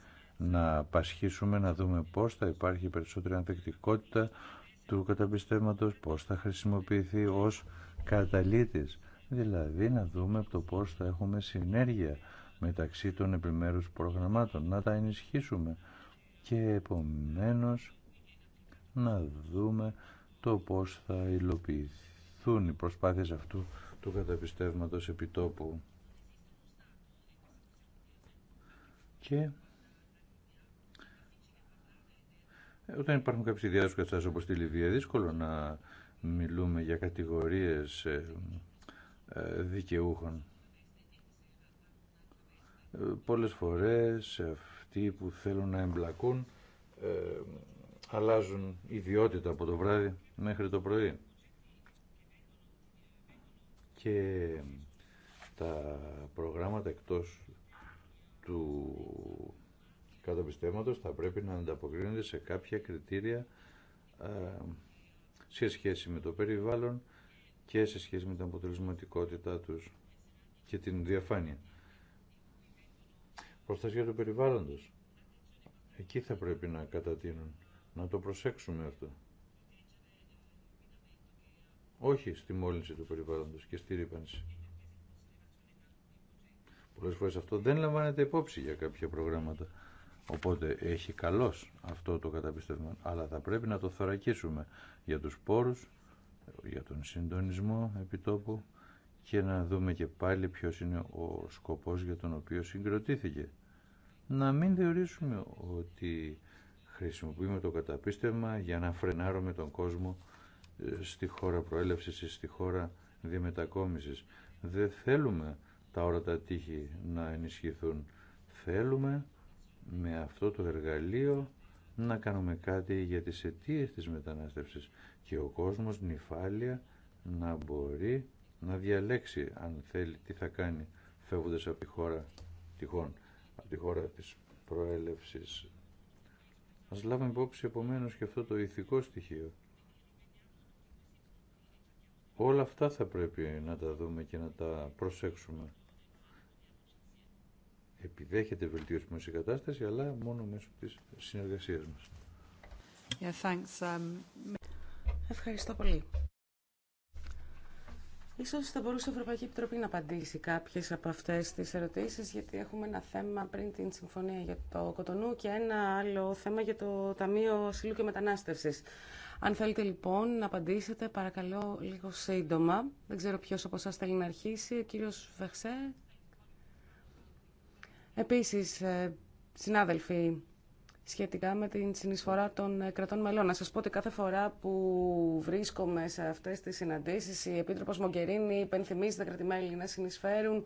A: να πασχίσουμε, να δούμε πώς θα υπάρχει περισσότερη ανθεκτικότητα του καταπιστεύματος, πώς θα χρησιμοποιηθεί ως καταλήτης. Δηλαδή να δούμε το πώς θα έχουμε συνέργεια μεταξύ των επιμέρους προγραμμάτων, να τα ενισχύσουμε και επομένως να δούμε το πώς θα υλοποιηθούν οι προσπάθειες αυτού του καταπιστεύματος επιτόπου. Και Όταν υπάρχουν κάποιες ιδιαίτερες καταστάσεις όπως στη Λιβύη, δύσκολο να μιλούμε για κατηγορίες ε, ε, δικαιούχων. Ε, πολλές φορές αυτοί που θέλουν να εμπλακούν αλλάζουν ιδιότητα από το βράδυ μέχρι το πρωί. Και τα προγράμματα εκτός του κατά πιστεύματο θα πρέπει να ανταποκρίνονται σε κάποια κριτήρια σε σχέση με το περιβάλλον και σε σχέση με την αποτελεσματικότητά τους και την διαφάνεια. Προστασία του περιβάλλοντος. Εκεί θα πρέπει να κατατείνουν. Να το προσέξουμε αυτό. Όχι στη μόλυνση του περιβάλλοντος και στη ρήπανση. Πολλές φορές αυτό δεν λαμβάνεται υπόψη για κάποια προγράμματα. Οπότε έχει καλός αυτό το καταπιστεύμα αλλά θα πρέπει να το θωρακίσουμε για τους πόρους, για τον συντονισμό επιτόπου και να δούμε και πάλι ποιος είναι ο σκοπός για τον οποίο συγκροτήθηκε. Να μην θεωρήσουμε ότι χρησιμοποιούμε το καταπίστευμα για να φρενάρουμε τον κόσμο ε, στη χώρα προέλευσης ή στη χώρα διμετακόμισης. Δεν θέλουμε τα όρατα τείχη να ενισχυθούν. Θέλουμε με αυτό το εργαλείο να κάνουμε κάτι για τις αιτίες της μετανάστευσης και ο κόσμος νυφάλια να μπορεί να διαλέξει αν θέλει τι θα κάνει φεύγοντας από τη χώρα τυχόν, από τη χώρα της προέλευσης. Ας λάβουμε υπόψη επομένω και αυτό το ηθικό στοιχείο. Όλα αυτά θα πρέπει να τα δούμε και να τα προσέξουμε επιδέχεται βελτίωση η κατάσταση, αλλά μόνο μέσω της συνεργασίας μας.
B: Yeah, thanks. Um, Ευχαριστώ πολύ. Ίσως θα μπορούσε η Ευρωπαϊκή Επιτροπή να απαντήσει κάποιες από αυτές τις ερωτήσεις, γιατί έχουμε ένα θέμα πριν την συμφωνία για το Κοτονού και ένα άλλο θέμα για το Ταμείο Συλλού και Μετανάστευσης. Αν θέλετε λοιπόν να απαντήσετε, παρακαλώ λίγο σύντομα. Δεν ξέρω ποιος από εσάς θέλει να αρχίσει. Ο κύριος Βεξέ, Επίσης, ε, συνάδελφοι, σχετικά με την συνεισφορά των ε, κρατών μελών. Να σας πω ότι κάθε φορά που βρίσκομαι σε αυτές τις συναντήσεις, η Επίτροπος Μογκερίνη υπενθυμίζει τα κρατημέλη να συνεισφέρουν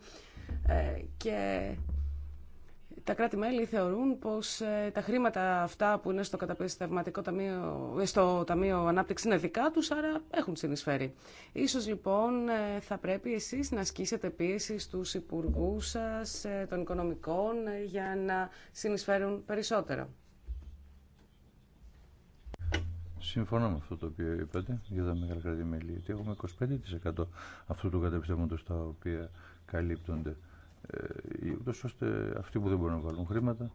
B: ε, και τα κράτη-μέλη θεωρούν πως ε, τα χρήματα αυτά που είναι στο καταπιστευματικό ταμείο, ε, στο Ταμείο Ανάπτυξη είναι δικά τους, άρα έχουν συνεισφέρει. Ίσως λοιπόν ε, θα πρέπει εσείς να ασκήσετε πίεση στους υπουργού σας των οικονομικών για να συνεισφέρουν περισσότερο.
A: Συμφωνώ με αυτό το οποίο είπατε για τα μεγάλα κράτη-μέλη, γιατί έχουμε 25% αυτού του καταπιστεύματος τα οποία καλύπτονται. Ε, ούτως ώστε αυτοί που δεν μπορούν να βάλουν χρήματα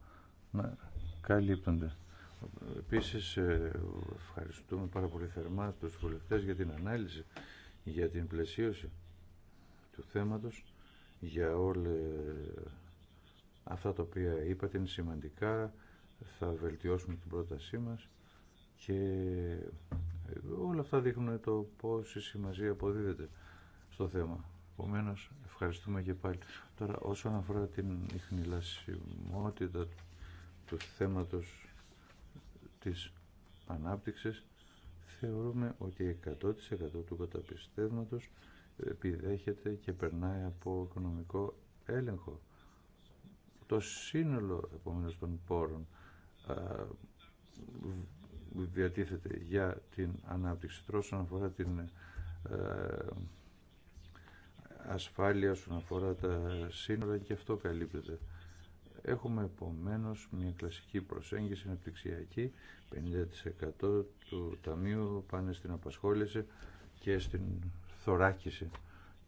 A: να καλύπτονται. Επίσης ε, ευχαριστούμε πάρα πολύ θερμά τους βουλευτέ για την ανάλυση, για την πλαισίωση του θέματος, για όλα αυτά τα οποία είπατε είναι σημαντικά, θα βελτιώσουμε την πρότασή μας και ε, όλα αυτά δείχνουν το πόση σημασία αποδίδεται στο θέμα. Επομένω, ευχαριστούμε και πάλι. Τώρα, όσον αφορά την ιχνηλασιμότητα του θέματος της ανάπτυξης, θεωρούμε ότι 100% του καταπιστεύματος ε, επιδέχεται και περνάει από οικονομικό έλεγχο. Το σύνολο, επομένως, των πόρων διατίθεται για την ανάπτυξη. Τώρα, όσον αφορά την ε, ασφάλεια όσον αφορά τα σύνορα και αυτό καλύπτεται. Έχουμε επομένω μια κλασική προσέγγιση αναπτυξιακή. 50% του ταμείου πάνε στην απασχόληση και στην θωράκιση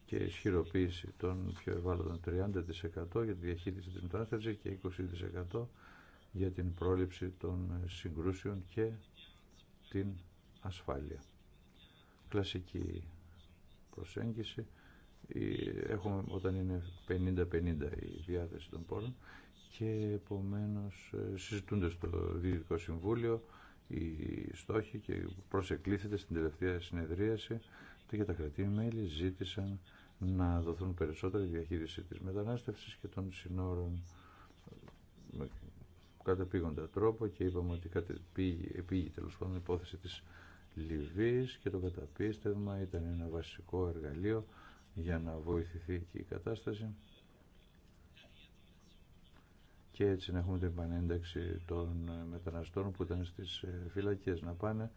A: και ισχυροποίηση των πιο ευάλωτων 30% για τη διαχείριση της μετάσταση και 20% για την πρόληψη των συγκρούσεων και την ασφάλεια. Κλασική προσέγγιση έχουμε όταν είναι 50-50 η διάθεση των πόρων και επομένως ε, συζητούνται στο Διοικητικό Συμβούλιο οι στόχοι και προσεκλήθητε στην τελευταία συνεδρίαση και τα κρατή-μέλη ζήτησαν να δοθούν περισσότερη διαχείριση της μετανάστευσης και των συνόρων με κατεπήγοντα τρόπο και είπαμε ότι επήγει τέλο πάντων υπόθεση της Λιβύης και το καταπίστευμα ήταν ένα βασικό εργαλείο για να βοηθηθεί και η κατάσταση και έτσι να έχουμε την επανένταξη των μεταναστών που ήταν στις ε, φυλακές να πάνε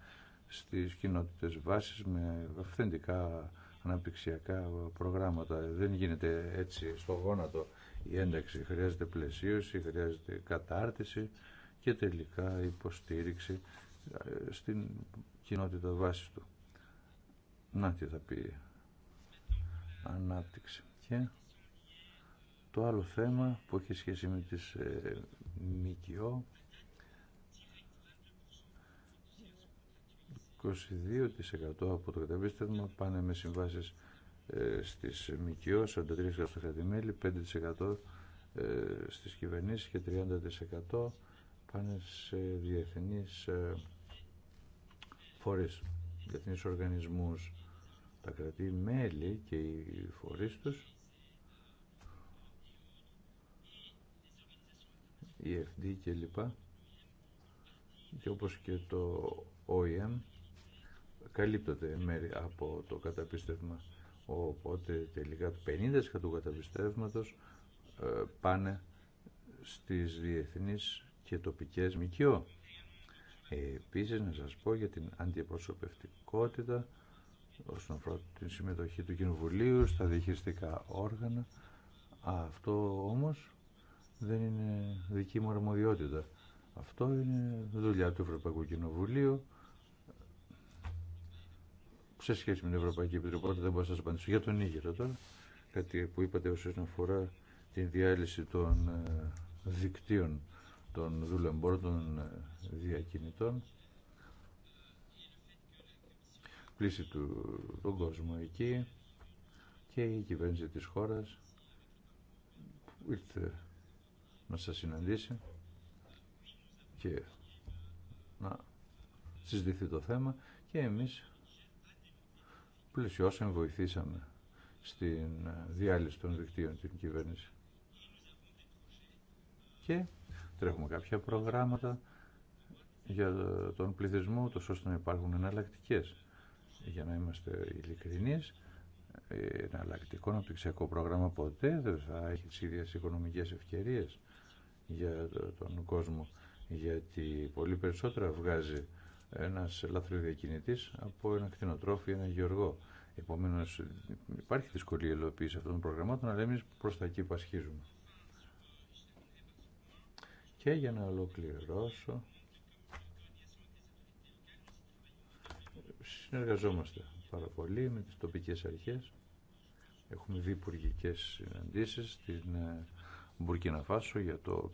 A: στις κοινότητες βάσεις με αυθεντικά αναπτυξιακά προγράμματα. Δεν γίνεται έτσι στο γόνατο η ένταξη. Χρειάζεται πλαισίωση, χρειάζεται κατάρτιση και τελικά υποστήριξη ε, στην κοινότητα βάση του. Να τι θα πει ανάπτυξη. Και το άλλο θέμα που έχει σχέση με τις ε, ΜΚΟ 22% από το καταπίστευμα πάνε με συμβάσεις ε, στις ΜΚΟ 43% στο 5% ε, στις κυβερνήσεις και 30% πάνε σε διεθνείς ε, φορείς διεθνείς οργανισμούς τα κρατεί μελη και οι φορείς τους η FD και λοιπά και όπως και το OEM καλύπτονται μέρη από το καταπίστευμα οπότε τελικά το 50% του καταπιστεύματος ε, πάνε στις διεθνείς και τοπικές ΜΚΟ. Ε, επίσης να σας πω για την αντιπροσωπευτικότητα όσον αφορά τη συμμετοχή του Κοινοβουλίου στα διαχειριστικά όργανα. Αυτό όμως δεν είναι δική μου αρμοδιότητα. Αυτό είναι δουλειά του Ευρωπαϊκού Κοινοβουλίου σε σχέση με την Ευρωπαϊκή Επιτροπή. Δεν μπορώ να σας απαντήσω. Για τον Ήγερο τώρα, κάτι που είπατε όσον αφορά την διάλυση των ε, δικτύων των δουλεμπόρων των ε, διακινητών πλήση του τον εκεί και η κυβέρνηση της χώρας ήρθε να σας συναντήσει και να συζητηθεί το θέμα και εμείς πλησιώσαμε, βοηθήσαμε στην διάλυση των δικτύων την κυβέρνηση. Και τρέχουμε κάποια προγράμματα για τον πληθυσμό, τόσο ώστε να υπάρχουν εναλλακτικέ για να είμαστε ειλικρινεί, ε, ένα αλλακτικό αναπτυξιακό πρόγραμμα ποτέ δεν θα έχει τι ίδιε οικονομικές ευκαιρίες για τον κόσμο γιατί πολύ περισσότερα βγάζει ένας κτηνοτρόφι ή από ένα κτηνοτρόφι ή ένα γεωργό. Επομένως υπάρχει δυσκολία υλοποίηση αυτών των προγραμμάτων αλλά εμεί προ τα εκεί πασχίζουμε. Και για να ολοκληρώσω Συνεργαζόμαστε πάρα πολύ με τις τοπικές αρχές. Έχουμε διπουργικές συναντήσεις στην ε, Μπουρκίνα Φάσο για το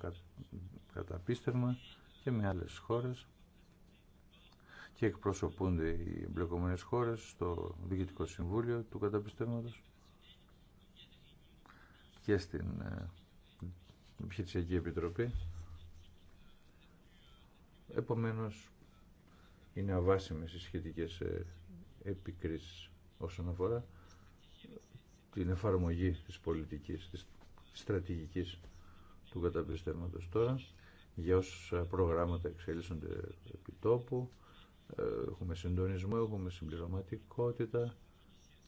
A: καταπίστευμα και με άλλες χώρες και εκπροσωπούνται οι εμπλεκομένες χώρες στο Διοικητικό Συμβούλιο του Καταπιστεύματος και στην ε, Επιχειρησιακή Επιτροπή. Επομένως, είναι αβάσιμες οι σχετικές ε, επικρίσεις όσον αφορά την εφαρμογή της πολιτικής, της στρατηγικής του καταπιστεύματος τώρα για όσα προγράμματα εξελίσσονται επί τόπου, ε, έχουμε συντονισμό, έχουμε συμπληρωματικότητα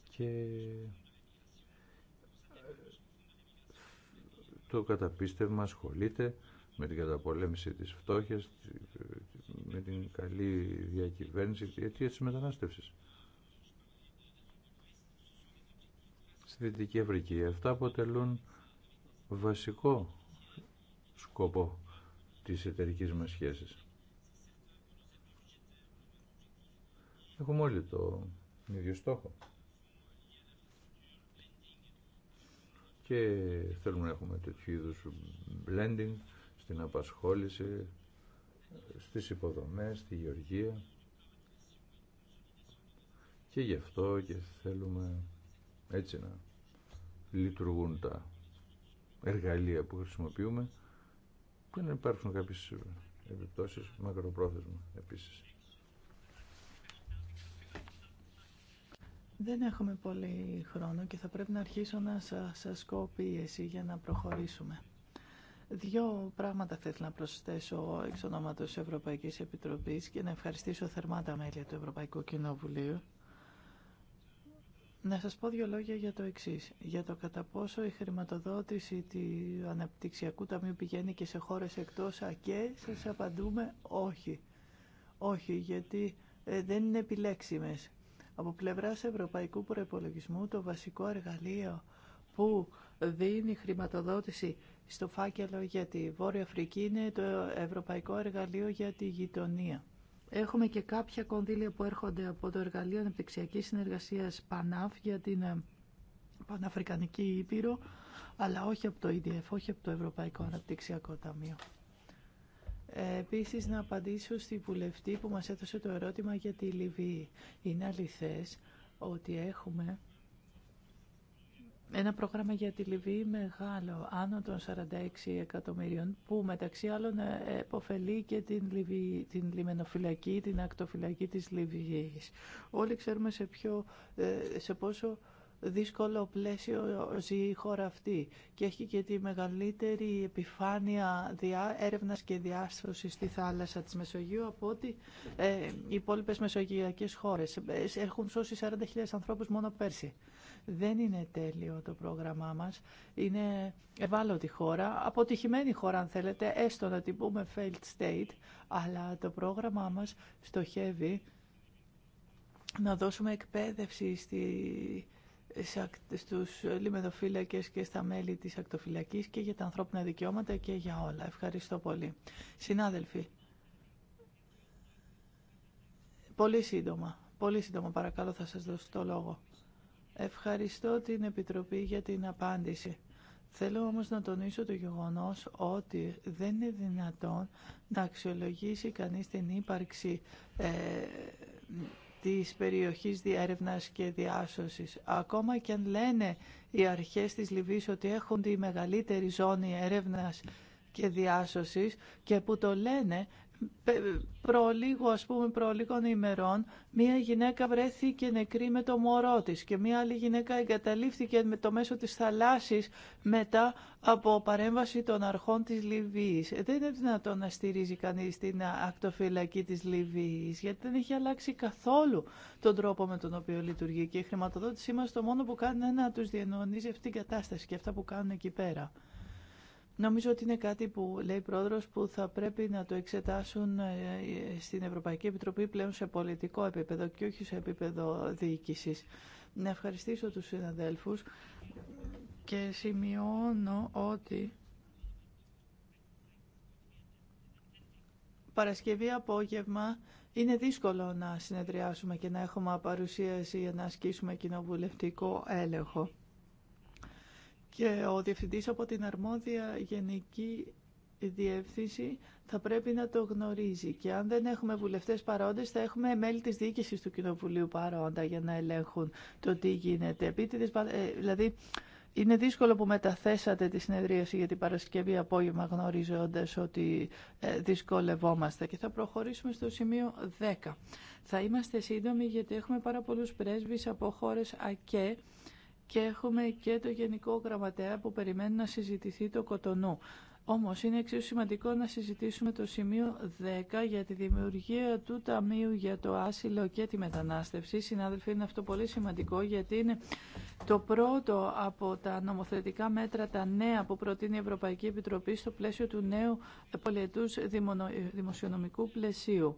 A: και ε, το καταπίστευμα ασχολείται με την καταπολέμηση της φτώχειας, με την καλή διακυβέρνηση τη αιτία της μετανάστευσης. Στη Δυτική Αφρική αυτά αποτελούν βασικό σκοπό της εταιρικής μας σχέσης. Έχουμε όλοι το ίδιο στόχο. Και θέλουμε να έχουμε τέτοιου είδου blending στην απασχόληση, στις υποδομές, στη γεωργία και γι' αυτό και θέλουμε έτσι να λειτουργούν τα εργαλεία που χρησιμοποιούμε που να υπάρχουν κάποιες επιπτώσεις μακροπρόθεσμα επίσης.
C: Δεν έχουμε πολύ χρόνο και θα πρέπει να αρχίσω να σας ασκώ πίεση για να προχωρήσουμε. Δύο πράγματα θέλω να προσθέσω εξ ονόματος Ευρωπαϊκής Επιτροπής και να ευχαριστήσω θερμά τα μέλη του Ευρωπαϊκού Κοινοβουλίου. Να σας πω δύο λόγια για το εξής. Για το κατά πόσο η χρηματοδότηση του Αναπτυξιακού Ταμείου πηγαίνει και σε χώρες εκτός ΑΚΕ, σας απαντούμε όχι. Όχι, γιατί ε, δεν είναι επιλέξιμες. Από πλευράς Ευρωπαϊκού Προϋπολογισμού το βασικό εργαλείο που δίνει χρηματοδότηση στο φάκελο για τη Βόρεια Αφρική είναι το Ευρωπαϊκό Εργαλείο για τη Γειτονία. Έχουμε και κάποια κονδύλια που έρχονται από το Εργαλείο Αναπτυξιακής Συνεργασίας ΠΑΝΑΦ για την ε, Παναφρικανική Ήπειρο, αλλά όχι από το EDF, όχι από το Ευρωπαϊκό Αναπτυξιακό Ταμείο. Ε, επίσης, να απαντήσω στη βουλευτή που μας έδωσε το ερώτημα για τη Λιβύη. Είναι αληθές ότι έχουμε ένα πρόγραμμα για τη Λιβύη μεγάλο, άνω των 46 εκατομμυρίων, που μεταξύ άλλων ε, επωφελεί και την, Λιβύη, την λιμενοφυλακή, την ακτοφυλακή της Λιβύης. Όλοι ξέρουμε σε, ποιο, ε, σε πόσο δύσκολο πλαίσιο ζει η χώρα αυτή και έχει και τη μεγαλύτερη επιφάνεια διά, έρευνας και διάσωσης στη θάλασσα της Μεσογείου από ότι ε, οι υπόλοιπες μεσογειακές χώρες. Έχουν σώσει 40.000 ανθρώπους μόνο πέρσι. Δεν είναι τέλειο το πρόγραμμά μας. Είναι ευάλωτη χώρα, αποτυχημένη χώρα αν θέλετε, έστω να την πούμε failed state, αλλά το πρόγραμμά μας στοχεύει να δώσουμε εκπαίδευση στη, στους λιμεδοφύλακες και στα μέλη της ακτοφυλακής και για τα ανθρώπινα δικαιώματα και για όλα. Ευχαριστώ πολύ. Συνάδελφοι, πολύ σύντομα, πολύ σύντομα παρακαλώ θα σας δώσω το λόγο. Ευχαριστώ την Επιτροπή για την απάντηση. Θέλω όμως να τονίσω το γεγονός ότι δεν είναι δυνατόν να αξιολογήσει κανείς την ύπαρξη ε, της περιοχής διέρευνας και διάσωσης. Ακόμα και αν λένε οι αρχές της Λιβύης ότι έχουν τη μεγαλύτερη ζώνη έρευνας και διάσωσης και που το λένε προλίγο ας πούμε λίγων ημερών μία γυναίκα βρέθηκε νεκρή με το μωρό της και μία άλλη γυναίκα εγκαταλείφθηκε με το μέσο της θαλάσσης μετά από παρέμβαση των αρχών της Λιβύης. Ε, δεν είναι δυνατόν να στηρίζει κανείς την ακτοφυλακή της Λιβύης γιατί δεν έχει αλλάξει καθόλου τον τρόπο με τον οποίο λειτουργεί και η χρηματοδότησή μας το μόνο που κάνει είναι να τους αυτή την κατάσταση και αυτά που κάνουν εκεί πέρα. Νομίζω ότι είναι κάτι που λέει η που θα πρέπει να το εξετάσουν ε, ε, στην Ευρωπαϊκή Επιτροπή πλέον σε πολιτικό επίπεδο και όχι σε επίπεδο διοίκησης. Να ευχαριστήσω τους συναδέλφους και σημειώνω ότι Παρασκευή απόγευμα είναι δύσκολο να συνεδριάσουμε και να έχουμε παρουσίαση για να ασκήσουμε κοινοβουλευτικό έλεγχο και ο διευθυντής από την αρμόδια γενική διεύθυνση θα πρέπει να το γνωρίζει. Και αν δεν έχουμε βουλευτές παρόντες, θα έχουμε μέλη της διοίκησης του Κοινοβουλίου παρόντα για να ελέγχουν το τι γίνεται. Επίτηδες, ε, δηλαδή, είναι δύσκολο που μεταθέσατε τη συνεδρίαση για την Παρασκευή απόγευμα γνωρίζοντας ότι ε, δυσκολευόμαστε και θα προχωρήσουμε στο σημείο 10. Θα είμαστε σύντομοι γιατί έχουμε πάρα πολλούς πρέσβεις από χώρες ΑΚΕ και έχουμε και το Γενικό Γραμματέα που περιμένει να συζητηθεί το κοτονού. Όμως είναι εξίσου σημαντικό να συζητήσουμε το σημείο 10 για τη δημιουργία του Ταμείου για το Άσυλο και τη Μετανάστευση. Συνάδελφοι, είναι αυτό πολύ σημαντικό γιατί είναι το πρώτο από τα νομοθετικά μέτρα, τα νέα που προτείνει η Ευρωπαϊκή Επιτροπή στο πλαίσιο του νέου πολιετούς δημοσιονομικού πλαισίου.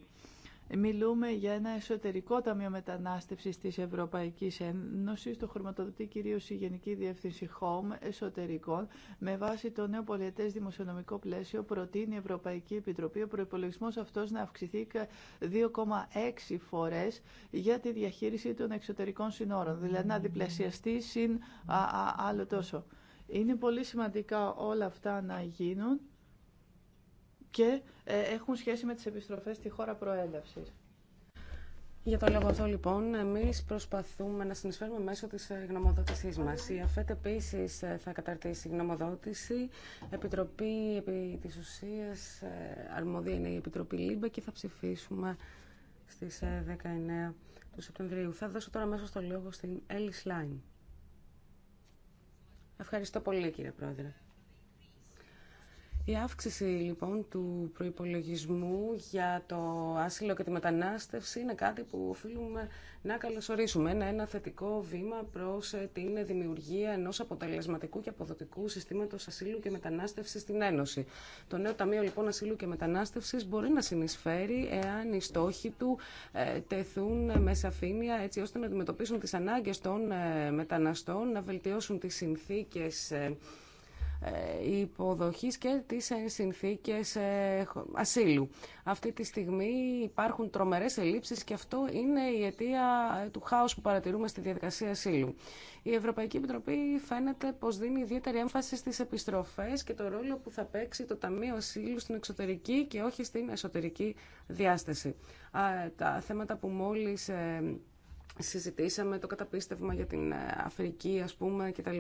C: Μιλούμε για ένα εσωτερικό ταμείο μετανάστευση τη Ευρωπαϊκή Ένωση. Το χρηματοδοτεί κυρίω η Γενική Διεύθυνση Home Εσωτερικών. Με βάση το νέο πολιετέ δημοσιονομικό πλαίσιο, προτείνει η Ευρωπαϊκή Επιτροπή ο προπολογισμό αυτό να αυξηθεί 2,6 φορέ για τη διαχείριση των εξωτερικών συνόρων. Δηλαδή να διπλασιαστεί συν άλλο τόσο. Είναι πολύ σημαντικά όλα αυτά να γίνουν και ε, έχουν σχέση με τις επιστροφές στη χώρα προέλευσης.
B: Για το λόγο αυτό, λοιπόν, εμεί προσπαθούμε να συνεισφέρουμε μέσω τη ε, γνωμοδότησή μα. Η ΑΦΕΤ επίση ε, θα καταρτήσει γνωμοδότηση. Επιτροπή επί τη ουσία, αρμόδια είναι η Επιτροπή ΛΥΜΠΕ και θα ψηφίσουμε στι 19 του Σεπτεμβρίου. Θα δώσω τώρα μέσω στο λόγο στην Έλλη Σλάιν. Ευχαριστώ πολύ, κύριε Πρόεδρε. Η αύξηση λοιπόν του προϋπολογισμού για το άσυλο και τη μετανάστευση είναι κάτι που οφείλουμε να καλωσορίσουμε. Είναι ένα θετικό βήμα προς ε, την δημιουργία ενός αποτελεσματικού και αποδοτικού συστήματος ασύλου και μετανάστευσης στην Ένωση. Το νέο Ταμείο λοιπόν Ασύλου και Μετανάστευσης μπορεί να συνεισφέρει εάν οι στόχοι του ε, τεθούν με σαφήνεια έτσι ώστε να αντιμετωπίσουν τις ανάγκες των ε, μεταναστών, να βελτιώσουν τις συνθήκες ε, υποδοχής και τις ε, συνθήκες ε, ασύλου. Αυτή τη στιγμή υπάρχουν τρομερές ελλείψεις και αυτό είναι η αιτία του χάους που παρατηρούμε στη διαδικασία ασύλου. Η Ευρωπαϊκή Επιτροπή φαίνεται πως δίνει ιδιαίτερη έμφαση στις επιστροφές και το ρόλο που θα παίξει το Ταμείο Ασύλου στην εξωτερική και όχι στην εσωτερική διάσταση. Τα θέματα που μόλις συζητήσαμε, το καταπίστευμα για την Αφρική ας πούμε κτλ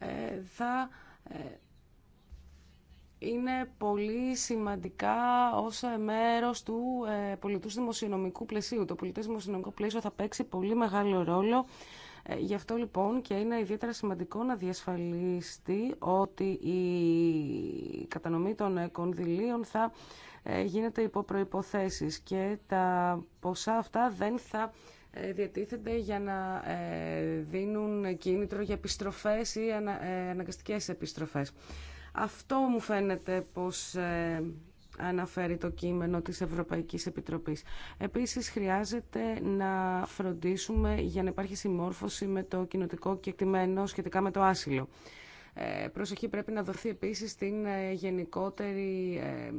B: ε, θα ε, είναι πολύ σημαντικά ως μέρος του ε, πολιτού δημοσιονομικού πλαισίου. Το πολιτικό δημοσιονομικό πλαίσιο θα παίξει πολύ μεγάλο ρόλο. Γι' αυτό λοιπόν και είναι ιδιαίτερα σημαντικό να διασφαλίστη ότι η κατανομή των κονδυλίων θα γίνεται υπό προϋποθέσεις και τα ποσά αυτά δεν θα ε, διατίθενται για να ε, δίνουν κίνητρο για επιστροφές ή ανα, ε, αναγκαστικές επιστροφές. Αυτό μου φαίνεται πως αναφέρει το κείμενο της Ευρωπαϊκής Επιτροπής. Επίσης χρειάζεται να φροντίσουμε για να υπάρχει συμμόρφωση με το κοινοτικό κεκτημένο σχετικά με το άσυλο. Ε, προσοχή πρέπει να δοθεί επίσης στην ε, γενικότερη ε,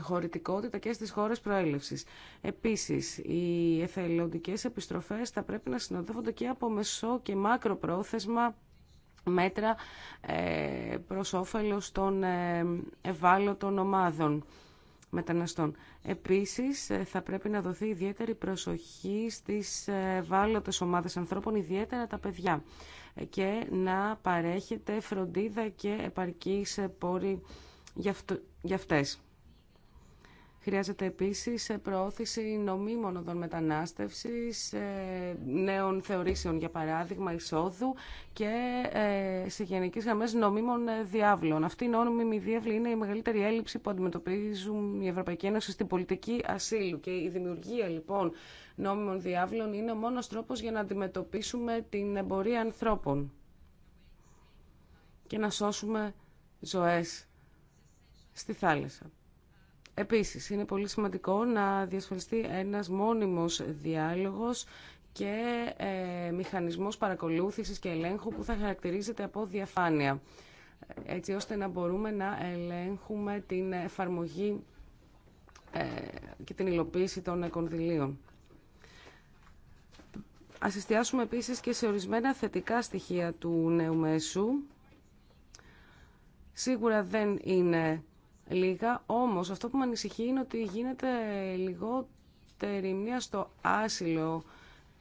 B: χωρητικότητα και στις χώρες προέλευσης. Επίσης, οι εθελοντικές επιστροφές θα πρέπει να συνοδεύονται και από μεσό και μάκρο πρόθεσμα μέτρα προς όφελος των ευάλωτων ομάδων μεταναστών. Επίσης, θα πρέπει να δοθεί ιδιαίτερη προσοχή στις ευάλωτες ομάδες ανθρώπων, ιδιαίτερα τα παιδιά και να παρέχετε φροντίδα και σε πόρη για αυτές. Χρειάζεται επίσης προώθηση νομίμων οδών μετανάστευσης, ε, νέων θεωρήσεων για παράδειγμα εισόδου και ε, σε γενικές γραμμές νομίμων διάβλων. Αυτή η νόμιμη διάβλη είναι η μεγαλύτερη έλλειψη που αντιμετωπίζουν η Ευρωπαϊκή Ένωση στην πολιτική ασύλου και η δημιουργία λοιπόν νόμιμων διάβλων είναι ο μόνος τρόπος για να αντιμετωπίσουμε την εμπορία ανθρώπων και να σώσουμε ζωές στη θάλασσα. Επίσης, είναι πολύ σημαντικό να διασφαλιστεί ένας μόνιμος διάλογος και ε, μηχανισμός παρακολούθησης και ελέγχου που θα χαρακτηρίζεται από διαφάνεια, έτσι ώστε να μπορούμε να ελέγχουμε την εφαρμογή ε, και την υλοποίηση των κονδυλίων. Ας εστιάσουμε επίσης και σε ορισμένα θετικά στοιχεία του νέου μέσου. Σίγουρα δεν είναι λίγα, όμως αυτό που με ανησυχεί είναι ότι γίνεται λιγότερη μία στο άσυλο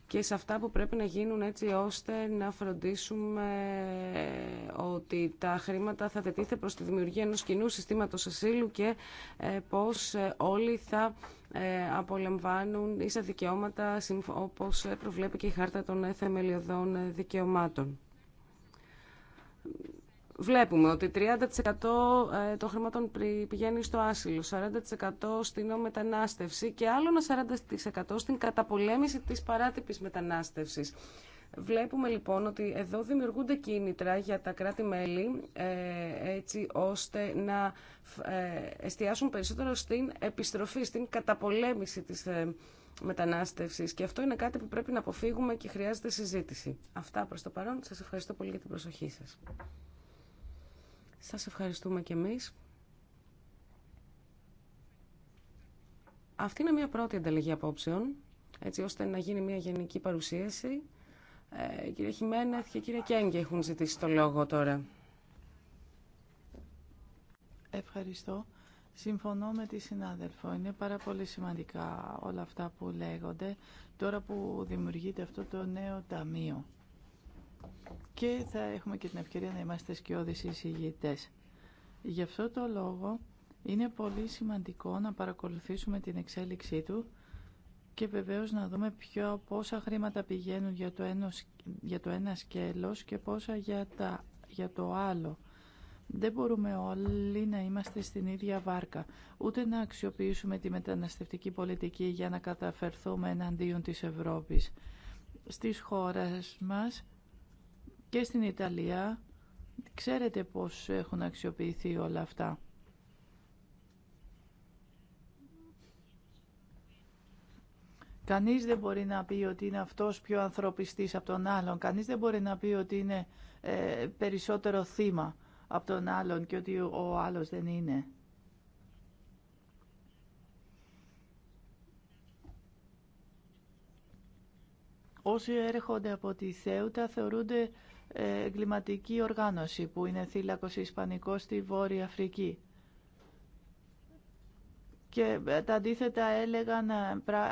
B: και σε αυτά που πρέπει να γίνουν έτσι ώστε να φροντίσουμε ότι τα χρήματα θα δετίθεται προς τη δημιουργία ενός κοινού συστήματος ασύλου και ε, πώς ε, όλοι θα ε, απολαμβάνουν ίσα δικαιώματα όπως προβλέπει και η Χάρτα των Θεμελιωδών Δικαιωμάτων. Βλέπουμε ότι 30% ε, των χρημάτων πηγαίνει στο άσυλο, 40% στην μετανάστευση και άλλο ένα 40% στην καταπολέμηση της παράτυπης μετανάστευσης. Βλέπουμε λοιπόν ότι εδώ δημιουργούνται κίνητρα για τα κράτη-μέλη ε, έτσι ώστε να ε, εστιάσουν περισσότερο στην επιστροφή, στην καταπολέμηση της ε, μετανάστευσης και αυτό είναι κάτι που πρέπει να αποφύγουμε και χρειάζεται συζήτηση. Αυτά προς το παρόν. Σας ευχαριστώ πολύ για την προσοχή σας. Σας ευχαριστούμε και εμείς. Αυτή είναι μια πρώτη ανταλλαγή απόψεων, έτσι ώστε να γίνει μια γενική παρουσίαση ε, κύριε Χιμένεθ και κύριε Κέγγε έχουν ζητήσει το λόγο τώρα.
C: Ευχαριστώ. Συμφωνώ με τη συνάδελφο. Είναι πάρα πολύ σημαντικά όλα αυτά που λέγονται τώρα που δημιουργείται αυτό το νέο ταμείο. Και θα έχουμε και την ευκαιρία να είμαστε σκιώδεις εισηγητές. Γι' αυτό το λόγο είναι πολύ σημαντικό να παρακολουθήσουμε την εξέλιξή του και βεβαίως να δούμε ποιο, πόσα χρήματα πηγαίνουν για το, ένα, για το ένα σκέλος και πόσα για, για το άλλο. Δεν μπορούμε όλοι να είμαστε στην ίδια βάρκα, ούτε να αξιοποιήσουμε τη μεταναστευτική πολιτική για να καταφερθούμε εναντίον της Ευρώπης. Στις χώρες μας και στην Ιταλία ξέρετε πώς έχουν αξιοποιηθεί όλα αυτά. Κανείς δεν μπορεί να πει ότι είναι αυτός πιο ανθρωπιστής από τον άλλον. Κανείς δεν μπορεί να πει ότι είναι ε, περισσότερο θύμα από τον άλλον και ότι ο άλλος δεν είναι. Όσοι έρχονται από τη Θέουτα θεωρούνται ε, εγκληματική οργάνωση που είναι θύλακος ισπανικός στη Βόρεια Αφρική και ε, τα αντίθετα έλεγαν ε,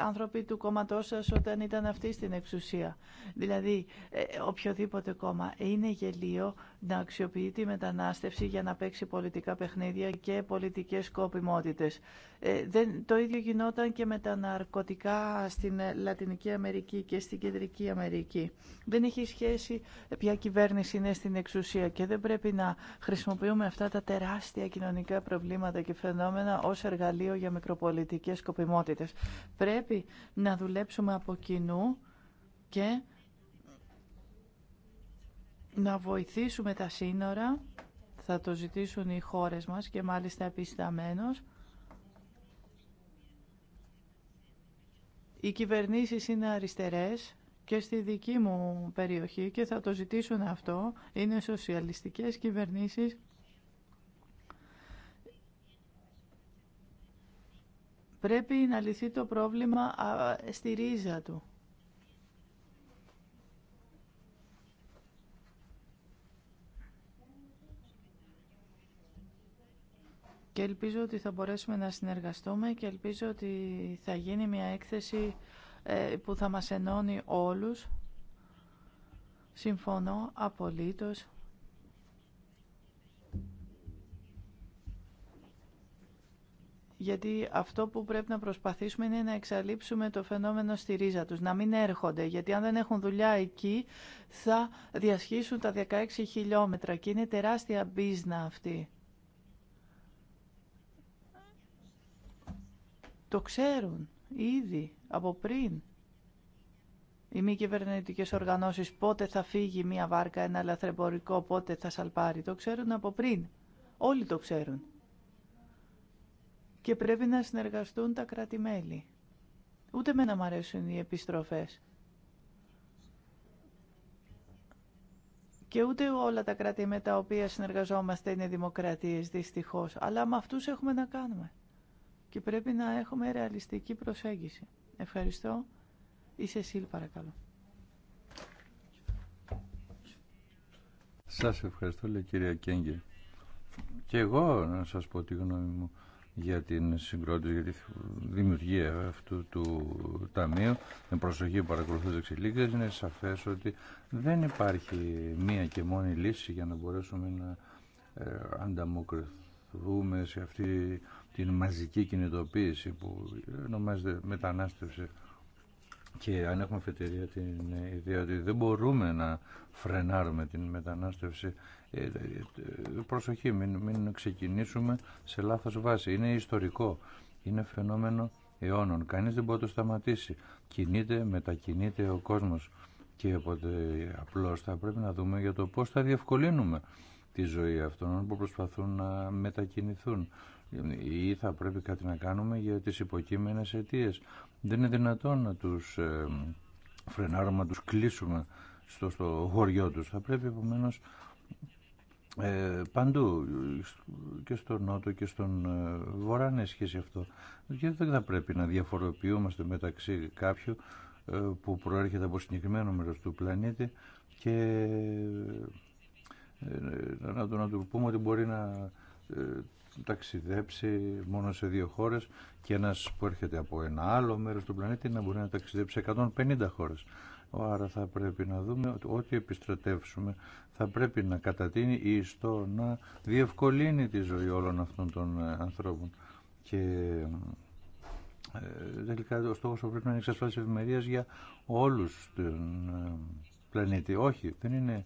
C: άνθρωποι του κόμματός σας όταν ήταν αυτοί στην εξουσία. Δηλαδή, ε, οποιοδήποτε κόμμα είναι γελίο να αξιοποιεί τη μετανάστευση για να παίξει πολιτικά παιχνίδια και πολιτικές σκοπιμότητες. Ε, δεν, το ίδιο γινόταν και με τα ναρκωτικά στην ε, Λατινική Αμερική και στην Κεντρική Αμερική. Δεν έχει σχέση ποια κυβέρνηση είναι στην εξουσία και δεν πρέπει να χρησιμοποιούμε αυτά τα τεράστια κοινωνικά προβλήματα και φαινόμενα ως εργαλείο για μικροπολιτικές σκοπιμότητες. Πρέπει να δουλέψουμε από κοινού και να βοηθήσουμε τα σύνορα, θα το ζητήσουν οι χώρες μας και μάλιστα επισταμένως. Οι κυβερνήσεις είναι αριστερές και στη δική μου περιοχή και θα το ζητήσουν αυτό. Είναι σοσιαλιστικές κυβερνήσεις. Πρέπει να λυθεί το πρόβλημα στη ρίζα του. και ελπίζω ότι θα μπορέσουμε να συνεργαστούμε και ελπίζω ότι θα γίνει μια έκθεση ε, που θα μας ενώνει όλους. Συμφωνώ απολύτως. γιατί αυτό που πρέπει να προσπαθήσουμε είναι να εξαλείψουμε το φαινόμενο στη ρίζα τους, να μην έρχονται, γιατί αν δεν έχουν δουλειά εκεί θα διασχίσουν τα 16 χιλιόμετρα και είναι τεράστια μπίζνα αυτή. Το ξέρουν ήδη από πριν οι μη κυβερνητικέ οργανώσεις πότε θα φύγει μία βάρκα, ένα λαθρεμπορικό, πότε θα σαλπάρει. Το ξέρουν από πριν. Όλοι το ξέρουν. Και πρέπει να συνεργαστούν τα κράτη-μέλη. Ούτε με να μ' αρέσουν οι επιστροφές. Και ούτε όλα τα κράτη με τα οποία συνεργαζόμαστε είναι δημοκρατίες, δυστυχώς. Αλλά με αυτούς έχουμε να κάνουμε και πρέπει να έχουμε ρεαλιστική προσέγγιση. Ευχαριστώ. Η Σεσίλ παρακαλώ.
A: Σας ευχαριστώ λέει κυρία Κέγγε. Και εγώ να σας πω τη γνώμη μου για την συγκρότηση, για τη δημιουργία αυτού του ταμείου. Με προσοχή που παρακολουθώ τις εξελίξεις είναι σαφές ότι δεν υπάρχει μία και μόνη λύση για να μπορέσουμε να ε, ανταμοκριθούμε σε αυτή την μαζική κινητοποίηση που ονομάζεται μετανάστευση και αν έχουμε αφετηρία την ιδέα ότι δεν μπορούμε να φρενάρουμε την μετανάστευση ε, ε, ε, προσοχή, μην, ξεκινήσουμε σε λάθος βάση. Είναι ιστορικό, είναι φαινόμενο αιώνων. Κανείς δεν μπορεί να το σταματήσει. Κινείται, μετακινείται ο κόσμος και οπότε απλώς θα πρέπει να δούμε για το πώς θα διευκολύνουμε τη ζωή αυτών που προσπαθούν να μετακινηθούν ή θα πρέπει κάτι να κάνουμε για τις υποκείμενες αιτίε. Δεν είναι δυνατόν να τους ε, φρενάρουμε, να τους κλείσουμε στο, στο χωριό τους. Θα πρέπει επομένω ε, παντού και στον Νότο και στον ε, Βορρά να ισχύσει αυτό. Γιατί δεν θα πρέπει να διαφοροποιούμαστε μεταξύ κάποιου ε, που προέρχεται από συγκεκριμένο μέρος του πλανήτη και να, να του πούμε ότι μπορεί να ταξιδέψει μόνο σε δύο χώρες και ένας που έρχεται από ένα άλλο μέρος του πλανήτη να μπορεί να ταξιδέψει σε 150 χώρες. Άρα θα πρέπει να δούμε ότι ό,τι επιστρατεύσουμε θα πρέπει να κατατείνει ή στο να διευκολύνει τη ζωή όλων αυτών των ε, ανθρώπων. Και ε, τελικά ο στόχος θα πρέπει να είναι εξασφάλιση ευημερίας για όλους τον ε, πλανήτη. Όχι, δεν είναι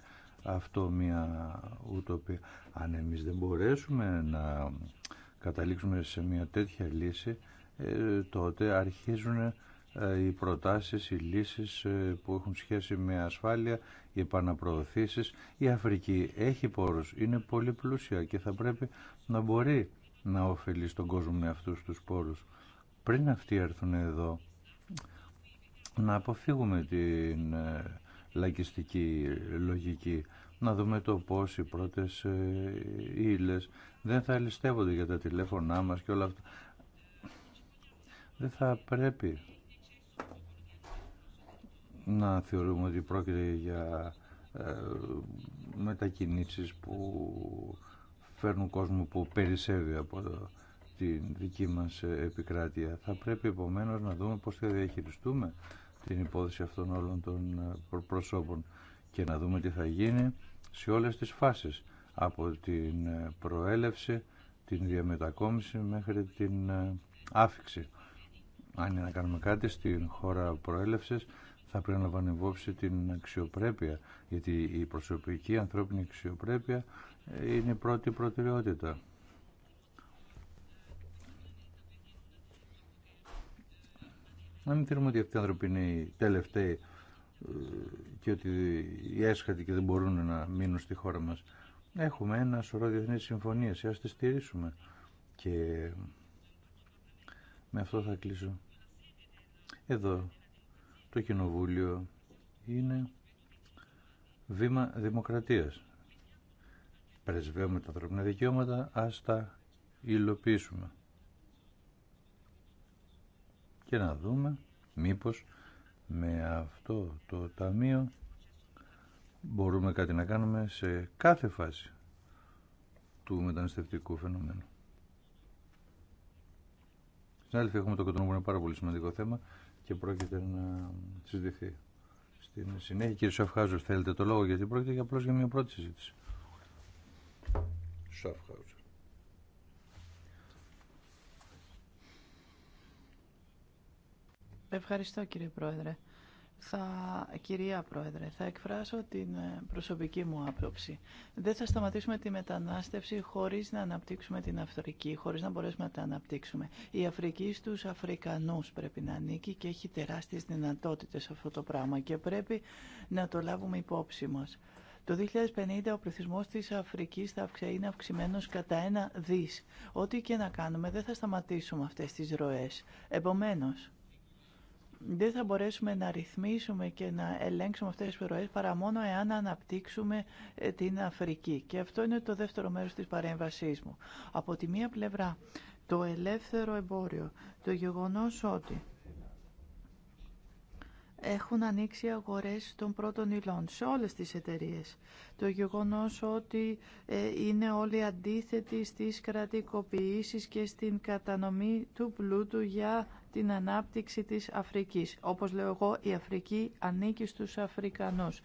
A: αυτό μια ουτοπία. Αν εμείς δεν μπορέσουμε να καταλήξουμε σε μια τέτοια λύση, ε, τότε αρχίζουν ε, οι προτάσεις, οι λύσεις ε, που έχουν σχέση με ασφάλεια, οι επαναπροωθήσεις. Η Αφρική έχει πόρους, είναι πολύ πλούσια και θα πρέπει να μπορεί να ωφελεί στον κόσμο με αυτούς τους πόρους. Πριν αυτοί έρθουν εδώ, να αποφύγουμε την λαϊκιστική λογική. Να δούμε το πώς οι πρώτες ε, ύλες δεν θα ληστεύονται για τα τηλέφωνά μας και όλα αυτά. Δεν θα πρέπει να θεωρούμε ότι πρόκειται για ε, μετακινήσεις που φέρνουν κόσμο που περισσεύει από την δική μας ε, επικράτεια. Θα πρέπει επομένως να δούμε πώς θα διαχειριστούμε την υπόθεση αυτών όλων των ε, προσώπων και να δούμε τι θα γίνει σε όλες τις φάσεις από την ε, προέλευση, την διαμετακόμιση μέχρι την ε, άφηξη. Αν είναι να κάνουμε κάτι στην χώρα προέλευσης θα πρέπει να λαμβάνει την αξιοπρέπεια γιατί η προσωπική ανθρώπινη αξιοπρέπεια είναι η πρώτη προτεραιότητα. Να μην θεωρούμε ότι αυτοί οι άνθρωποι είναι οι τελευταίοι ε, και ότι οι έσχατοι και δεν μπορούν να μείνουν στη χώρα μας. Έχουμε ένα σωρό διεθνείς συμφωνίες, ας τις στηρίσουμε. Και με αυτό θα κλείσω. Εδώ το κοινοβούλιο είναι βήμα δημοκρατίας. Πρεσβεύουμε τα ανθρώπινα δικαιώματα, ας τα υλοποιήσουμε και να δούμε μήπως με αυτό το ταμείο μπορούμε κάτι να κάνουμε σε κάθε φάση του μεταναστευτικού φαινομένου. άλλη έχουμε το κοντινό που είναι πάρα πολύ σημαντικό θέμα και πρόκειται να συζητηθεί. Στην συνέχεια, κύριε Σαφχάζος, θέλετε το λόγο γιατί πρόκειται για απλώς για μια πρώτη συζήτηση. Σαφχάζος.
C: Ευχαριστώ κύριε Πρόεδρε. Θα, κυρία Πρόεδρε, θα εκφράσω την ε, προσωπική μου άποψη. Δεν θα σταματήσουμε τη μετανάστευση χωρίς να αναπτύξουμε την Αφρική, χωρίς να μπορέσουμε να τα αναπτύξουμε. Η Αφρική στους Αφρικανούς πρέπει να ανήκει και έχει τεράστιες δυνατότητες αυτό το πράγμα και πρέπει να το λάβουμε υπόψη μας. Το 2050 ο πληθυσμό τη Αφρική θα είναι αυξημένο κατά ένα δι. Ό,τι και να κάνουμε, δεν θα σταματήσουμε αυτέ τι ροέ. Επομένω, δεν θα μπορέσουμε να ρυθμίσουμε και να ελέγξουμε αυτές τις πυροές παρά μόνο εάν αναπτύξουμε ε, την Αφρική. Και αυτό είναι το δεύτερο μέρος της παρέμβασής μου. Από τη μία πλευρά, το ελεύθερο εμπόριο, το γεγονός ότι έχουν ανοίξει αγορές των πρώτων υλών σε όλες τις εταιρείες. Το γεγονός ότι ε, είναι όλοι αντίθετοι στις κρατικοποιήσεις και στην κατανομή του πλούτου για την ανάπτυξη της Αφρικής. Όπως λέω εγώ, η Αφρική ανήκει στους Αφρικανούς.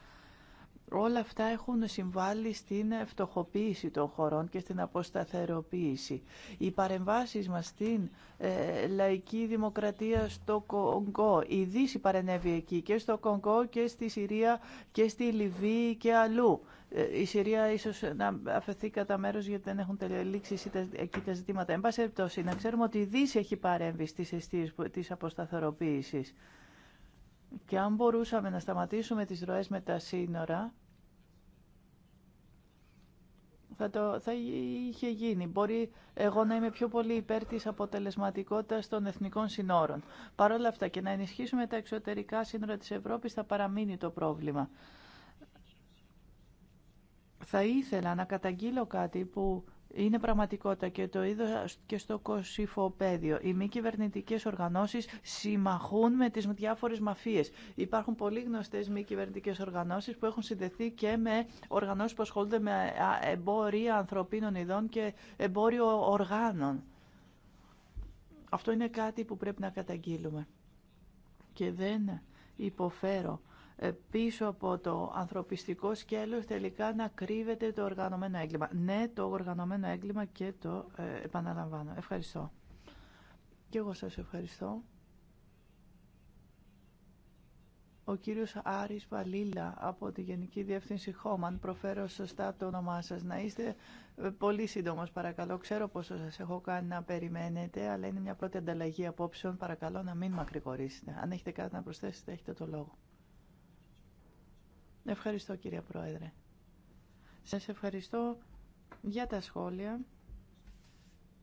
C: Όλα αυτά έχουν συμβάλει στην φτωχοποίηση των χωρών και στην αποσταθεροποίηση. Οι παρεμβάσεις μας στην ε, λαϊκή δημοκρατία στο Κονγκό, η Δύση παρενέβη εκεί και στο Κονγκό και στη Συρία και στη Λιβύη και αλλού. Ε, η Συρία ίσω να αφαιθεί κατά μέρο γιατί δεν έχουν τελειώσει εκεί τα ζητήματα. Εν πάση περιπτώσει, να ξέρουμε ότι η Δύση έχει παρέμβει στι αιστείε τη αποσταθεροποίηση. Και αν μπορούσαμε να σταματήσουμε τι ροέ με τα σύνορα, θα, θα είχε γίνει. Μπορεί εγώ να είμαι πιο πολύ υπέρ της αποτελεσματικότητας των εθνικών συνόρων. Παρ' όλα αυτά και να ενισχύσουμε τα εξωτερικά σύνορα της Ευρώπης θα παραμείνει το πρόβλημα. Θα ήθελα να καταγγείλω κάτι που είναι πραγματικότητα και το είδα και στο κοσυφοπαίδιο. Οι μη κυβερνητικέ οργανώσει συμμαχούν με τι διάφορε μαφίε. Υπάρχουν πολύ γνωστέ μη κυβερνητικέ οργανώσει που έχουν συνδεθεί και με οργανώσει που ασχολούνται με εμπόρια ανθρωπίνων ειδών και εμπόριο οργάνων. Αυτό είναι κάτι που πρέπει να καταγγείλουμε. Και δεν υποφέρω ε, πίσω από το ανθρωπιστικό σκέλος τελικά να κρύβεται το οργανωμένο έγκλημα. Ναι, το οργανωμένο έγκλημα και το ε, επαναλαμβάνω. Ευχαριστώ. Και εγώ σας ευχαριστώ. Ο κύριος Άρης Βαλίλα από τη Γενική Διεύθυνση Χόμαν, προφέρω σωστά το όνομά σας. Να είστε ε, πολύ σύντομος παρακαλώ. Ξέρω πόσο σας έχω κάνει να περιμένετε, αλλά είναι μια πρώτη ανταλλαγή απόψεων. Παρακαλώ να μην μακρηγορήσετε. Αν έχετε κάτι να προσθέσετε, έχετε το λόγο. Ευχαριστώ κυρία Πρόεδρε. Σας ευχαριστώ για τα σχόλια.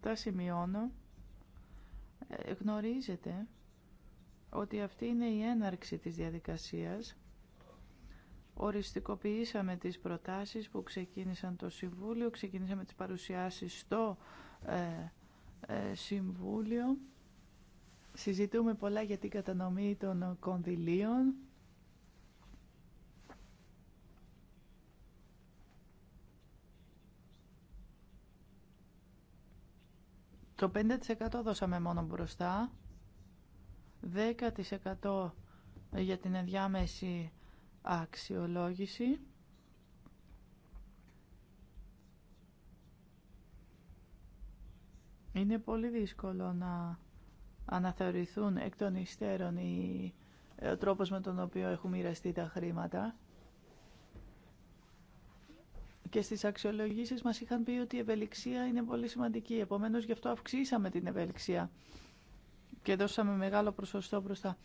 C: Τα σημειώνω. Ε, γνωρίζετε ότι αυτή είναι η έναρξη της διαδικασίας. Οριστικοποιήσαμε τις προτάσεις που ξεκίνησαν το Συμβούλιο, ξεκινήσαμε τις παρουσιάσεις στο ε, ε, Συμβούλιο. Συζητούμε πολλά για την κατανομή των κονδυλίων Το 5% δώσαμε μόνο μπροστά, 10% για την ενδιάμεση αξιολόγηση. Είναι πολύ δύσκολο να αναθεωρηθούν εκ των υστέρων οι, ο τρόπος με τον οποίο έχουν μοιραστεί τα χρήματα και στις αξιολογήσεις μας είχαν πει ότι η ευελιξία είναι πολύ σημαντική. Επομένως, γι' αυτό αυξήσαμε την ευελιξία και δώσαμε μεγάλο προσωστό μπροστά.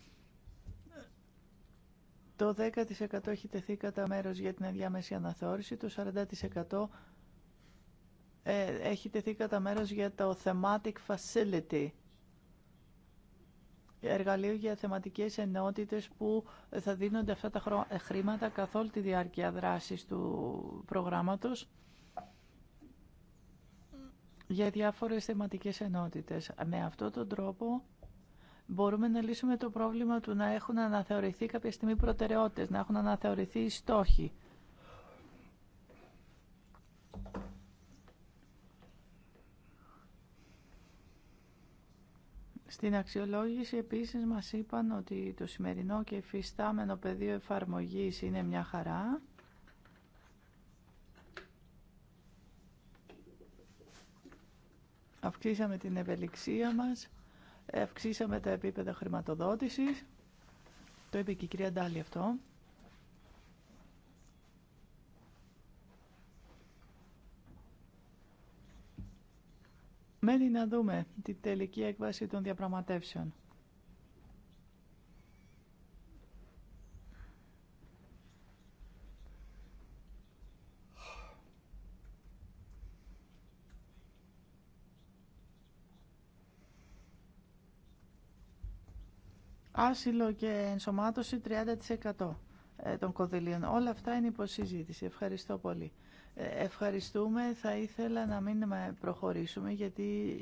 C: Το 10% έχει τεθεί κατά μέρος για την ενδιάμεση αναθεώρηση, το 40% ε, έχει τεθεί κατά μέρος για το thematic facility εργαλείο για θεματικές ενότητες που θα δίνονται αυτά τα ε, χρήματα καθ' όλη τη διάρκεια δράσης του προγράμματος για διάφορες θεματικές ενότητες. Με αυτόν τον τρόπο μπορούμε να λύσουμε το πρόβλημα του να έχουν αναθεωρηθεί κάποια στιγμή προτεραιότητες, να έχουν αναθεωρηθεί οι στόχοι. Στην αξιολόγηση επίσης μας είπαν ότι το σημερινό και εφιστάμενο πεδίο εφαρμογής είναι μια χαρά. Αυξήσαμε την ευελιξία μας, αυξήσαμε τα επίπεδα χρηματοδότησης. Το είπε και η κυρία Ντάλη αυτό. Μένει να δούμε την τελική έκβαση των διαπραγματεύσεων. Άσυλο και ενσωμάτωση 30% ε, των κοδηλίων. Όλα αυτά είναι υποσυζήτηση. Ευχαριστώ πολύ. Ευχαριστούμε. Θα ήθελα να μην προχωρήσουμε γιατί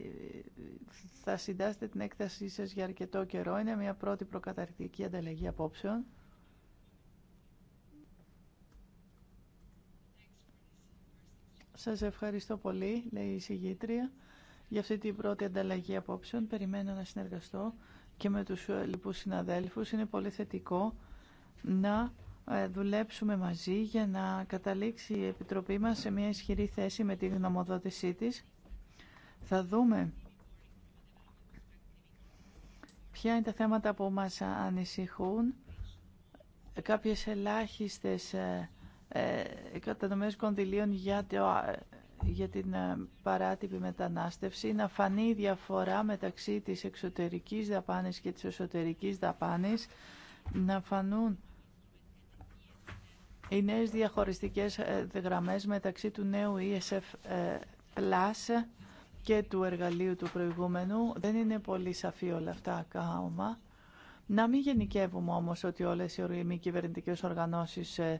C: θα συντάσετε την έκτασή σας για αρκετό καιρό. Είναι μια πρώτη προκαταρκτική ανταλλαγή απόψεων. Σας ευχαριστώ πολύ, λέει η συγγήτρια, για αυτή την πρώτη ανταλλαγή απόψεων. Περιμένω να συνεργαστώ και με τους λοιπούς συναδέλφους. Είναι πολύ θετικό να ε, δουλέψουμε μαζί για να καταλήξει η Επιτροπή μας σε μια ισχυρή θέση με τη γνωμοδότησή της. Θα δούμε ποια είναι τα θέματα που μας ανησυχούν, κάποιες ελάχιστες ε, ε, κατανομές κονδυλίων για, για την παράτυπη μετανάστευση, να φανεί η διαφορά μεταξύ της εξωτερικής δαπάνης και της εσωτερικής δαπάνης, να φανούν οι νέες διαχωριστικές ε, γραμμές μεταξύ του νέου ESF ε, Plus και του εργαλείου του προηγούμενου. Δεν είναι πολύ σαφή όλα αυτά ακόμα. Να μην γενικεύουμε όμως ότι όλες οι μη κυβερνητικές οργανώσεις ε,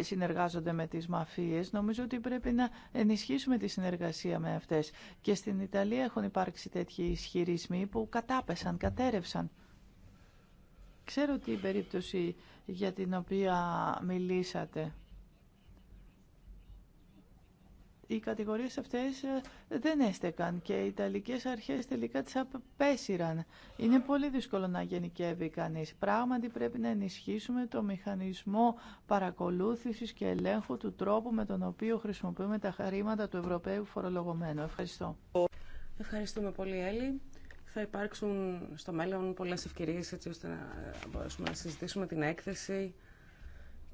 C: συνεργάζονται με τις μαφίες. Νομίζω ότι πρέπει να ενισχύσουμε τη συνεργασία με αυτές. Και στην Ιταλία έχουν υπάρξει τέτοιοι ισχυρισμοί που κατάπεσαν, κατέρευσαν. Ξέρω ότι η περίπτωση για την οποία μιλήσατε. Οι κατηγορίες αυτές ε, δεν έστεκαν και οι Ιταλικές αρχές τελικά τις απέσυραν. Είναι πολύ δύσκολο να γενικεύει κανείς. Πράγματι πρέπει να ενισχύσουμε το μηχανισμό παρακολούθησης και ελέγχου του τρόπου με τον οποίο χρησιμοποιούμε τα χρήματα του Ευρωπαίου Φορολογωμένου. Ευχαριστώ. Ευχαριστούμε
B: πολύ, Έλλη θα υπάρξουν στο μέλλον πολλές ευκαιρίες έτσι ώστε ε, να μπορέσουμε να συζητήσουμε την έκθεση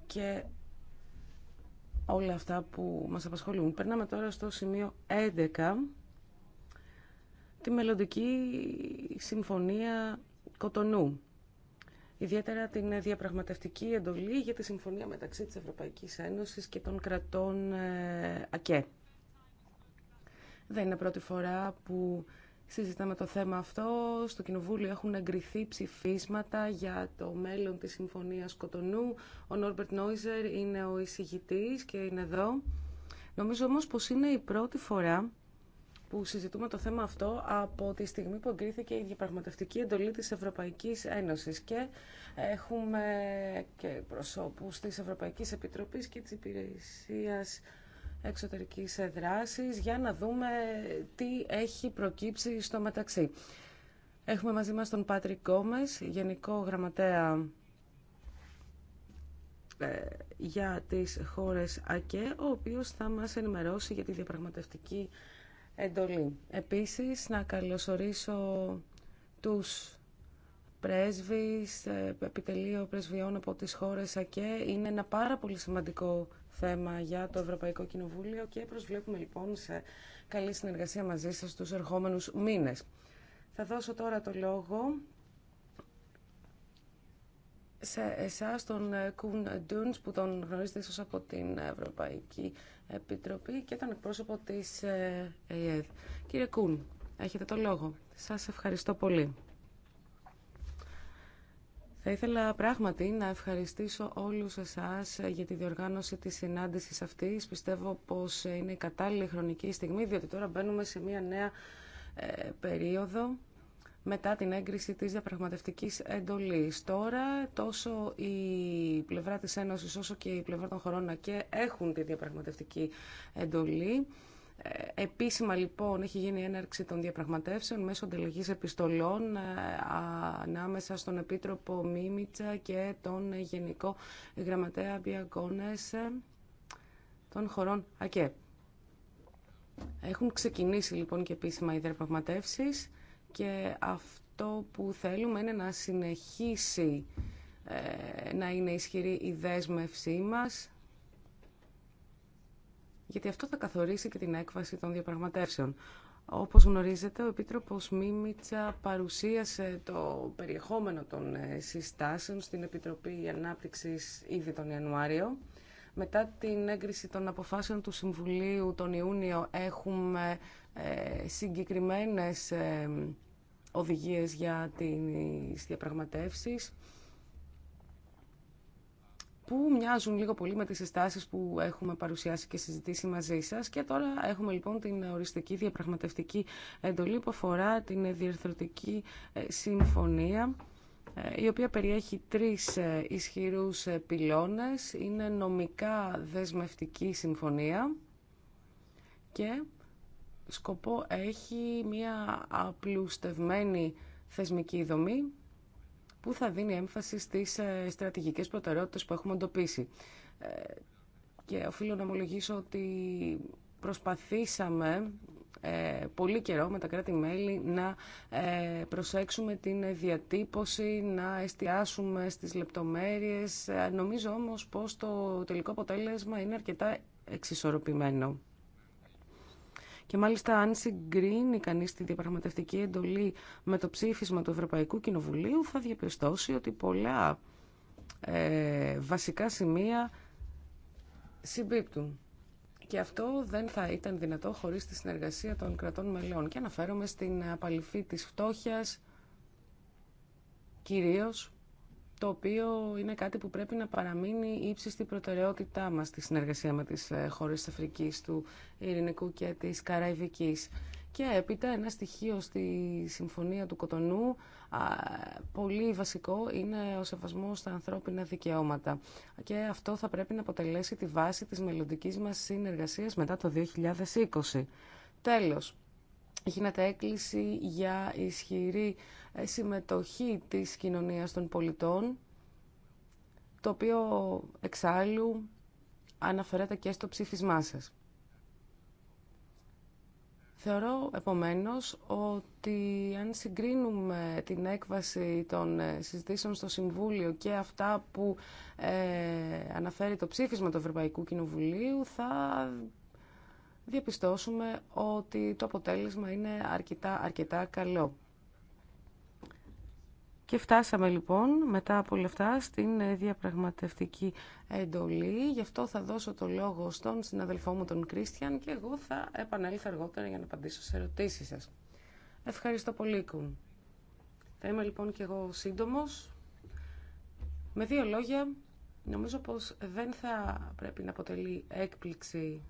B: και όλα αυτά που μας απασχολούν. Περνάμε τώρα στο σημείο 11, τη μελλοντική συμφωνία Κοτονού. Ιδιαίτερα την διαπραγματευτική εντολή για τη συμφωνία μεταξύ της Ευρωπαϊκής Ένωσης και των κρατών ε, ΑΚΕ. Δεν είναι πρώτη φορά που Συζητάμε το θέμα αυτό. Στο Κοινοβούλιο έχουν εγκριθεί ψηφίσματα για το μέλλον της Συμφωνίας Κοτονού. Ο Νόρμπερτ Νόιζερ είναι ο εισηγητής και είναι εδώ. Νομίζω όμως πως είναι η πρώτη φορά που συζητούμε το θέμα αυτό από τη στιγμή που εγκρίθηκε η διαπραγματευτική εντολή της Ευρωπαϊκής Ένωσης και έχουμε και προσώπους της Ευρωπαϊκής Επιτροπής και της Υπηρεσίας εξωτερικής δράσης για να δούμε τι έχει προκύψει στο μεταξύ. Έχουμε μαζί μας τον Πάτρικ Γκόμες, Γενικό Γραμματέα ε, για τις χώρες ΑΚΕ, ο οποίος θα μας ενημερώσει για τη διαπραγματευτική εντολή. Επίσης, να καλωσορίσω τους πρέσβεις, ε, επιτελείο πρεσβειών από τις χώρες ΑΚΕ. Είναι ένα πάρα πολύ σημαντικό θέμα για το Ευρωπαϊκό Κοινοβούλιο και προσβλέπουμε λοιπόν σε καλή συνεργασία μαζί σας τους ερχόμενους μήνες. Θα δώσω τώρα το λόγο σε εσάς τον ε, Κουν Ντούνς που τον γνωρίζετε ίσως από την Ευρωπαϊκή Επιτροπή και τον εκπρόσωπο της ΕΕΔ. Κύριε Κουν, έχετε το λόγο. Σας ευχαριστώ πολύ. Θα ήθελα πράγματι να ευχαριστήσω όλους εσάς για τη διοργάνωση της συνάντησης αυτής. Πιστεύω πως είναι η κατάλληλη χρονική στιγμή, διότι τώρα μπαίνουμε σε μια νέα ε, περίοδο μετά την έγκριση της διαπραγματευτικής εντολής. Τώρα τόσο η πλευρά της Ένωσης όσο και η πλευρά των χωρών και έχουν τη διαπραγματευτική εντολή. Ε, επίσημα λοιπόν έχει γίνει η έναρξη των διαπραγματεύσεων μέσω ανταλλαγή επιστολών ε, ανάμεσα στον Επίτροπο Μίμητσα και τον Γενικό Γραμματέα Μπιαγκόνε ε, των χωρών ΑΚΕ. Έχουν ξεκινήσει λοιπόν και επίσημα οι διαπραγματεύσει και αυτό που θέλουμε είναι να συνεχίσει να είναι ισχυρή η δέσμευσή μας γιατί αυτό θα καθορίσει και την έκβαση των διαπραγματεύσεων. Όπως γνωρίζετε, ο Επίτροπο Μίμητσα παρουσίασε το περιεχόμενο των ε, συστάσεων στην Επιτροπή ανάπτυξη ήδη τον Ιανουάριο. Μετά την έγκριση των αποφάσεων του Συμβουλίου τον Ιούνιο έχουμε ε, συγκεκριμένες ε, οδηγίες για τι διαπραγματεύσει που μοιάζουν λίγο πολύ με τις συστάσεις που έχουμε παρουσιάσει και συζητήσει μαζί σας. Και τώρα έχουμε λοιπόν την οριστική διαπραγματευτική εντολή που αφορά την διερθρωτική ε, συμφωνία ε, η οποία περιέχει τρεις ε, ισχυρούς πυλώνες, είναι νομικά δεσμευτική συμφωνία και σκοπό έχει μια απλουστευμένη θεσμική δομή που θα δίνει έμφαση στις ε, στρατηγικές προτεραιότητες που έχουμε εντοπίσει. Ε, και οφείλω να ομολογήσω ότι προσπαθήσαμε ε, πολύ καιρό με τα κράτη-μέλη να προσέξουμε την διατύπωση, να εστιάσουμε στις λεπτομέρειες. Νομίζω όμως πως το τελικό αποτέλεσμα είναι αρκετά εξισορροπημένο. Και μάλιστα αν συγκρίνει κανείς τη διαπραγματευτική εντολή με το ψήφισμα του Ευρωπαϊκού Κοινοβουλίου θα διαπιστώσει ότι πολλά ε, βασικά σημεία συμπίπτουν. Και αυτό δεν θα ήταν δυνατό χωρίς τη συνεργασία των κρατών μελών. Και αναφέρομαι στην απαλυφή της φτώχειας, κυρίως το οποίο είναι κάτι που πρέπει να παραμείνει ύψιστη προτεραιότητά μας στη συνεργασία με τις ε, χώρες της Αφρικής, του Ειρηνικού και της Καραϊβικής. Και έπειτα ένα στοιχείο στη Συμφωνία του Κοτονού πολύ βασικό είναι ο σεβασμός στα ανθρώπινα δικαιώματα. Και αυτό θα πρέπει να αποτελέσει τη βάση της μελλοντική μας συνεργασίας μετά το 2020. Τέλος, γίνεται έκκληση για ισχυρή ε, συμμετοχή της κοινωνίας των πολιτών, το οποίο εξάλλου αναφέρεται και στο ψήφισμά σας. Θεωρώ, επομένως, ότι αν συγκρίνουμε την έκβαση των ε, συζητήσεων στο Συμβούλιο και αυτά που ε, αναφέρει το ψήφισμα του Ευρωπαϊκού Κοινοβουλίου, θα διαπιστώσουμε ότι το αποτέλεσμα είναι αρκετά, αρκετά καλό. Και φτάσαμε λοιπόν μετά από όλα αυτά στην ε, διαπραγματευτική εντολή. Γι' αυτό θα δώσω το λόγο στον συναδελφό μου τον Κρίστιαν και εγώ θα επανέλθω αργότερα για να απαντήσω σε ερωτήσεις σας. Ευχαριστώ πολύ, Κουν. Θα είμαι λοιπόν και εγώ σύντομος. Με δύο λόγια, νομίζω πως δεν θα πρέπει να αποτελεί έκπληξη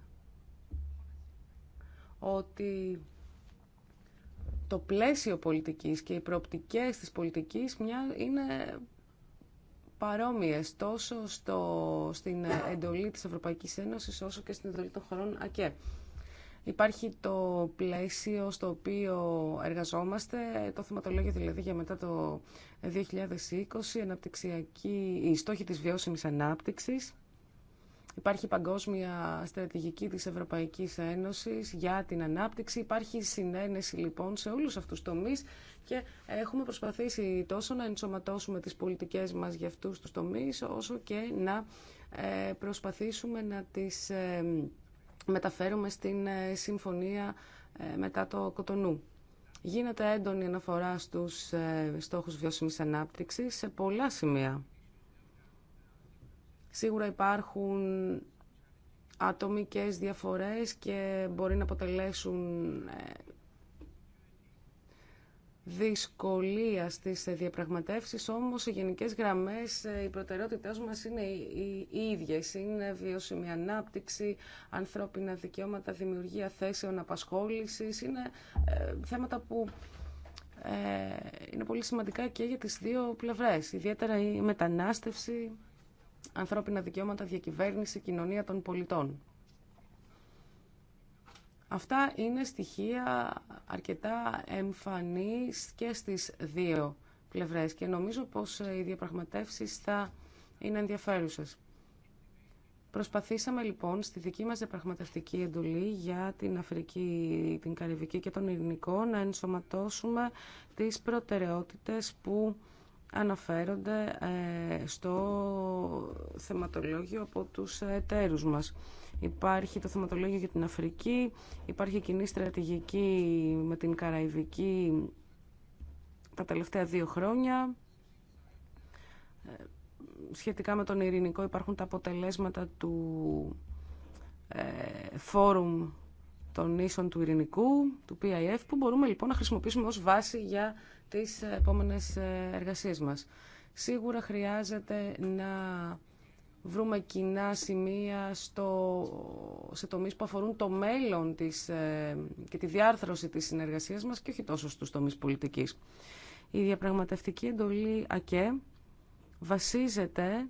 B: ότι το πλαίσιο πολιτικής και οι προοπτικές της πολιτικής μια είναι παρόμοιες τόσο στο, στην εντολή της Ευρωπαϊκής Ένωσης όσο και στην εντολή των χωρών ΑΚΕ. Υπάρχει το πλαίσιο στο οποίο εργαζόμαστε, το θεματολόγιο δηλαδή για μετά το 2020, η, στόχη της βιώσιμης ανάπτυξης, Υπάρχει παγκόσμια στρατηγική της Ευρωπαϊκής Ένωσης για την ανάπτυξη. Υπάρχει συνένεση λοιπόν σε όλους αυτούς τους τομείς και έχουμε προσπαθήσει τόσο να ενσωματώσουμε τις πολιτικές μας για αυτούς τους τομείς όσο και να ε, προσπαθήσουμε να τις ε, μεταφέρουμε στην ε, συμφωνία μετά το Κοτονού. Γίνεται έντονη αναφορά στους στόχους βιώσιμης ανάπτυξης σε πολλά σημεία. Σίγουρα υπάρχουν ατομικές διαφορές και μπορεί να αποτελέσουν ε, δυσκολία στις ε, διαπραγματεύσεις, όμως οι γενικές γραμμές ε, οι προτεραιότητε μας είναι οι ίδιες. Είναι βιώσιμη ανάπτυξη, ανθρώπινα δικαιώματα, δημιουργία θέσεων απασχόλησης. Είναι θέματα που είναι πολύ σημαντικά και για τις δύο πλευρές, ιδιαίτερα η μετανάστευση ανθρώπινα δικαιώματα, διακυβέρνηση, κοινωνία των πολιτών. Αυτά είναι στοιχεία αρκετά εμφανής και στις δύο πλευρές και νομίζω πως ε, οι διαπραγματεύσεις θα είναι ενδιαφέρουσες. Προσπαθήσαμε λοιπόν στη δική μας διαπραγματευτική εντολή για την Αφρική, την Καρυβική και τον Ειρηνικό να ενσωματώσουμε τις προτεραιότητες που αναφέρονται ε, στο θεματολόγιο από τους εταίρους μας. Υπάρχει το θεματολόγιο για την Αφρική, υπάρχει κοινή στρατηγική με την Καραϊβική τα τελευταία δύο χρόνια. Ε, σχετικά με τον ειρηνικό υπάρχουν τα αποτελέσματα του ε, φόρουμ των νήσων του ειρηνικού, του PIF, που μπορούμε λοιπόν να χρησιμοποιήσουμε ως βάση για τις επόμενες ε, εργασίες μας. Σίγουρα χρειάζεται να βρούμε κοινά σημεία στο, σε τομείς που αφορούν το μέλλον της, ε, και τη διάρθρωση της συνεργασίας μας και όχι τόσο στους τομείς πολιτικής. Η διαπραγματευτική εντολή ΑΚΕ βασίζεται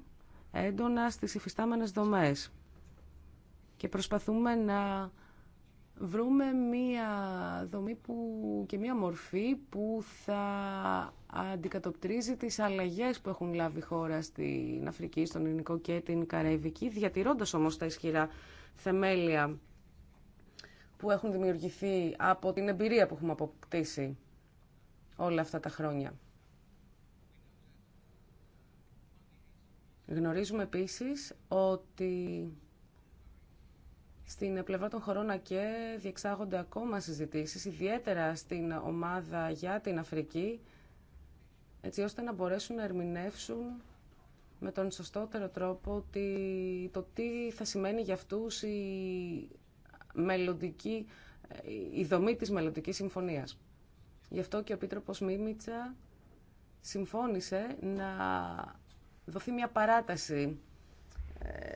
B: έντονα στις υφιστάμενες δομές και προσπαθούμε να βρούμε μία δομή που, και μία μορφή που θα αντικατοπτρίζει τις αλλαγές που έχουν λάβει η χώρα στην Αφρική, στον Ελληνικό και την Καραϊβική, διατηρώντας όμως τα ισχυρά θεμέλια που έχουν δημιουργηθεί από την εμπειρία που έχουμε αποκτήσει όλα αυτά τα χρόνια. Γνωρίζουμε επίσης ότι στην πλευρά των χωρών ΑΚΕ διεξάγονται ακόμα συζητήσεις, ιδιαίτερα στην ομάδα για την Αφρική, έτσι ώστε να μπορέσουν να ερμηνεύσουν με τον σωστότερο τρόπο ότι το τι θα σημαίνει για αυτούς η, μελλοντική, η δομή της μελλοντική συμφωνίας. Γι' αυτό και ο Επίτροπος Μίμητσα συμφώνησε να δοθεί μια παράταση ε,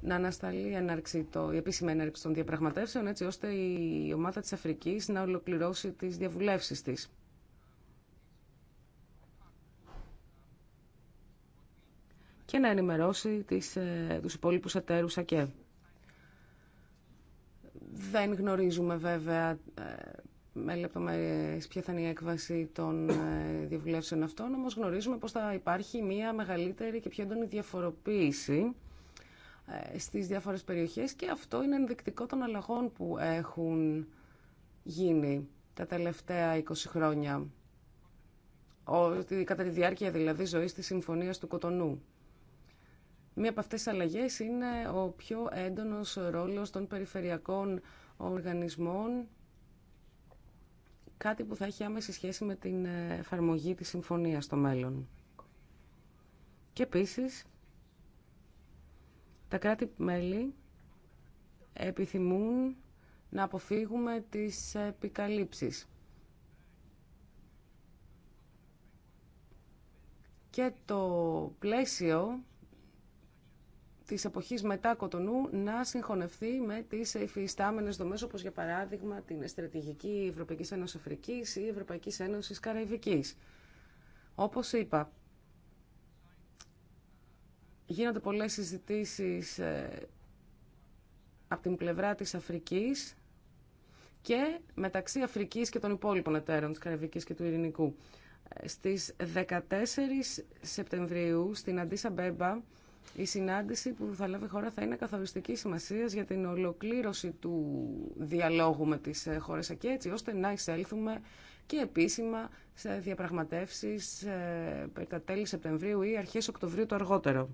B: να ανασταλεί η, έναρξη, το, η επίσημη έναρξη των διαπραγματεύσεων έτσι ώστε η ομάδα της Αφρικής να ολοκληρώσει τις διαβουλεύσεις της. και να ενημερώσει τις, ε, τους υπόλοιπους εταίρους ΑΚΕ. Δεν γνωρίζουμε βέβαια ε, με λεπτομέρειες ποια θα είναι η έκβαση των ε, διαβουλεύσεων αυτών, όμως γνωρίζουμε πως θα υπάρχει μια μεγαλύτερη και πιο έντονη διαφοροποίηση ε, στις διάφορες περιοχές και αυτό είναι ενδεικτικό των αλλαγών που έχουν γίνει τα τελευταία 20 χρόνια. κατά τη διάρκεια δηλαδή ζωής της Συμφωνίας του Κοτονού. Μία από αυτές τις αλλαγές είναι ο πιο έντονος ρόλος των περιφερειακών οργανισμών, κάτι που θα έχει άμεση σχέση με την ε, εφαρμογή της συμφωνίας στο μέλλον. Και επίσης, τα κράτη-μέλη επιθυμούν να αποφύγουμε τις επικαλύψεις. Και το πλαίσιο της εποχής μετά Κοτονού να συγχωνευτεί με τις υφιστάμενες δομές όπως για παράδειγμα την στρατηγική Ευρωπαϊκής Ένωσης Αφρικής ή Ευρωπαϊκής Ένωσης Καραϊβικής. Όπως είπα, γίνονται πολλές συζητήσεις ε, από την πλευρά της Αφρικής και μεταξύ Αφρικής και των υπόλοιπων εταίρων της Καραβικής και του Ειρηνικού. Ε, στις 14 Σεπτεμβρίου στην Αντίσα Μπέμπα η συνάντηση που θα λάβει η χώρα θα είναι καθοριστική σημασία για την ολοκλήρωση του διαλόγου με τις ε, χώρες εκεί, έτσι ώστε να εισέλθουμε και επίσημα σε διαπραγματεύσεις περί τα τέλη Σεπτεμβρίου ή αρχές Οκτωβρίου το αργότερο.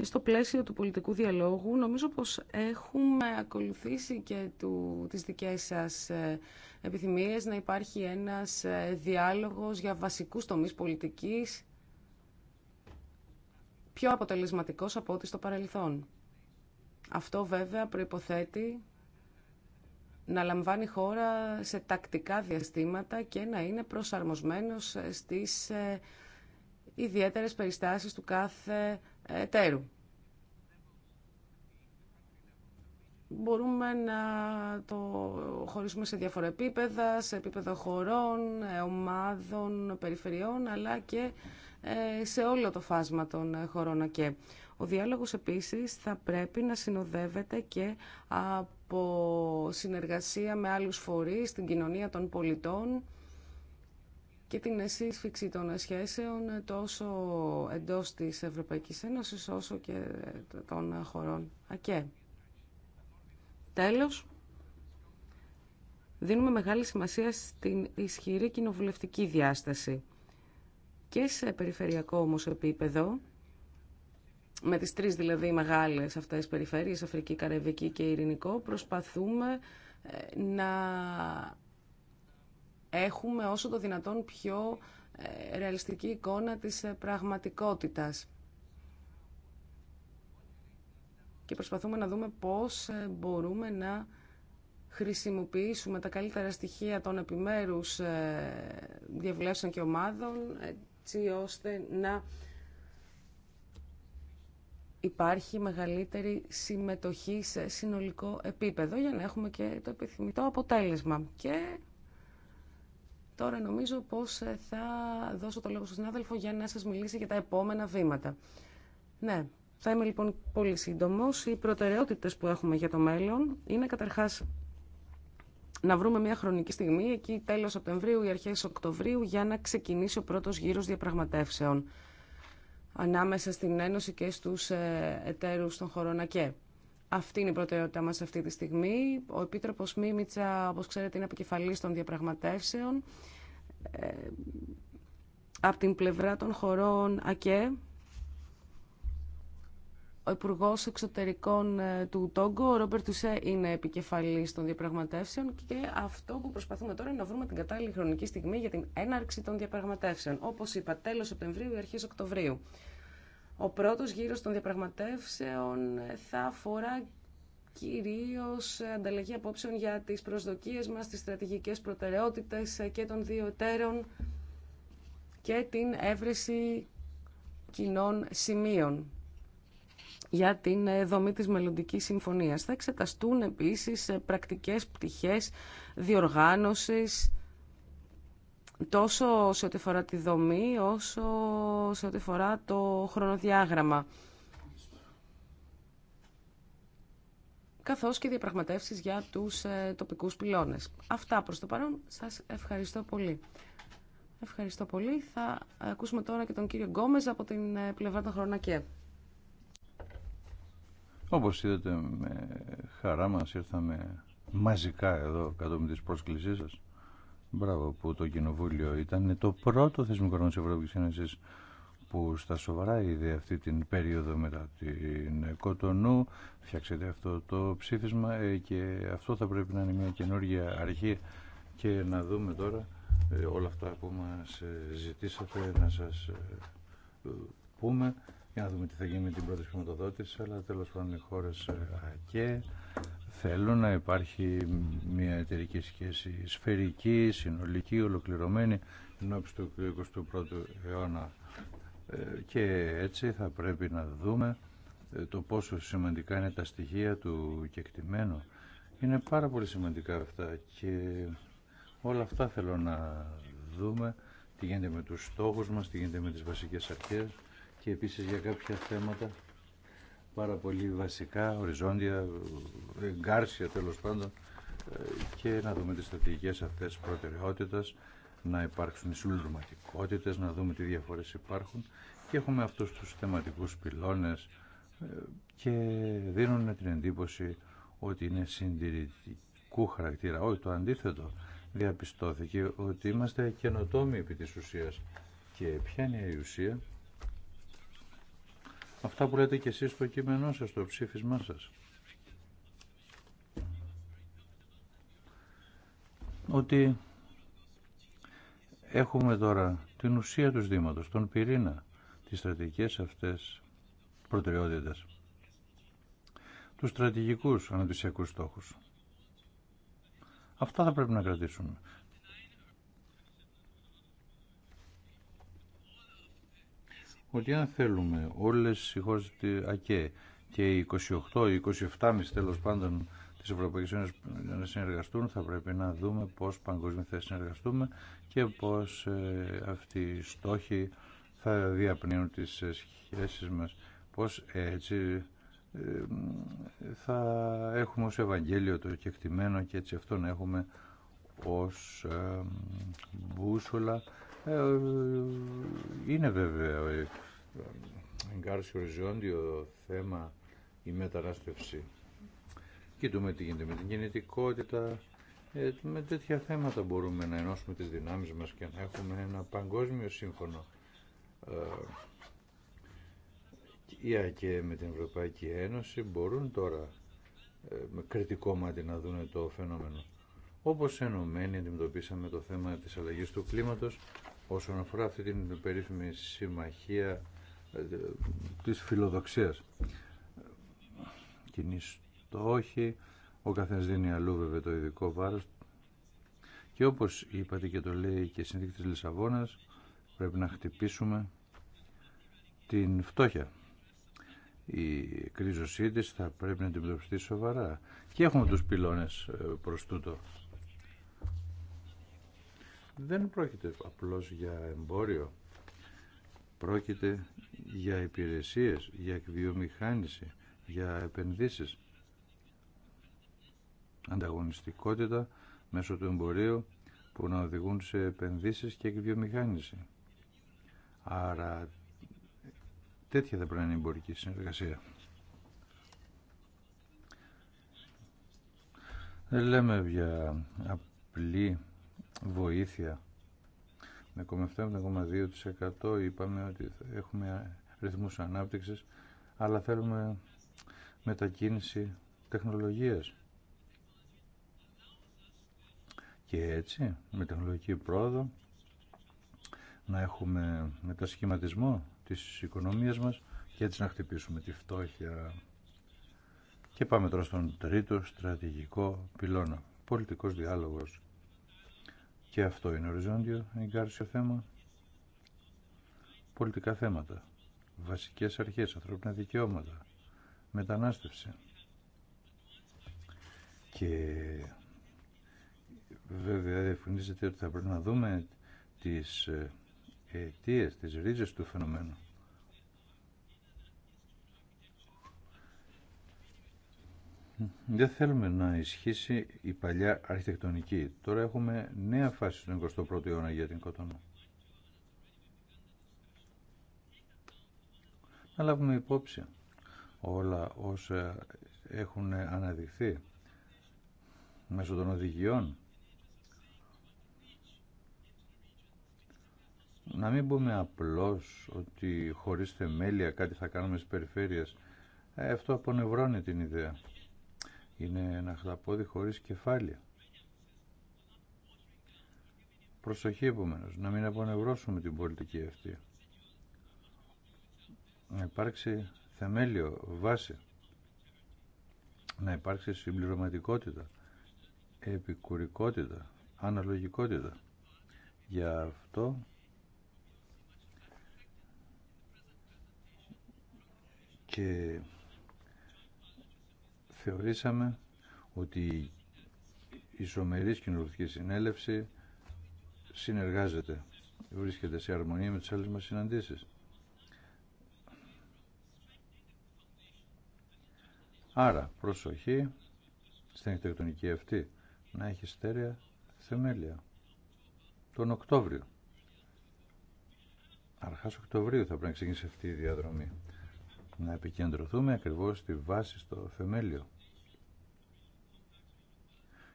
B: στο πλαίσιο του πολιτικού διαλόγου νομίζω πως έχουμε ακολουθήσει και του, τις δικές σας ε, επιθυμίες να υπάρχει ένας ε, διάλογος για βασικούς τομείς πολιτικής πιο αποτελεσματικός από ό,τι στο παρελθόν. Αυτό βέβαια προϋποθέτει να λαμβάνει χώρα σε τακτικά διαστήματα και να είναι προσαρμοσμένος ε, στις ιδιαίτερες περιστάσεις του κάθε εταίρου. Μπορούμε να το χωρίσουμε σε διάφορα επίπεδα, σε επίπεδο χωρών, ε, ομάδων, περιφερειών, αλλά και ε, σε όλο το φάσμα των ε, χωρών και ο διάλογος επίσης θα πρέπει να συνοδεύεται και από συνεργασία με άλλους φορείς, την κοινωνία των πολιτών, και την εσύσφυξη των σχέσεων τόσο εντός της Ευρωπαϊκής Ένωσης όσο και των χωρών ΑΚΕ. Τέλος, δίνουμε μεγάλη σημασία στην ισχυρή κοινοβουλευτική διάσταση και σε περιφερειακό όμως επίπεδο, με τις τρεις δηλαδή μεγάλες αυτές περιφέρειες, Αφρική, Καραϊβική και Ειρηνικό, προσπαθούμε ε, να έχουμε όσο το δυνατόν πιο ε, ρεαλιστική εικόνα της ε, πραγματικότητας. Και προσπαθούμε να δούμε πώς ε, μπορούμε να χρησιμοποιήσουμε τα καλύτερα στοιχεία των επιμέρους διαβουλεύσεων και ομάδων έτσι ώστε να υπάρχει μεγαλύτερη συμμετοχή σε συνολικό επίπεδο για να έχουμε και το επιθυμητό αποτέλεσμα. Και Τώρα νομίζω πως ε, θα δώσω το λόγο στον συνάδελφο για να σας μιλήσει για τα επόμενα βήματα. Ναι, θα είμαι λοιπόν πολύ σύντομος. Οι προτεραιότητες που έχουμε για το μέλλον είναι καταρχάς να βρούμε μια χρονική στιγμή, εκεί τέλος Σεπτεμβρίου ή αρχές Οκτωβρίου, για να ξεκινήσει ο πρώτος γύρος διαπραγματεύσεων ανάμεσα στην Ένωση και στους ε, εταίρους των χωρών ΑΚΕ. Αυτή είναι η προτεραιότητά μας αυτή τη στιγμή. Ο Επίτροπος Μίμητσα, όπως ξέρετε, είναι επικεφαλής των διαπραγματεύσεων. Ε, από την πλευρά των χωρών ΑΚΕ, ο Υπουργό Εξωτερικών ε, του Τόγκο, ο Ρόμπερτ Τουσέ, είναι επικεφαλή των διαπραγματεύσεων και αυτό που προσπαθούμε τώρα είναι να βρούμε την κατάλληλη χρονική στιγμή για την έναρξη των διαπραγματεύσεων. Όπω είπα, τέλο Σεπτεμβρίου ή αρχέ Οκτωβρίου. Ο πρώτος γύρος των διαπραγματεύσεων θα αφορά κυρίως ανταλλαγή απόψεων για τις προσδοκίες μας, τις στρατηγικές προτεραιότητες και των δύο εταίρων και την έβρεση κοινών σημείων για την δομή της μελλοντική συμφωνίας. Θα εξεταστούν επίσης πρακτικές πτυχές διοργάνωσης τόσο σε ό,τι αφορά τη δομή, όσο σε ό,τι αφορά το χρονοδιάγραμμα. καθώς και διαπραγματεύσεις για τους ε, τοπικούς πυλώνες. Αυτά προς το παρόν. Σας ευχαριστώ πολύ. Ευχαριστώ πολύ. Θα ακούσουμε τώρα και τον κύριο Γκόμες από την ε, πλευρά των Χρονακέ.
A: Όπως είδατε, με χαρά μας ήρθαμε μαζικά εδώ κατόπιν της πρόσκλησής σας Μπράβο που το Κοινοβούλιο ήταν το πρώτο θεσμικό όργανο τη Ευρωπαϊκή Ένωση που στα σοβαρά είδε αυτή την περίοδο μετά την Κοτονού. Φτιάξετε αυτό το ψήφισμα ε, και αυτό θα πρέπει να είναι μια καινούργια αρχή και να δούμε τώρα ε, όλα αυτά που μας ε, ζητήσατε να σας πούμε για να δούμε τι θα γίνει με την πρώτη χρηματοδότηση αλλά τέλος πάντων οι χώρες ΑΚΕ Θέλω να υπάρχει μια εταιρική σχέση σφαιρική, συνολική, ολοκληρωμένη ενώ του 21ου αιώνα ε, και έτσι θα πρέπει να δούμε ε, το πόσο σημαντικά είναι τα στοιχεία του κεκτημένου. Είναι πάρα πολύ σημαντικά αυτά και όλα αυτά θέλω να δούμε τι γίνεται με τους στόχους μας, τι γίνεται με τις βασικές αρχές και επίσης για κάποια θέματα πάρα πολύ βασικά, οριζόντια, εγκάρσια τέλος πάντων και να δούμε τις στρατηγικές αυτές προτεραιότητας, να υπάρξουν οι συλλογματικότητες, να δούμε τι διαφορές υπάρχουν και έχουμε αυτούς τους θεματικούς πυλώνες και δίνουν την εντύπωση ότι είναι συντηρητικού χαρακτήρα. Όχι, το αντίθετο διαπιστώθηκε ότι είμαστε καινοτόμοι επί της ουσίας. Και ποια είναι η ουσία, αυτά που λέτε και εσείς στο κείμενό σας, στο ψήφισμά σας. Ότι έχουμε τώρα την ουσία του Δήματος, τον πυρήνα, τις στρατηγικές αυτές προτεραιότητες, τους στρατηγικούς αναπτυσιακούς στόχους. Αυτά θα πρέπει να κρατήσουμε. ότι αν θέλουμε όλες οι χώρες ΑΚΕ και οι 28, οι 27 τέλος πάντων της Ευρωπαϊκής Ένωσης να συνεργαστούν, θα πρέπει να δούμε πώς παγκόσμια θα συνεργαστούμε και πώς ε, αυτοί οι στόχοι θα διαπνέουν τις ε, σχέσεις μας. Πώς έτσι ε, θα έχουμε ως Ευαγγέλιο το κεκτημένο και έτσι αυτό να έχουμε ως ε, μπούσολα ε, είναι βέβαια ε, εγκάρσιο οριζόντιο θέμα η μετανάστευση. Κοιτούμε τι γίνεται με την κινητικότητα. Ε, με τέτοια θέματα μπορούμε να ενώσουμε τις δυνάμεις μας και να έχουμε ένα παγκόσμιο σύμφωνο ε, και με την Ευρωπαϊκή Ένωση μπορούν τώρα με κριτικό μάτι να δουν το φαινόμενο. Όπως ενωμένοι αντιμετωπίσαμε το θέμα της αλλαγής του κλίματος όσον αφορά αυτή την περίφημη συμμαχία ε, της φιλοδοξίας. Κοινή όχι, ο καθένας δίνει αλλού βέβαια το ειδικό βάρος και όπως είπατε και το λέει και η συνθήκη της Λισαβόνας πρέπει να χτυπήσουμε την φτώχεια. Η κρίζωσή της θα πρέπει να αντιμετωπιστεί σοβαρά και έχουμε τους πυλώνες ε, προς τούτο δεν πρόκειται απλώς για εμπόριο. Πρόκειται για υπηρεσίες, για εκβιομηχάνηση, για επενδύσεις. Ανταγωνιστικότητα μέσω του εμπορίου που να οδηγούν σε επενδύσεις και εκβιομηχάνηση. Άρα τέτοια δεν πρέπει να είναι η εμπορική συνεργασία. Δεν λέμε για απλή βοήθεια. 0,7-0,2% είπαμε ότι έχουμε ρυθμούς ανάπτυξης, αλλά θέλουμε μετακίνηση τεχνολογίας. Και έτσι, με τεχνολογική πρόοδο, να έχουμε μετασχηματισμό της οικονομίας μας και έτσι να χτυπήσουμε τη φτώχεια. Και πάμε τώρα στον τρίτο στρατηγικό πυλώνα, πολιτικός διάλογος. Και αυτό είναι οριζόντιο εγκάρσιο θέμα. Πολιτικά θέματα, βασικές αρχές, ανθρώπινα δικαιώματα, μετανάστευση. Και βέβαια εμφανίζεται ότι θα πρέπει να δούμε τις ε, αιτίες, τις ρίζες του φαινομένου. Δεν θέλουμε να ισχύσει η παλιά αρχιτεκτονική. Τώρα έχουμε νέα φάση στον 21ο αιώνα για την Κοτονού. Να λάβουμε υπόψη όλα όσα έχουν αναδειχθεί μέσω των οδηγιών. Να μην πούμε απλώς ότι χωρίς θεμέλια κάτι θα κάνουμε στις περιφέρειες. Ε, αυτό απονευρώνει την ιδέα. Είναι ένα χταπόδι χωρίς κεφάλια. Προσοχή επομένως, να μην απονευρώσουμε την πολιτική αυτή. Να υπάρξει θεμέλιο, βάση. Να υπάρξει συμπληρωματικότητα, επικουρικότητα, αναλογικότητα. Για αυτό και θεωρήσαμε ότι η ισομερής κοινοβουλευτική συνέλευση συνεργάζεται, βρίσκεται σε αρμονία με τις άλλες μας συναντήσεις. Άρα, προσοχή στην εκτεκτονική αυτή να έχει στέρεα θεμέλια. Τον Οκτώβριο. Αρχάς Οκτωβρίου θα πρέπει να ξεκινήσει αυτή η διαδρομή να επικεντρωθούμε ακριβώς στη βάση στο θεμέλιο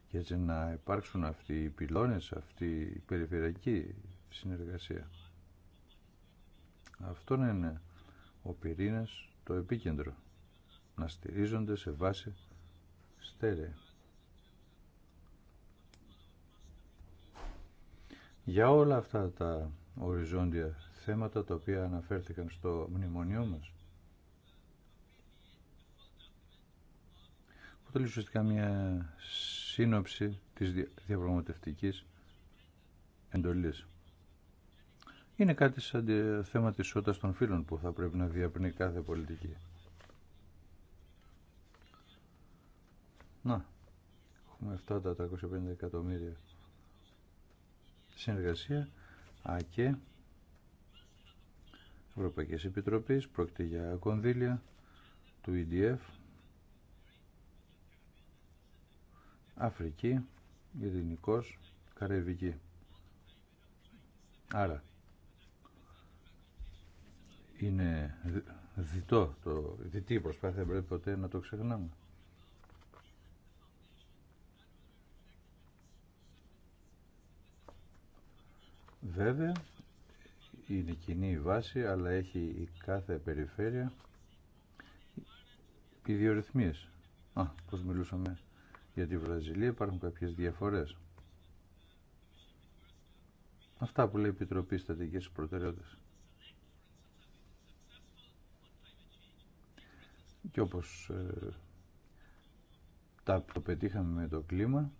A: και έτσι να υπάρξουν αυτοί οι πυλώνες, αυτή η περιφερειακή συνεργασία. Αυτό να είναι ο πυρήνας, το επίκεντρο, να στηρίζονται σε βάση στέρεα. Για όλα αυτά τα οριζόντια θέματα τα οποία αναφέρθηκαν στο μνημονιό μας, αποτελεί ουσιαστικά μια σύνοψη της διαπραγματευτικής εντολής. Είναι κάτι σαν θέμα της σώτας των φύλων που θα πρέπει να διαπνεί κάθε πολιτική. Να, έχουμε αυτά τα 350 εκατομμύρια συνεργασία, ΑΚΕ, Ευρωπαϊκής Επιτροπής, πρόκειται για κονδύλια του EDF, Αφρική, Ειρηνικός, Καραϊβική. Άρα, είναι διτό το διτή προσπάθεια, πρέπει ποτέ να το ξεχνάμε. Βέβαια, είναι κοινή η βάση, αλλά έχει η κάθε περιφέρεια ρυθμίες. Α, πώς μιλούσαμε για τη Βραζιλία υπάρχουν κάποιες διαφορές. Αυτά που λέει η Επιτροπή Στατικής Προτεραιότητας. Και όπως ε, τα το πετύχαμε με το κλίμα,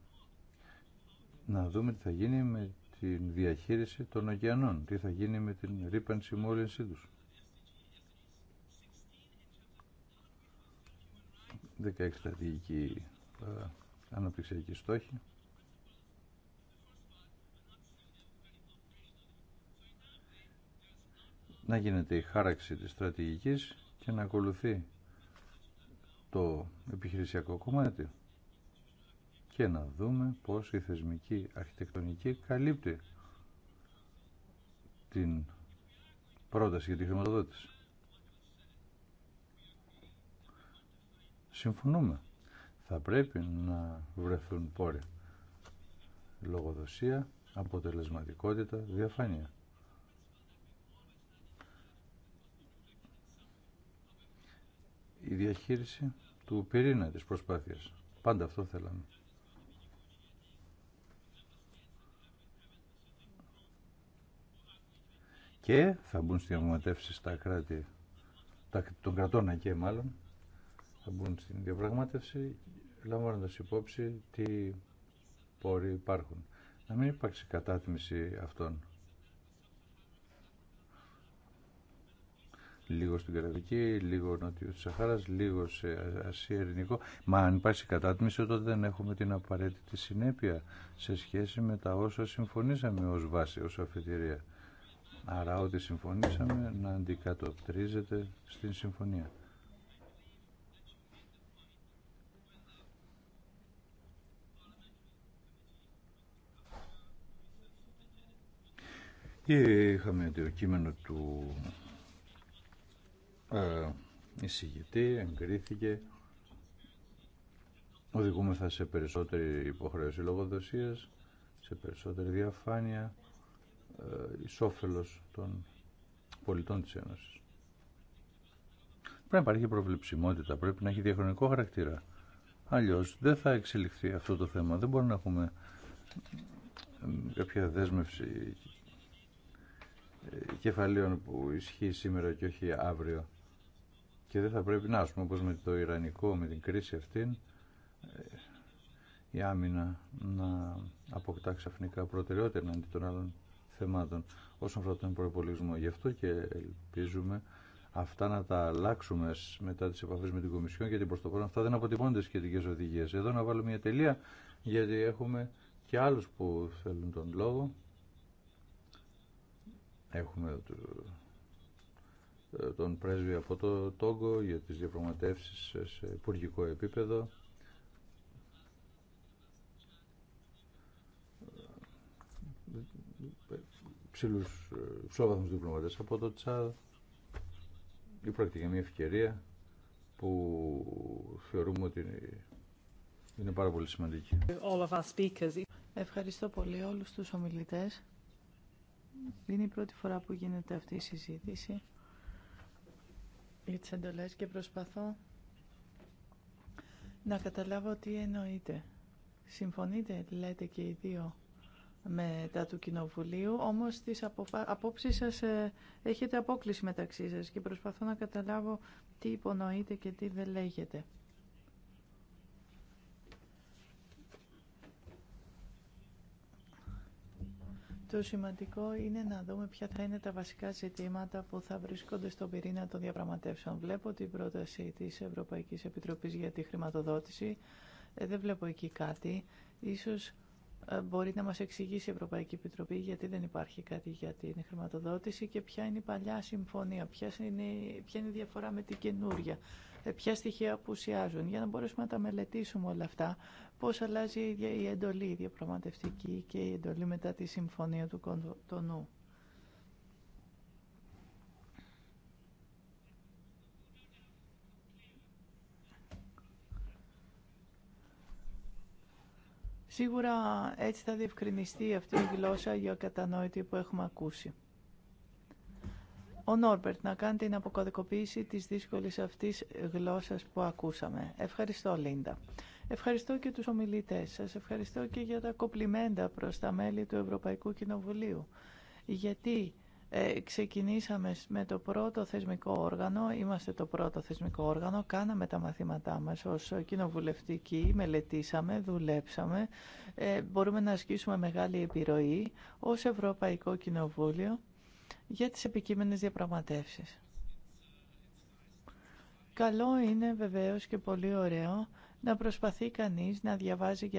A: να δούμε τι θα γίνει με την διαχείριση των ωκεανών, τι θα γίνει με την ρήπανση μόλυνσή τους. 16 στρατηγική ε, αναπτυξιακή στόχη Να γίνεται η χάραξη της στρατηγικής και να ακολουθεί το επιχειρησιακό κομμάτι και να δούμε πώς η θεσμική αρχιτεκτονική καλύπτει την πρόταση για τη χρηματοδότηση. Συμφωνούμε θα πρέπει να βρεθούν πόρε Λογοδοσία, αποτελεσματικότητα, διαφάνεια. Η διαχείριση του πυρήνα της προσπάθειας. Πάντα αυτό θέλαμε. Και θα μπουν στη διαπραγματεύσεις τα κράτη, τα, των κρατών και μάλλον, θα μπουν στην διαπραγμάτευση λαμβάνοντας υπόψη τι πόροι υπάρχουν. Να μην υπάρξει κατάτμιση αυτών. Λίγο στην Καραβική, λίγο νότιο τη Σαχάρα, λίγο σε Ασία Ελληνικό. Μα αν υπάρξει κατάτμιση τότε δεν έχουμε την απαραίτητη συνέπεια σε σχέση με τα όσα συμφωνήσαμε ως βάση, ω αφετηρία. Άρα ό,τι συμφωνήσαμε να αντικατοπτρίζεται στην συμφωνία. Και είχαμε το κείμενο του ε, εισηγητή, εγκρίθηκε. Οδηγούμεθα σε περισσότερη υποχρέωση λογοδοσία, σε περισσότερη διαφάνεια, ε, ισόφελος των πολιτών της Ένωσης. Πρέπει να υπάρχει προβλεψιμότητα, πρέπει να έχει διαχρονικό χαρακτήρα. Αλλιώς δεν θα εξελιχθεί αυτό το θέμα. Δεν μπορούμε να έχουμε ε, κάποια δέσμευση κεφαλαίων που ισχύει σήμερα και όχι αύριο. Και δεν θα πρέπει να, ας πούμε, όπως με το Ιρανικό, με την κρίση αυτήν, ε, η άμυνα να αποκτά ξαφνικά προτεραιότητα αντί των άλλων θεμάτων όσον αφορά τον προπολογισμό. Γι' αυτό και ελπίζουμε αυτά να τα αλλάξουμε μετά τι επαφές με την Κομισιόν, γιατί προ το αυτά δεν αποτυπώνται σχετικέ οδηγίε. Εδώ να βάλω μια τελεία, γιατί έχουμε και άλλου που θέλουν τον λόγο. Έχουμε ε, τον πρέσβη από το Τόγκο για τις διαπραγματεύσεις σε υπουργικό επίπεδο. Ψηλούς, ε, ψόβαθμους διπλωματές από το Τσάδ. Υπάρχει μια ευκαιρία που θεωρούμε ότι είναι πάρα πολύ σημαντική.
C: All speakers. Ευχαριστώ πολύ όλους τους ομιλητές. Είναι η πρώτη φορά που γίνεται αυτή η συζήτηση για τις και προσπαθώ να καταλάβω τι εννοείται. Συμφωνείτε, λέτε και οι δύο, με τα του Κοινοβουλίου, όμως τις απόψεις σας ε, έχετε απόκληση μεταξύ σας και προσπαθώ να καταλάβω τι υπονοείτε και τι δεν λέγεται. Το σημαντικό είναι να δούμε ποια θα είναι τα βασικά ζητήματα που θα βρίσκονται στον πυρήνα των διαπραγματεύσεων. Βλέπω την πρόταση της Ευρωπαϊκής Επιτροπής για τη χρηματοδότηση. Ε, δεν βλέπω εκεί κάτι. Ίσως ε, μπορεί να μας εξηγήσει η Ευρωπαϊκή Επιτροπή γιατί δεν υπάρχει κάτι για την χρηματοδότηση και ποια είναι η παλιά συμφωνία, είναι, ποια είναι η διαφορά με την καινούρια. Ε, ποια στοιχεία απουσιάζουν, για να μπορέσουμε να τα μελετήσουμε όλα αυτά, πώς αλλάζει η εντολή η διαπραγματευτική και η εντολή μετά τη συμφωνία του Κοντονού. Σίγουρα έτσι θα διευκρινιστεί αυτή η γλώσσα για κατανόητη που έχουμε ακούσει ο Νόρμπερτ να κάνει την αποκωδικοποίηση της δύσκολης αυτής γλώσσας που ακούσαμε. Ευχαριστώ, Λίντα. Ευχαριστώ και τους ομιλητές σας. Ευχαριστώ και για τα κοπλιμέντα προς τα μέλη του Ευρωπαϊκού Κοινοβουλίου. Γιατί ε, ξεκινήσαμε με το πρώτο θεσμικό όργανο, είμαστε το πρώτο θεσμικό όργανο, κάναμε τα μαθήματά μας ως κοινοβουλευτικοί, μελετήσαμε, δουλέψαμε, ε, μπορούμε να ασκήσουμε μεγάλη επιρροή ως Ευρωπαϊκό Κοινοβούλιο για τις επικείμενες διαπραγματεύσεις. Καλό είναι βεβαίως και πολύ ωραίο να προσπαθεί κανείς να διαβάζει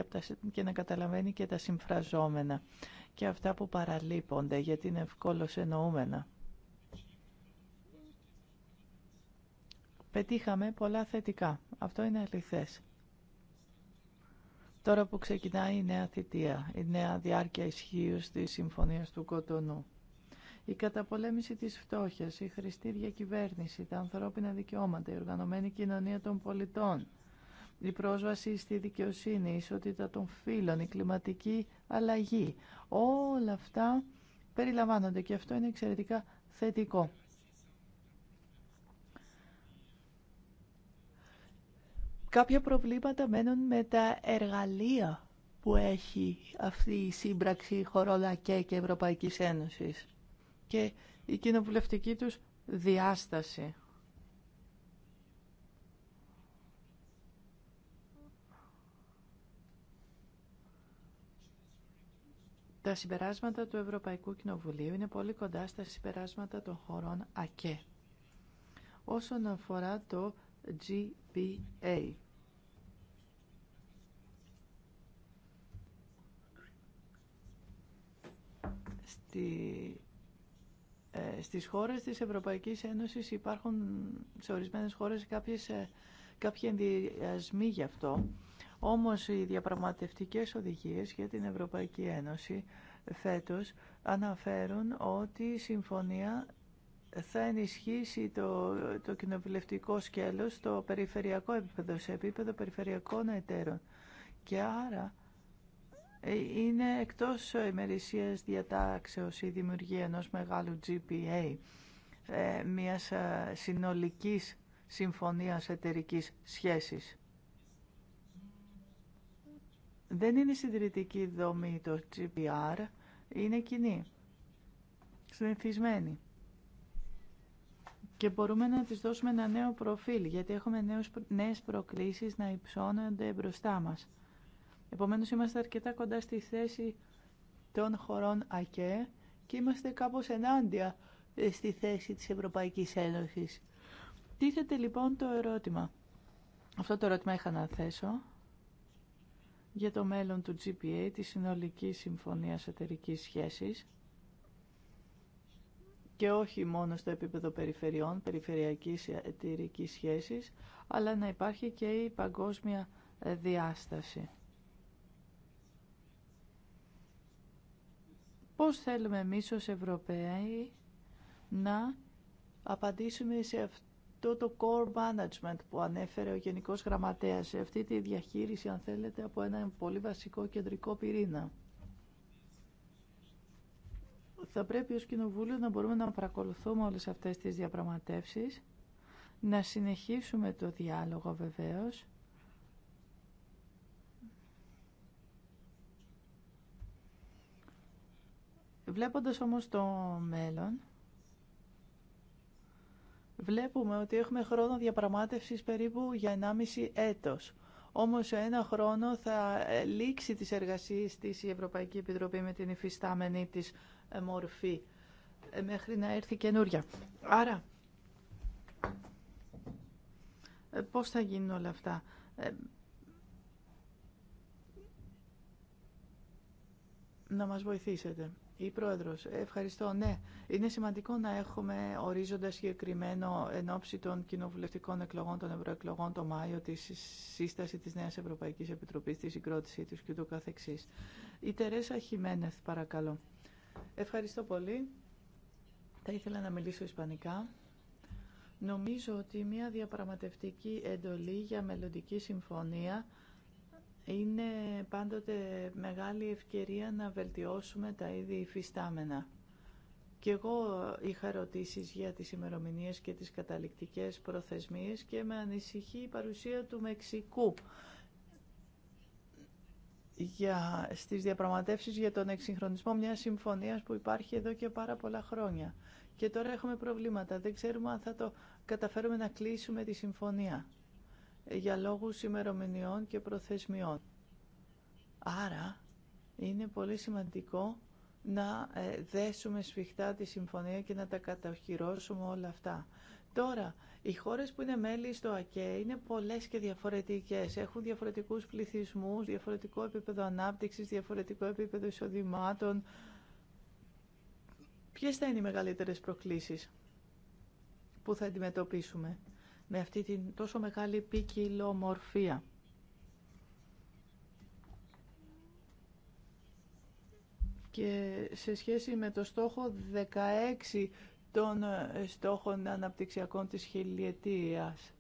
C: και να καταλαβαίνει και τα συμφραζόμενα και αυτά που παραλείπονται γιατί είναι ευκόλως εννοούμενα. Πετύχαμε πολλά θετικά. Αυτό είναι αληθές. Τώρα που ξεκινάει η νέα θητεία, η νέα διάρκεια ισχύω της Συμφωνίας του Κοτονού. Η καταπολέμηση της φτώχειας, η χρηστή διακυβέρνηση, τα ανθρώπινα δικαιώματα, η οργανωμένη κοινωνία των πολιτών, η πρόσβαση στη δικαιοσύνη, η ισότητα των φύλων, η κλιματική αλλαγή. Όλα αυτά περιλαμβάνονται και αυτό είναι εξαιρετικά θετικό. Κάποια προβλήματα μένουν με τα εργαλεία που έχει αυτή η σύμπραξη χωρολακέ και Ευρωπαϊκής Ένωσης και η κοινοβουλευτική τους διάσταση. Τα συμπεράσματα του Ευρωπαϊκού Κοινοβουλίου είναι πολύ κοντά στα συμπεράσματα των χωρών ΑΚΕ. Όσον αφορά το GBA. Στη ε, στις χώρες της Ευρωπαϊκής Ένωσης υπάρχουν σε ορισμένες χώρες κάποιες, ε, κάποιοι ενδιασμοί γι' αυτό. Όμως οι διαπραγματευτικές οδηγίες για την Ευρωπαϊκή Ένωση φέτος αναφέρουν ότι η συμφωνία θα ενισχύσει το, το κοινοβουλευτικό σκέλος στο περιφερειακό επίπεδο, σε επίπεδο περιφερειακών εταίρων. Και άρα είναι εκτός ημερησίας διατάξεως η δημιουργία ενός μεγάλου GPA, ε, μιας ε, συνολικής συμφωνίας εταιρικής σχέσης. Δεν είναι συντηρητική δομή το GPR, είναι κοινή, συνηθισμένη. Και μπορούμε να τις δώσουμε ένα νέο προφίλ, γιατί έχουμε νέους, νέες προκλήσεις να υψώνονται μπροστά μας. Επομένως είμαστε αρκετά κοντά στη θέση των χωρών ΑΚΕ και είμαστε κάπως ενάντια ε, στη θέση της Ευρωπαϊκής Ένωσης. Τίθεται λοιπόν το ερώτημα. Αυτό το ερώτημα είχα να θέσω για το μέλλον του GPA, τη συνολική συμφωνία Εταιρική Σχέσης και όχι μόνο στο επίπεδο περιφερειών, περιφερειακής εταιρική σχέσης, αλλά να υπάρχει και η παγκόσμια διάσταση. Πώς θέλουμε εμείς ως Ευρωπαίοι να απαντήσουμε σε αυτό το core management που ανέφερε ο Γενικός Γραμματέας, σε αυτή τη διαχείριση, αν θέλετε, από ένα πολύ βασικό κεντρικό πυρήνα. Θα πρέπει ως Κοινοβούλιο να μπορούμε να παρακολουθούμε όλες αυτές τις διαπραγματεύσεις, να συνεχίσουμε το διάλογο βεβαίως, Βλέποντας όμως το μέλλον, βλέπουμε ότι έχουμε χρόνο διαπραγμάτευσης περίπου για 1,5 έτος. Όμως σε ένα χρόνο θα λήξει τις εργασίες της η Ευρωπαϊκή Επιτροπή με την υφιστάμενη της ε, μορφή ε, μέχρι να έρθει καινούρια. Άρα, ε, πώς θα γίνουν όλα αυτά. Να μας βοηθήσετε. Η ευχαριστώ. Ναι, είναι σημαντικό να έχουμε ορίζοντα συγκεκριμένο εν ώψη των κοινοβουλευτικών εκλογών, των ευρωεκλογών το Μάιο, τη σύσταση της Νέας Ευρωπαϊκής Επιτροπής, τη συγκρότησή και του κ.ο.κ. Η Τερέσα Χιμένεθ, παρακαλώ. Ευχαριστώ πολύ. Θα ήθελα να μιλήσω ισπανικά. Νομίζω ότι μια διαπραγματευτική εντολή για μελλοντική συμφωνία είναι πάντοτε μεγάλη ευκαιρία να βελτιώσουμε τα ήδη υφιστάμενα. Και εγώ είχα ρωτήσεις για τις ημερομηνίε και τις καταληκτικές προθεσμίες και με ανησυχεί η παρουσία του Μεξικού για, στις διαπραγματεύσεις για τον εξυγχρονισμό μιας συμφωνίας που υπάρχει εδώ και πάρα πολλά χρόνια. Και τώρα έχουμε προβλήματα. Δεν ξέρουμε αν θα το καταφέρουμε να κλείσουμε τη συμφωνία για λόγους ημερομηνιών και προθεσμιών. Άρα είναι πολύ σημαντικό να ε, δέσουμε σφιχτά τη συμφωνία και να τα καταχειρώσουμε όλα αυτά. Τώρα, οι χώρες που είναι μέλη στο ΑΚΕ είναι πολλές και διαφορετικές. Έχουν διαφορετικούς πληθυσμούς, διαφορετικό επίπεδο ανάπτυξης, διαφορετικό επίπεδο εισοδημάτων. Ποιες θα είναι οι μεγαλύτερες προκλήσεις που θα αντιμετωπίσουμε με αυτή την τόσο μεγάλη ποικιλομορφία. Και σε σχέση με το στόχο 16 των ε, στόχων αναπτυξιακών της χιλιετίας.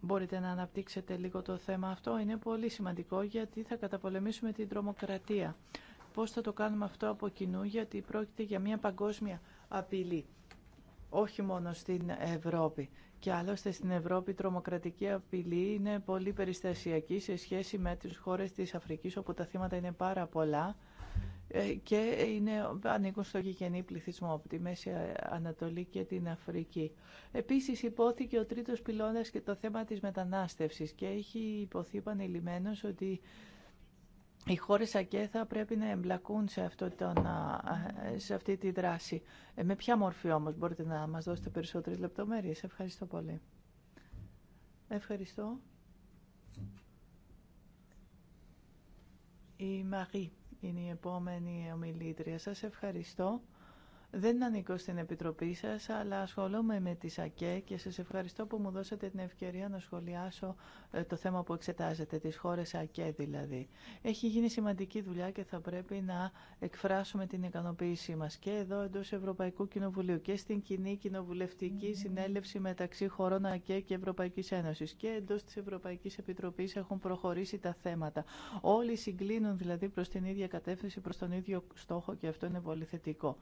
C: Μπορείτε να αναπτύξετε λίγο το θέμα αυτό. Είναι πολύ σημαντικό γιατί θα καταπολεμήσουμε την τρομοκρατία. Πώς θα το κάνουμε αυτό από κοινού γιατί πρόκειται για μια παγκόσμια απειλή όχι μόνο στην Ευρώπη. Και άλλωστε στην Ευρώπη η τρομοκρατική απειλή είναι πολύ περιστασιακή σε σχέση με τις χώρες της Αφρικής όπου τα θύματα είναι πάρα πολλά ε, και είναι, ανήκουν στο γηγενή πληθυσμό από τη Μέση Ανατολή και την Αφρική. Επίσης υπόθηκε ο τρίτος πυλώνας και το θέμα της μετανάστευσης και έχει υποθεί πανελειμμένος ότι οι χώρες ΑΚΕ θα πρέπει να εμπλακούν σε, αυτό το, ε, σε αυτή τη δράση. Ε, με ποια μορφή όμως μπορείτε να μας δώσετε περισσότερες λεπτομέρειες. Ευχαριστώ πολύ. Ευχαριστώ. Η Μαρή είναι η επόμενη ομιλήτρια. Σας ευχαριστώ. Δεν ανήκω στην Επιτροπή σας, αλλά ασχολούμαι με τις ΑΚΕ και σας ευχαριστώ που μου δώσατε την ευκαιρία να σχολιάσω ε, το θέμα που εξετάζετε, τις χώρες ΑΚΕ δηλαδή. Έχει γίνει σημαντική δουλειά και θα πρέπει να εκφράσουμε την ικανοποίησή μας και εδώ εντό Ευρωπαϊκού Κοινοβουλίου και στην κοινή κοινοβουλευτική συνέλευση μεταξύ χωρών ΑΚΕ και Ευρωπαϊκής Ένωσης και εντό της Ευρωπαϊκής Επιτροπής έχουν προχωρήσει τα θέματα. Όλοι συγκλίνουν δηλαδή προς την ίδια κατεύθυνση, προς τον ίδιο στόχο και αυτό είναι πολύ θετικό.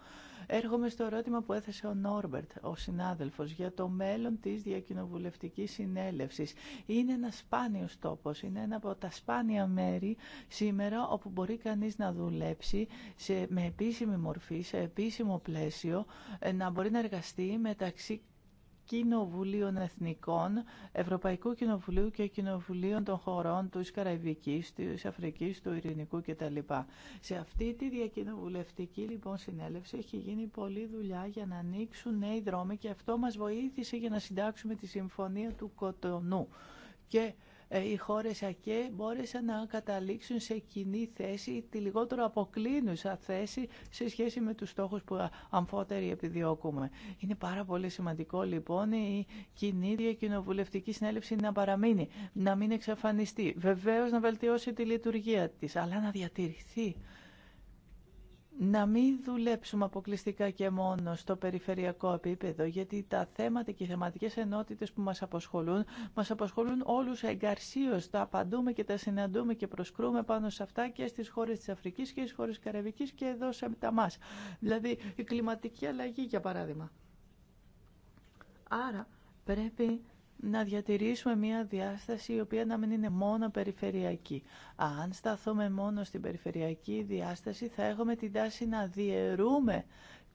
C: Έρχομαι στο ερώτημα που έθεσε ο Νόρμπερτ, ο συνάδελφος, για το μέλλον της διακοινοβουλευτικής συνέλευσης. Είναι ένα σπάνιος τόπος, είναι ένα από τα σπάνια μέρη σήμερα όπου μπορεί κανείς να δουλέψει σε, με επίσημη μορφή, σε επίσημο πλαίσιο, ε, να μπορεί να εργαστεί μεταξύ Κοινοβουλίων Εθνικών, Ευρωπαϊκού Κοινοβουλίου και Κοινοβουλίων των χωρών του Καραϊβικής, της Αφρική, του Ειρηνικού κτλ. Σε αυτή τη διακοινοβουλευτική λοιπόν συνέλευση έχει γίνει πολλή δουλειά για να ανοίξουν νέοι δρόμοι και αυτό μας βοήθησε για να συντάξουμε τη Συμφωνία του Κοτονού. Και ε, οι χώρες ΑΚΕ μπόρεσαν να καταλήξουν σε κοινή θέση, τη λιγότερο αποκλίνουσα θέση σε σχέση με τους στόχους που αμφότεροι επιδιώκουμε. Είναι πάρα πολύ σημαντικό λοιπόν η κοινή διακοινοβουλευτική συνέλευση να παραμείνει, να μην εξαφανιστεί. Βεβαίως να βελτιώσει τη λειτουργία της, αλλά να διατηρηθεί να μην δουλέψουμε αποκλειστικά και μόνο στο περιφερειακό επίπεδο, γιατί τα θέματα και οι θεματικές ενότητες που μας απασχολούν, μας απασχολούν όλους εγκαρσίως. Τα απαντούμε και τα συναντούμε και προσκρούμε πάνω σε αυτά και στις χώρες της Αφρικής και στις χώρες Καραβικής και εδώ σε τα μας. Δηλαδή η κλιματική αλλαγή, για παράδειγμα. Άρα πρέπει να διατηρήσουμε μια διάσταση η οποία να μην είναι μόνο περιφερειακή. Αν σταθούμε μόνο στην περιφερειακή διάσταση θα έχουμε την τάση να διαιρούμε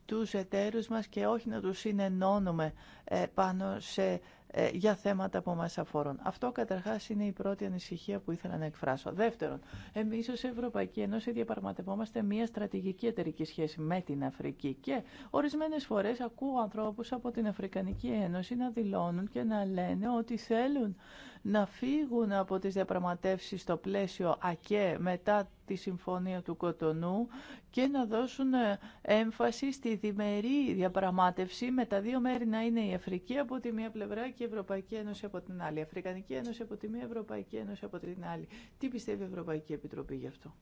C: τους εταίρους μας και όχι να τους συνενώνουμε ε, πάνω σε ε, για θέματα που μας αφορούν. Αυτό καταρχάς είναι η πρώτη ανησυχία που ήθελα να εκφράσω. Δεύτερον, εμείς ως Ευρωπαϊκή Ένωση διαπραγματευόμαστε μια στρατηγική εταιρική σχέση με την Αφρική και ορισμένες φορές ακούω ανθρώπους από την Αφρικανική Ένωση να δηλώνουν και να λένε ότι θέλουν να φύγουν από τις διαπραγματεύσεις στο πλαίσιο ΑΚΕ μετά τη Συμφωνία του Κοτονού και να δώσουν ε, έμφαση στη διμερή διαπραγμάτευση με τα δύο μέρη να είναι η Αφρική από τη μία πλευρά και η Ευρωπαϊκή Ένωση από την άλλη. Η Αφρικανική Ένωση από τη μία, η Ευρωπαϊκή Ένωση από την άλλη. Τι πιστεύει η Ευρωπαϊκή Επιτροπή γι' αυτό.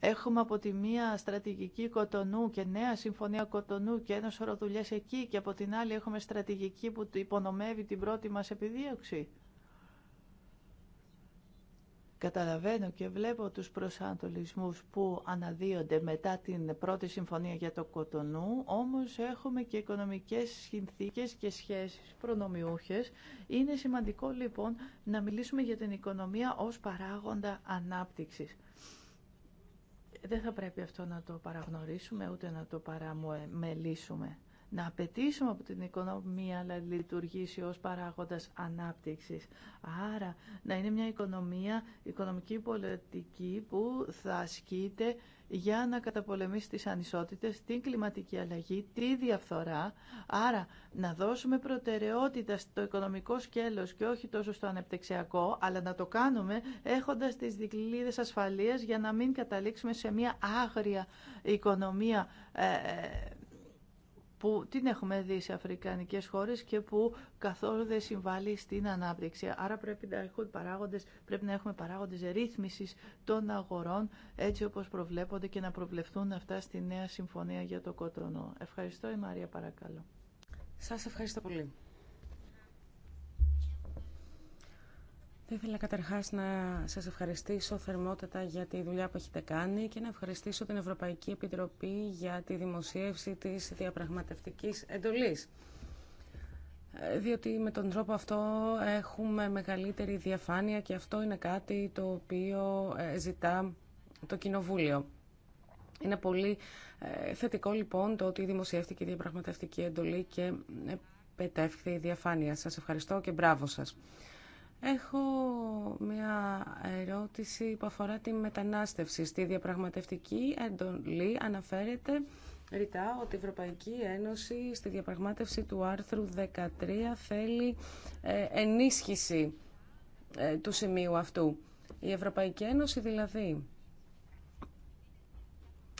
C: Έχουμε από τη μία στρατηγική κοτονού και νέα συμφωνία κοτονού και ένα σωρό δουλειέ εκεί και από την άλλη έχουμε στρατηγική που υπονομεύει την πρώτη μας επιδίωξη. Καταλαβαίνω και βλέπω τους προσανατολισμούς που αναδύονται μετά την πρώτη συμφωνία για το Κοτονού, όμως έχουμε και οικονομικές συνθήκες και σχέσεις προνομιούχες. Είναι σημαντικό λοιπόν να μιλήσουμε για την οικονομία ως παράγοντα ανάπτυξης. Δεν θα πρέπει αυτό να το παραγνωρίσουμε ούτε να το παραμελήσουμε. Να απαιτήσουμε από την οικονομία να λειτουργήσει ως παράγοντας ανάπτυξης. Άρα να είναι μια οικονομία, οικονομική πολιτική που θα ασκείται για να καταπολεμήσει τις ανισότητες, την κλιματική αλλαγή, τη διαφθορά. Άρα να δώσουμε προτεραιότητα στο οικονομικό σκέλος και όχι τόσο στο ανεπτυξιακό, αλλά να το κάνουμε έχοντας τις δικλίδες ασφαλείας για να μην καταλήξουμε σε μια άγρια οικονομία ε, ε, που την έχουμε δει σε αφρικανικές χώρες και που καθόλου δεν συμβάλλει στην ανάπτυξη. Άρα πρέπει να, έχουν παράγοντες, πρέπει να έχουμε παράγοντες ρύθμισης των αγορών έτσι όπως προβλέπονται και να προβλεφθούν αυτά στη νέα συμφωνία για το κοτονό. Ευχαριστώ η Μαρία παρακαλώ.
B: Σας ευχαριστώ πολύ. Θα ήθελα καταρχάς να σας ευχαριστήσω θερμότατα για τη δουλειά που έχετε κάνει και να ευχαριστήσω την Ευρωπαϊκή Επιτροπή για τη δημοσίευση τη διαπραγματευτική εντολή. Ε, διότι με τον τρόπο αυτό έχουμε μεγαλύτερη διαφάνεια και αυτό είναι κάτι το οποίο ε, ζητά το Κοινοβούλιο. Είναι πολύ ε, θετικό λοιπόν το ότι δημοσιεύτηκε η διαπραγματευτική εντολή και πετεύχθη η διαφάνεια. Σας ευχαριστώ και μπράβο σας. Έχω μια ερώτηση που αφορά τη μετανάστευση. Στη διαπραγματευτική εντολή αναφέρεται ρητά ότι η Ευρωπαϊκή Ένωση στη διαπραγμάτευση του άρθρου 13 θέλει ε, ενίσχυση ε, του σημείου αυτού. Η Ευρωπαϊκή Ένωση δηλαδή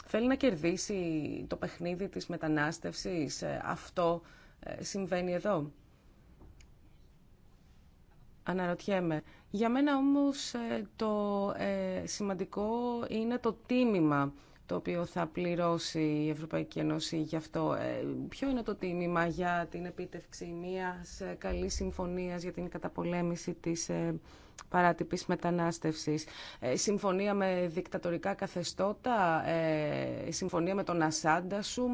B: θέλει να κερδίσει το παιχνίδι της μετανάστευσης. Ε, αυτό συμβαίνει εδώ αναρωτιέμαι. Για μένα όμως ε, το ε, σημαντικό είναι το τίμημα το οποίο θα πληρώσει η Ευρωπαϊκή Ένωση γι' αυτό. Ε, ποιο είναι το τίμημα για την επίτευξη μιας καλής συμφωνίας για την καταπολέμηση της παράτυπης μετανάστευσης. Συμφωνία με δικτατορικά καθεστώτα, συμφωνία με τον Ασάντα σου,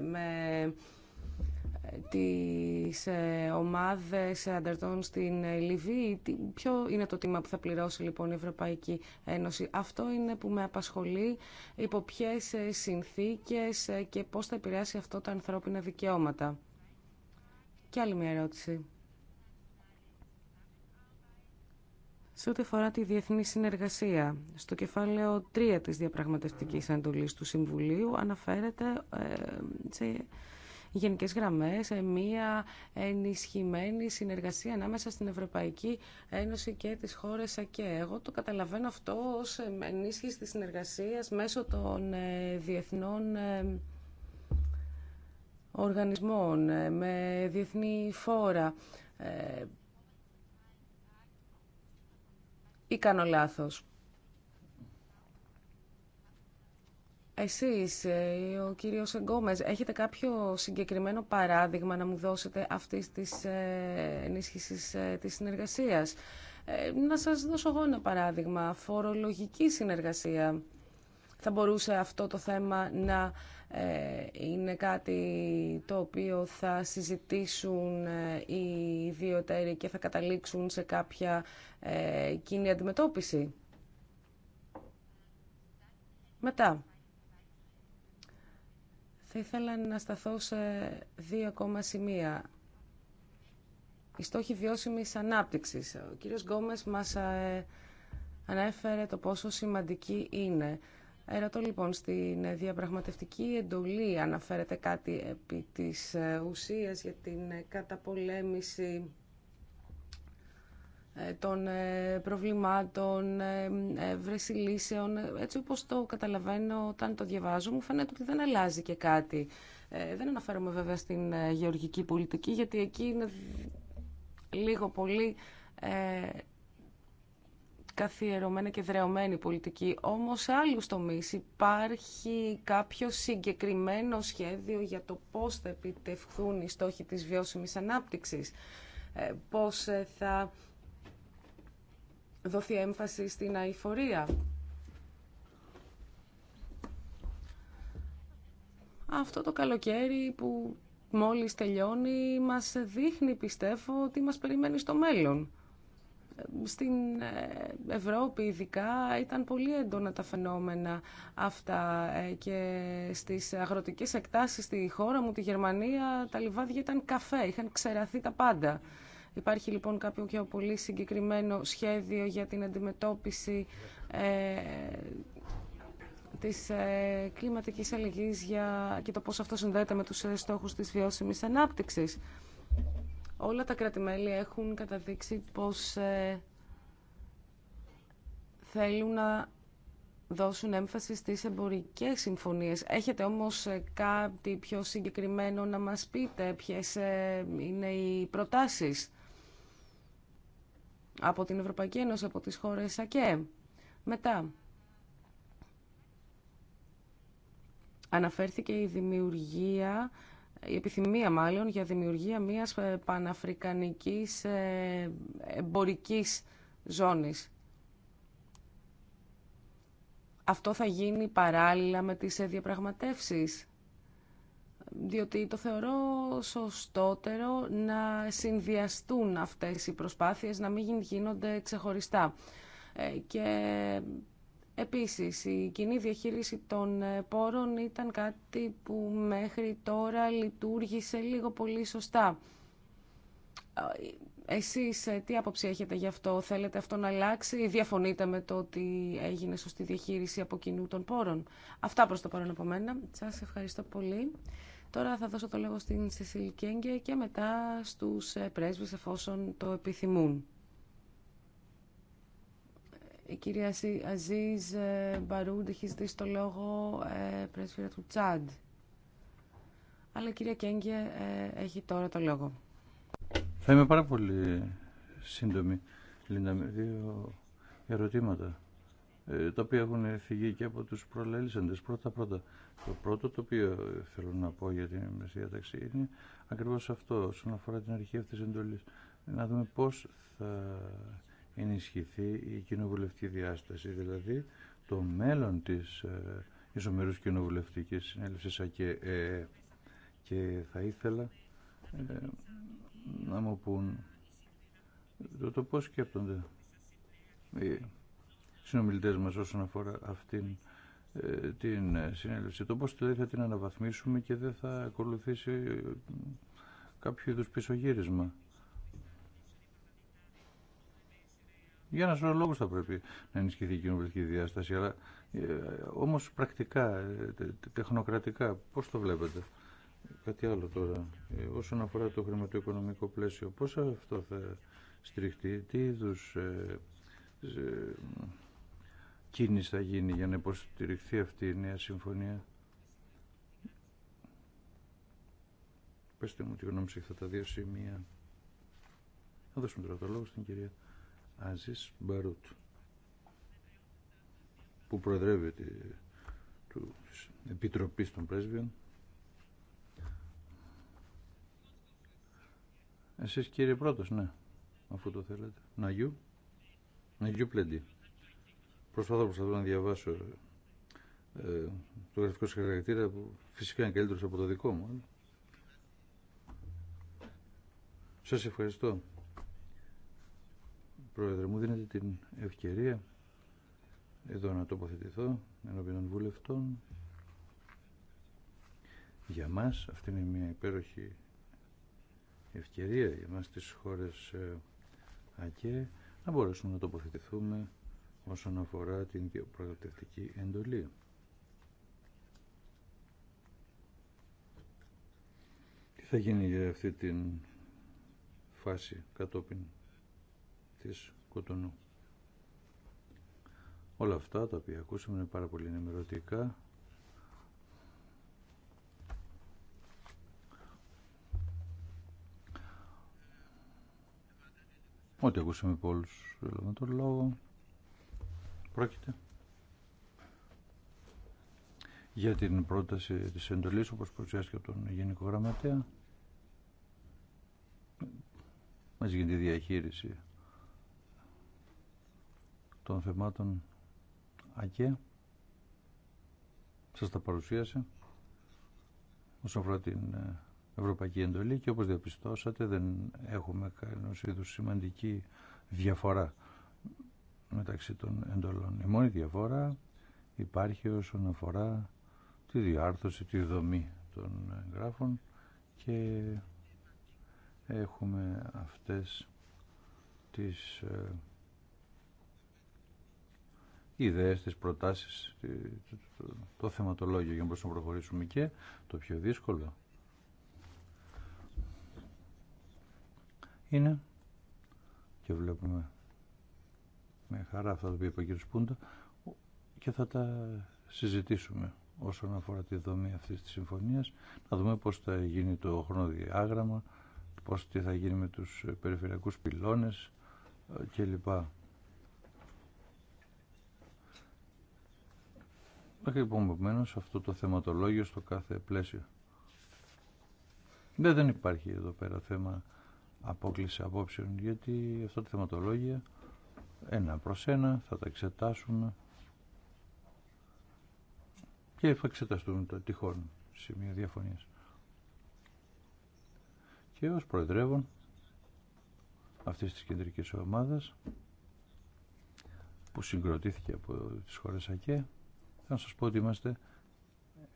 B: με τις ε, ομάδες ανταρτών στην ε, Λιβύη. Ποιο είναι το τίμα που θα πληρώσει λοιπόν η Ευρωπαϊκή Ένωση. Αυτό είναι που με απασχολεί υπό ποιες ε, συνθήκες και πώς θα επηρεάσει αυτό τα ανθρώπινα δικαιώματα. Και άλλη μια ερώτηση. σε ό,τι αφορά τη διεθνή συνεργασία. Στο κεφάλαιο 3 της διαπραγματευτικής εντολής του Συμβουλίου αναφέρεται γενικές γραμμές ε, μια ενισχυμένη συνεργασία ανάμεσα στην Ευρωπαϊκή Ένωση και τις χώρες ΑΚΕ. Εγώ το καταλαβαίνω αυτό ως ενίσχυση της συνεργασίας μέσω των ε, διεθνών ε, οργανισμών, με διεθνή φόρα. Ή κάνω λάθος. Εσείς, ε, ο κύριος Εγκόμες, έχετε κάποιο συγκεκριμένο παράδειγμα να μου δώσετε αυτής της ε, ενίσχυσης ε, της συνεργασίας. Να σας δώσω εγώ ένα παράδειγμα. Φορολογική συνεργασία. Θα μπορούσε αυτό το θέμα να είναι κάτι το οποίο θα συζητήσουν οι δύο και θα καταλήξουν σε κάποια κοινή αντιμετώπιση. Μετά. Θα ήθελα να σταθώ σε δύο ακόμα σημεία. Η στόχοι βιώσιμης ανάπτυξης. Ο κύριος Γκόμες μας ε, ανέφερε το πόσο σημαντική είναι. Ερωτώ λοιπόν στην διαπραγματευτική εντολή αναφέρεται κάτι επί της ε, ουσίας για την ε, καταπολέμηση ε, των ε, προβλημάτων, ε, βρέσει λύσεων. Έτσι όπως το καταλαβαίνω όταν το διαβάζω, μου φαίνεται ότι δεν αλλάζει και κάτι. Δεν αναφέρομαι βέβαια στην γεωργική πολιτική, γιατί εκεί είναι λίγο πολύ καθιερωμένη και δρεωμένη πολιτική. Όμως σε άλλους τομείς υπάρχει κάποιο συγκεκριμένο σχέδιο για το πώς θα επιτευχθούν οι στόχοι της βιώσιμης ανάπτυξης, πώς θα δοθεί έμφαση στην αηφορία. Αυτό το καλοκαίρι που μόλις τελειώνει μας δείχνει πιστεύω ότι μας περιμένει στο μέλλον. Στην ε, Ευρώπη ειδικά ήταν πολύ έντονα τα φαινόμενα αυτά ε, και στις αγροτικές εκτάσεις στη χώρα μου, τη Γερμανία, τα λιβάδια ήταν καφέ, είχαν ξεραθεί τα πάντα. Υπάρχει λοιπόν κάποιο και πολύ συγκεκριμένο σχέδιο για την αντιμετώπιση ε, της ε, κλιματικής για, και το πώς αυτό συνδέεται με τους ε, στόχους της βιώσιμης ανάπτυξης. Όλα τα κρατημέλη έχουν καταδείξει πως ε, θέλουν να δώσουν έμφαση στις εμπορικές συμφωνίες. Έχετε όμως ε, κάτι πιο συγκεκριμένο να μας πείτε ποιες είναι οι προτάσεις από την Ευρωπαϊκή Ένωση, από τις χώρες ΑΚΕ. Μετά, αναφέρθηκε η δημιουργία, η επιθυμία μάλλον, για δημιουργία μιας ε, παναφρικανικής ε, εμπορικής ζώνης. Αυτό θα γίνει παράλληλα με τις ε, διαπραγματεύσεις διότι το θεωρώ σωστότερο να συνδυαστούν αυτές οι προσπάθειες, να μην γίνονται ξεχωριστά. Ε, και επίσης η κοινή διαχείριση των ε, πόρων ήταν κάτι που μέχρι τώρα λειτουργήσε λίγο πολύ σωστά. Ε, εσείς τι άποψη έχετε γι' αυτό, θέλετε αυτό να αλλάξει ή διαφωνείτε με το ότι έγινε σωστή διαχείριση από κοινού των πόρων. Αυτά προς το παρόν από μένα. Σας ευχαριστώ πολύ. Τώρα θα δώσω το λόγο στην Σεσίλη Κέγγε και μετά στους ε, πρέσβες εφόσον το επιθυμούν. Η κυρία Αζίζ ε, Μπαρούντ έχει ζητήσει το λόγο ε, πρέσβηρα του Τσάντ. Αλλά η κυρία Κέγγε έχει τώρα το λόγο.
A: Θα είμαι πάρα πολύ σύντομη, Λίντα, με δύο ερωτήματα, τα οποία έχουν φυγεί και από τους προλέλησαντες. Πρώτα-πρώτα, το πρώτο το οποίο θέλω να πω για την ταξί είναι ακριβώς αυτό, όσον αφορά την αρχή αυτής της εντολής. Να δούμε πώς θα ενισχυθεί η κοινοβουλευτική διάσταση, δηλαδή το μέλλον της ε, Ισομερούς Κοινοβουλευτικής Συνέλευσης ΑΚΕΕ. Και, θα ήθελα ε, να μου πούν το, το πώς σκέπτονται οι συνομιλητές μας όσον αφορά αυτήν ε, την ε, συνέλευση. Το πώς δεν θα την αναβαθμίσουμε και δεν θα ακολουθήσει ε, κάποιο είδους πισωγύρισμα. Για ένα σωρό λόγους θα πρέπει να ενισχυθεί η κοινοβουλευτική διάσταση, αλλά όμως πρακτικά, τεχνοκρατικά, πώς το βλέπετε. Κάτι άλλο τώρα, όσον αφορά το χρηματοοικονομικό πλαίσιο, πώς αυτό θα στριχτεί, τι είδους κίνηση θα γίνει για να υποστηριχθεί αυτή η νέα συμφωνία. Πεςτε μου τη γνώμη σε αυτά τα δύο σημεία. Θα δώσουμε τώρα το λόγο στην κυρία Άζης Μπαρούτ που προεδρεύεται τη, του Επιτροπής των Πρέσβειων. Εσείς κύριε πρώτος, ναι, αφού το θέλετε. Να γιου Πλέντη. Προσπαθώ, προσπαθώ να διαβάσω ε, το γραφικό σας χαρακτήρα που φυσικά είναι καλύτερος από το δικό μου. Ε. Σας ευχαριστώ. Πρόεδρε, μου δίνετε την ευκαιρία εδώ να τοποθετηθώ ενώπιον των βουλευτών. Για μας αυτή είναι μια υπέροχη ευκαιρία για μας τις χώρες ε, ΑΚΕ να μπορέσουμε να τοποθετηθούμε όσον αφορά την προκατευτική εντολή. Τι θα γίνει για αυτή την φάση κατόπιν της Κοτονού. Όλα αυτά τα οποία ακούσαμε είναι πάρα πολύ ενημερωτικά. Ό,τι ακούσαμε από όλους τον λόγο. Πρόκειται για την πρόταση της εντολής όπως παρουσιάστηκε από τον Γενικό Γραμματέα μαζί για τη διαχείριση των θεμάτων ΑΚΕ σας τα παρουσίασε όσον αφορά την ε, Ευρωπαϊκή Εντολή και όπως διαπιστώσατε δεν έχουμε κανένας είδους σημαντική διαφορά μεταξύ των εντολών. Η μόνη διαφορά υπάρχει όσον αφορά τη διάρθρωση, τη δομή των γράφων και έχουμε αυτές τις ε, ιδέες, τις προτάσεις, το θεματολόγιο για να μπορούμε να προχωρήσουμε και το πιο δύσκολο είναι και βλέπουμε με χαρά αυτά που είπε ο κ. Πούντα και θα τα συζητήσουμε όσον αφορά τη δομή αυτής της συμφωνίας, να δούμε πώς θα γίνει το χρονοδιάγραμμα, πώς τι θα γίνει με τους περιφερειακούς πυλώνες ε, κλπ. Ακριβώς σε αυτό το θεματολόγιο στο κάθε πλαίσιο. Δεν, υπάρχει εδώ πέρα θέμα απόκληση απόψεων, γιατί αυτό το θεματολόγια ένα προς ένα, θα τα εξετάσουμε και θα εξεταστούν τα τυχόν σημεία διαφωνίας. Και ως προεδρεύων αυτής της κεντρικής ομάδας που συγκροτήθηκε από τις χώρες ΑΚΕ θα σας πω ότι είμαστε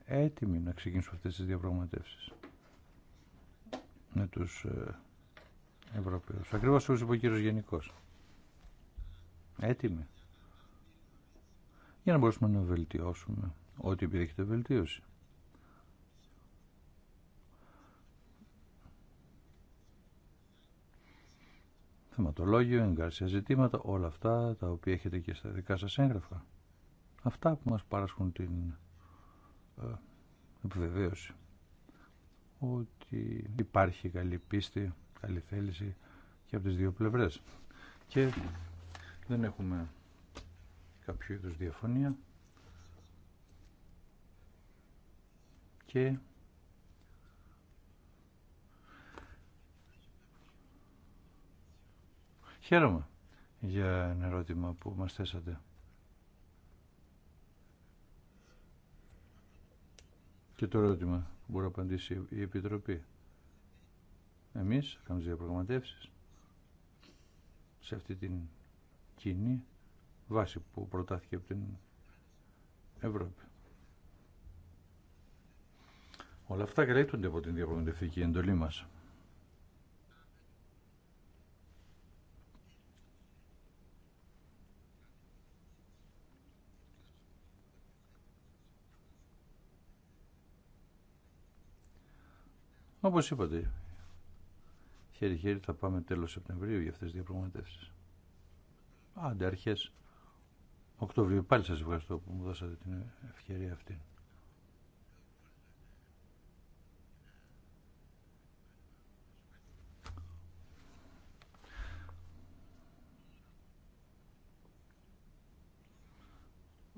A: έτοιμοι να ξεκινήσουμε αυτές τις διαπραγματεύσεις με τους ε, Ευρωπαίους. Ακριβώς όπως είπε ο κύριος Γενικός έτοιμοι για να μπορέσουμε να βελτιώσουμε ό,τι επιδέχεται βελτίωση. Θεματολόγιο, εγκάρσια ζητήματα, όλα αυτά τα οποία έχετε και στα δικά σας έγγραφα. Αυτά που μας παράσχουν την ε, επιβεβαίωση ότι υπάρχει καλή πίστη, καλή θέληση και από τις δύο πλευρές. Και δεν έχουμε κάποιο είδου διαφωνία. Και χαίρομαι για ένα ερώτημα που μας θέσατε. Και το ερώτημα που μπορεί να απαντήσει η Επιτροπή. Εμείς κάνουμε διαπραγματεύσεις σε αυτή την κοινή βάση που προτάθηκε από την Ευρώπη. Όλα αυτά καλύπτονται από την διαπραγματευτική εντολή μας. Όπως είπατε, χέρι-χέρι θα πάμε τέλος Σεπτεμβρίου για αυτές τις διαπραγματεύσεις. Άντε, αρχές Οκτωβρίου. Πάλι σας ευχαριστώ που μου δώσατε την ευκαιρία αυτή.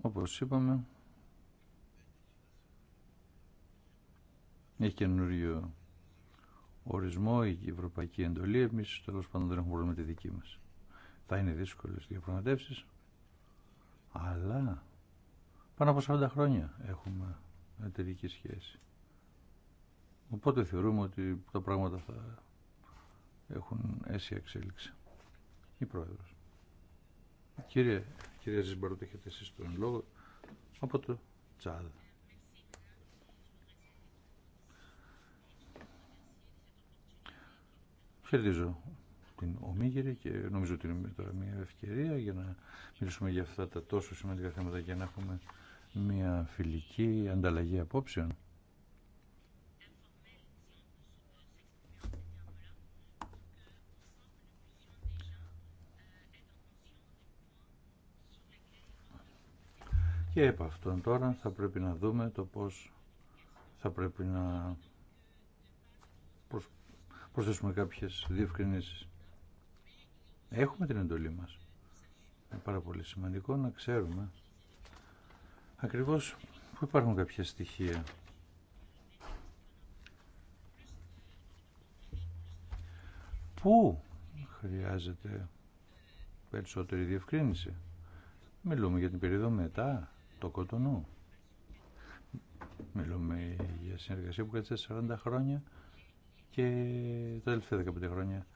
A: Όπως είπαμε, έχει καινούριο ορισμό, η ευρωπαϊκή εντολή, εμείς τέλος πάντων δεν έχουμε πρόβλημα τη δική μας. Θα είναι δύσκολες διαπραγματεύσεις, αλλά πάνω από 40 χρόνια έχουμε εταιρική σχέση. Οπότε θεωρούμε ότι τα πράγματα θα έχουν αίσια εξέλιξη. Η Πρόεδρος. Κύριε, κύριε Ζησμπαρούτ, έχετε εσείς τον λόγο από το Τσάδ. Χαιρετίζω την Ομίγυρη και νομίζω ότι είναι τώρα μια ευκαιρία για να μιλήσουμε για αυτά τα τόσο σημαντικά θέματα και να έχουμε μια φιλική ανταλλαγή απόψεων. Και από αυτόν τώρα θα πρέπει να δούμε το πώς θα πρέπει να προσθέσουμε κάποιες διευκρινήσεις. Έχουμε την εντολή μας. Είναι πάρα πολύ σημαντικό να ξέρουμε ακριβώς που υπάρχουν κάποια στοιχεία. Πού χρειάζεται περισσότερη διευκρίνηση. Μιλούμε για την περίοδο μετά το κοτονού. Μιλούμε για συνεργασία που κάτσε 40 χρόνια και τα τελευταία 15 χρόνια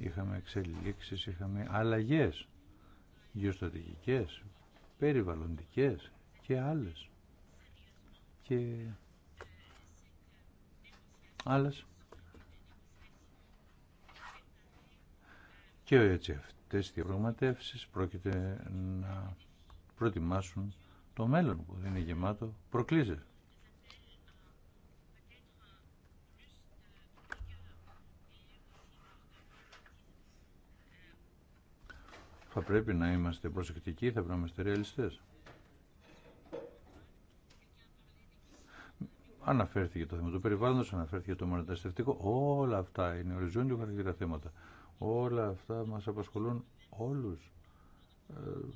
A: είχαμε εξελίξεις, είχαμε αλλαγές γεωστατικικές περιβαλλοντικές και άλλες. Και άλλες. Και έτσι αυτές οι διαπραγματεύσεις πρόκειται να προετοιμάσουν το μέλλον που δεν είναι γεμάτο προκλήσεις. Θα πρέπει να είμαστε προσεκτικοί, θα πρέπει να είμαστε ρεαλιστές. Αναφέρθηκε το θέμα του περιβάλλοντος, αναφέρθηκε το μοναταστευτικό, όλα αυτά είναι οριζόντιο χαρακτήρα θέματα. Όλα αυτά μας απασχολούν όλους. Ε,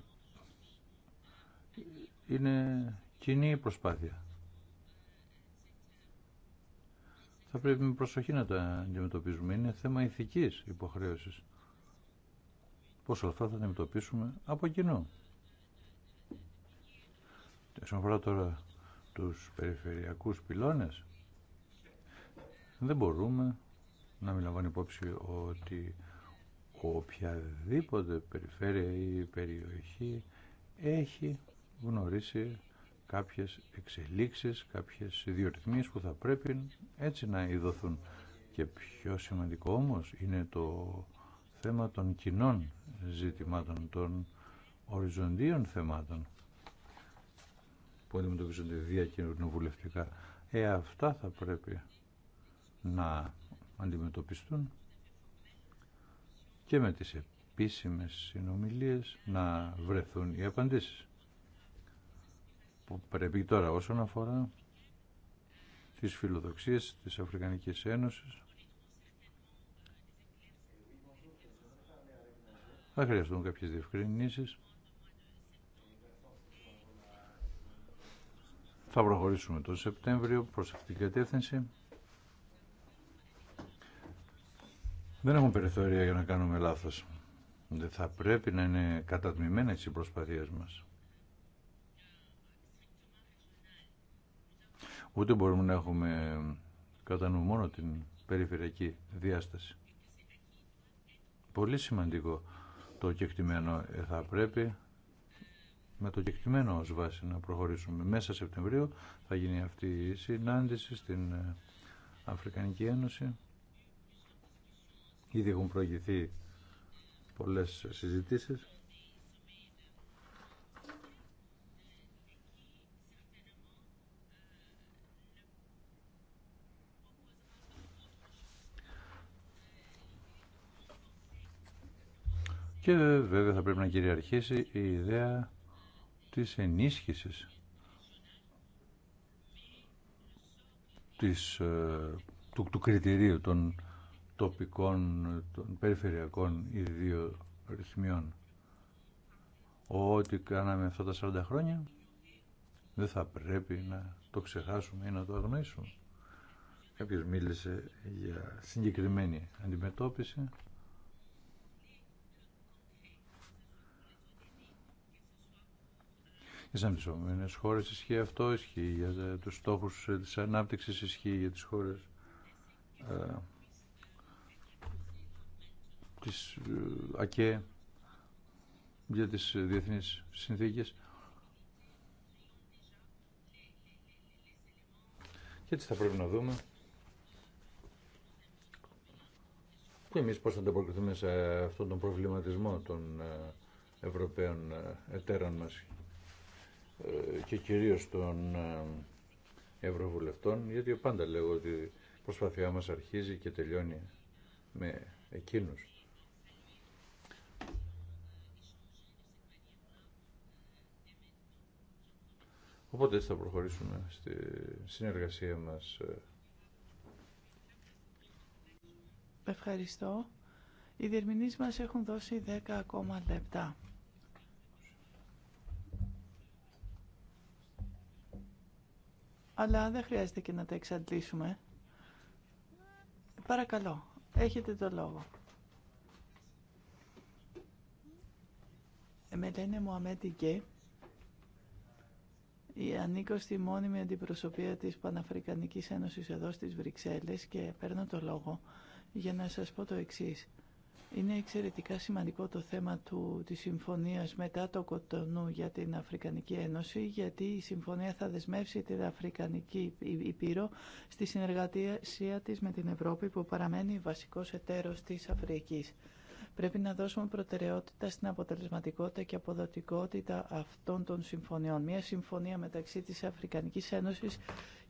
A: είναι κοινή προσπάθεια. Θα πρέπει με προσοχή να τα αντιμετωπίζουμε. Είναι θέμα ηθικής υποχρέωσης πώς όλα αυτά θα αντιμετωπίσουμε από κοινού. Όσον αφορά τώρα τους περιφερειακούς πυλώνες, δεν μπορούμε να μην λαμβάνει υπόψη ότι οποιαδήποτε περιφέρεια ή περιοχή έχει γνωρίσει κάποιες εξελίξεις, κάποιες ιδιορυθμίες που θα πρέπει έτσι να ειδωθούν. Και πιο σημαντικό όμως είναι το θέμα των κοινών ζητημάτων, των οριζοντίων θεμάτων που αντιμετωπίζονται βουλευτικά, Ε, αυτά θα πρέπει να αντιμετωπιστούν και με τις επίσημες συνομιλίες να βρεθούν οι απαντήσεις. Που πρέπει τώρα όσον αφορά τις φιλοδοξίες της Αφρικανικής Ένωσης Θα χρειαστούν κάποιες διευκρινήσεις. Θα προχωρήσουμε τον Σεπτέμβριο προς αυτήν την κατεύθυνση. Δεν έχουμε περιθώρια για να κάνουμε λάθος. Δεν θα πρέπει να είναι κατατμημένες οι προσπαθίες μας. Ούτε μπορούμε να έχουμε κατά νου μόνο την περιφερειακή διάσταση. Πολύ σημαντικό το κεκτημένο ε, θα πρέπει με το κεκτημένο ως βάση να προχωρήσουμε. Μέσα Σεπτεμβρίου θα γίνει αυτή η συνάντηση στην ε, Αφρικανική Ένωση. Ήδη έχουν προηγηθεί πολλές συζητήσεις. Και βέβαια θα πρέπει να κυριαρχήσει η ιδέα της ενίσχυσης της, ε, του, του κριτηρίου των τοπικών, των περιφερειακών ρυθμιών Ό,τι κάναμε αυτά τα 40 χρόνια δεν θα πρέπει να το ξεχάσουμε ή να το αγνοήσουμε. Κάποιος μίλησε για συγκεκριμένη αντιμετώπιση Στι αναπτυσσόμενε χώρε ισχύει αυτό, ισχύει για ε, του στόχου ε, τη ανάπτυξη, ισχύει για τι χώρε ε, τη ε, ΑΚΕ, για τι διεθνεί συνθήκε. Και έτσι θα πρέπει να δούμε. Και εμείς πώς θα ανταποκριθούμε σε αυτόν τον προβληματισμό των Ευρωπαίων εταίρων μας ε, και κυρίως των ε, Ευρωβουλευτών, γιατί πάντα λέγω ότι η προσπάθειά μας αρχίζει και τελειώνει με εκείνους. Οπότε θα προχωρήσουμε στη συνεργασία μας.
C: Ευχαριστώ. Οι διερμηνείς μας έχουν δώσει 10 ακόμα λεπτά. αλλά δεν χρειάζεται και να τα εξαντλήσουμε. Παρακαλώ, έχετε το λόγο. Με λένε Μωαμέτη Γκέ. Ανήκω στη μόνιμη αντιπροσωπεία της Παναφρικανικής Ένωσης εδώ στις Βρυξέλλες και παίρνω το λόγο για να σας πω το εξής. Είναι εξαιρετικά σημαντικό το θέμα του, της συμφωνίας μετά το Κοτονού για την Αφρικανική Ένωση, γιατί η συμφωνία θα δεσμεύσει την Αφρικανική Υπήρο στη συνεργασία της με την Ευρώπη, που παραμένει βασικός εταίρος της Αφρικής. Πρέπει να δώσουμε προτεραιότητα στην αποτελεσματικότητα και αποδοτικότητα αυτών των συμφωνιών. Μία συμφωνία μεταξύ της Αφρικανικής Ένωσης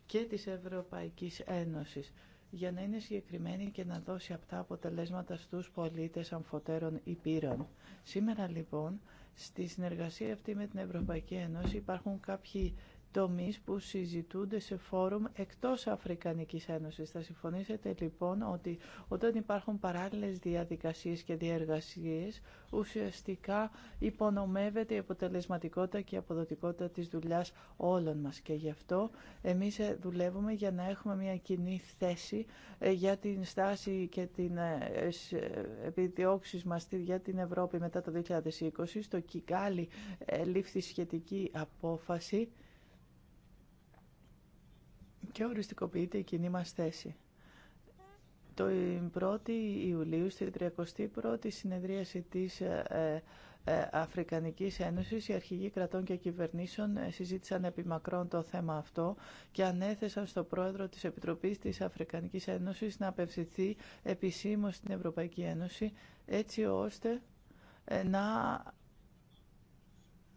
C: και της Ευρωπαϊκής Ένωσης για να είναι συγκεκριμένη και να δώσει αυτά αποτελέσματα στους πολίτες αμφωτέρων πύρων. Σήμερα λοιπόν, στη συνεργασία αυτή με την Ευρωπαϊκή Ένωση υπάρχουν κάποιοι τομείς που συζητούνται σε φόρουμ εκτός Αφρικανικής Ένωσης. Θα συμφωνήσετε λοιπόν ότι όταν υπάρχουν παράλληλες διαδικασίες και διεργασίες, ουσιαστικά υπονομεύεται η αποτελεσματικότητα και η αποδοτικότητα της δουλειάς όλων μας. Και γι' αυτό εμείς ε, δουλεύουμε για να έχουμε μια κοινή θέση ε, για την στάση και την ε, επιδιώξει μας για την Ευρώπη μετά το 2020. Στο Κικάλι λήφθη σχετική απόφαση και οριστικοποιείται η κοινή μας θέση. Το 1η Ιουλίου, στη 31η συνεδρίαση της ε, ε, Αφρικανικής Ένωσης, οι αρχηγοί κρατών και κυβερνήσεων ε, συζήτησαν επί το θέμα αυτό και ανέθεσαν στο πρόεδρο της Επιτροπής της Αφρικανικής Ένωσης να απευθυνθεί επισήμως στην Ευρωπαϊκή Ένωση, έτσι ώστε να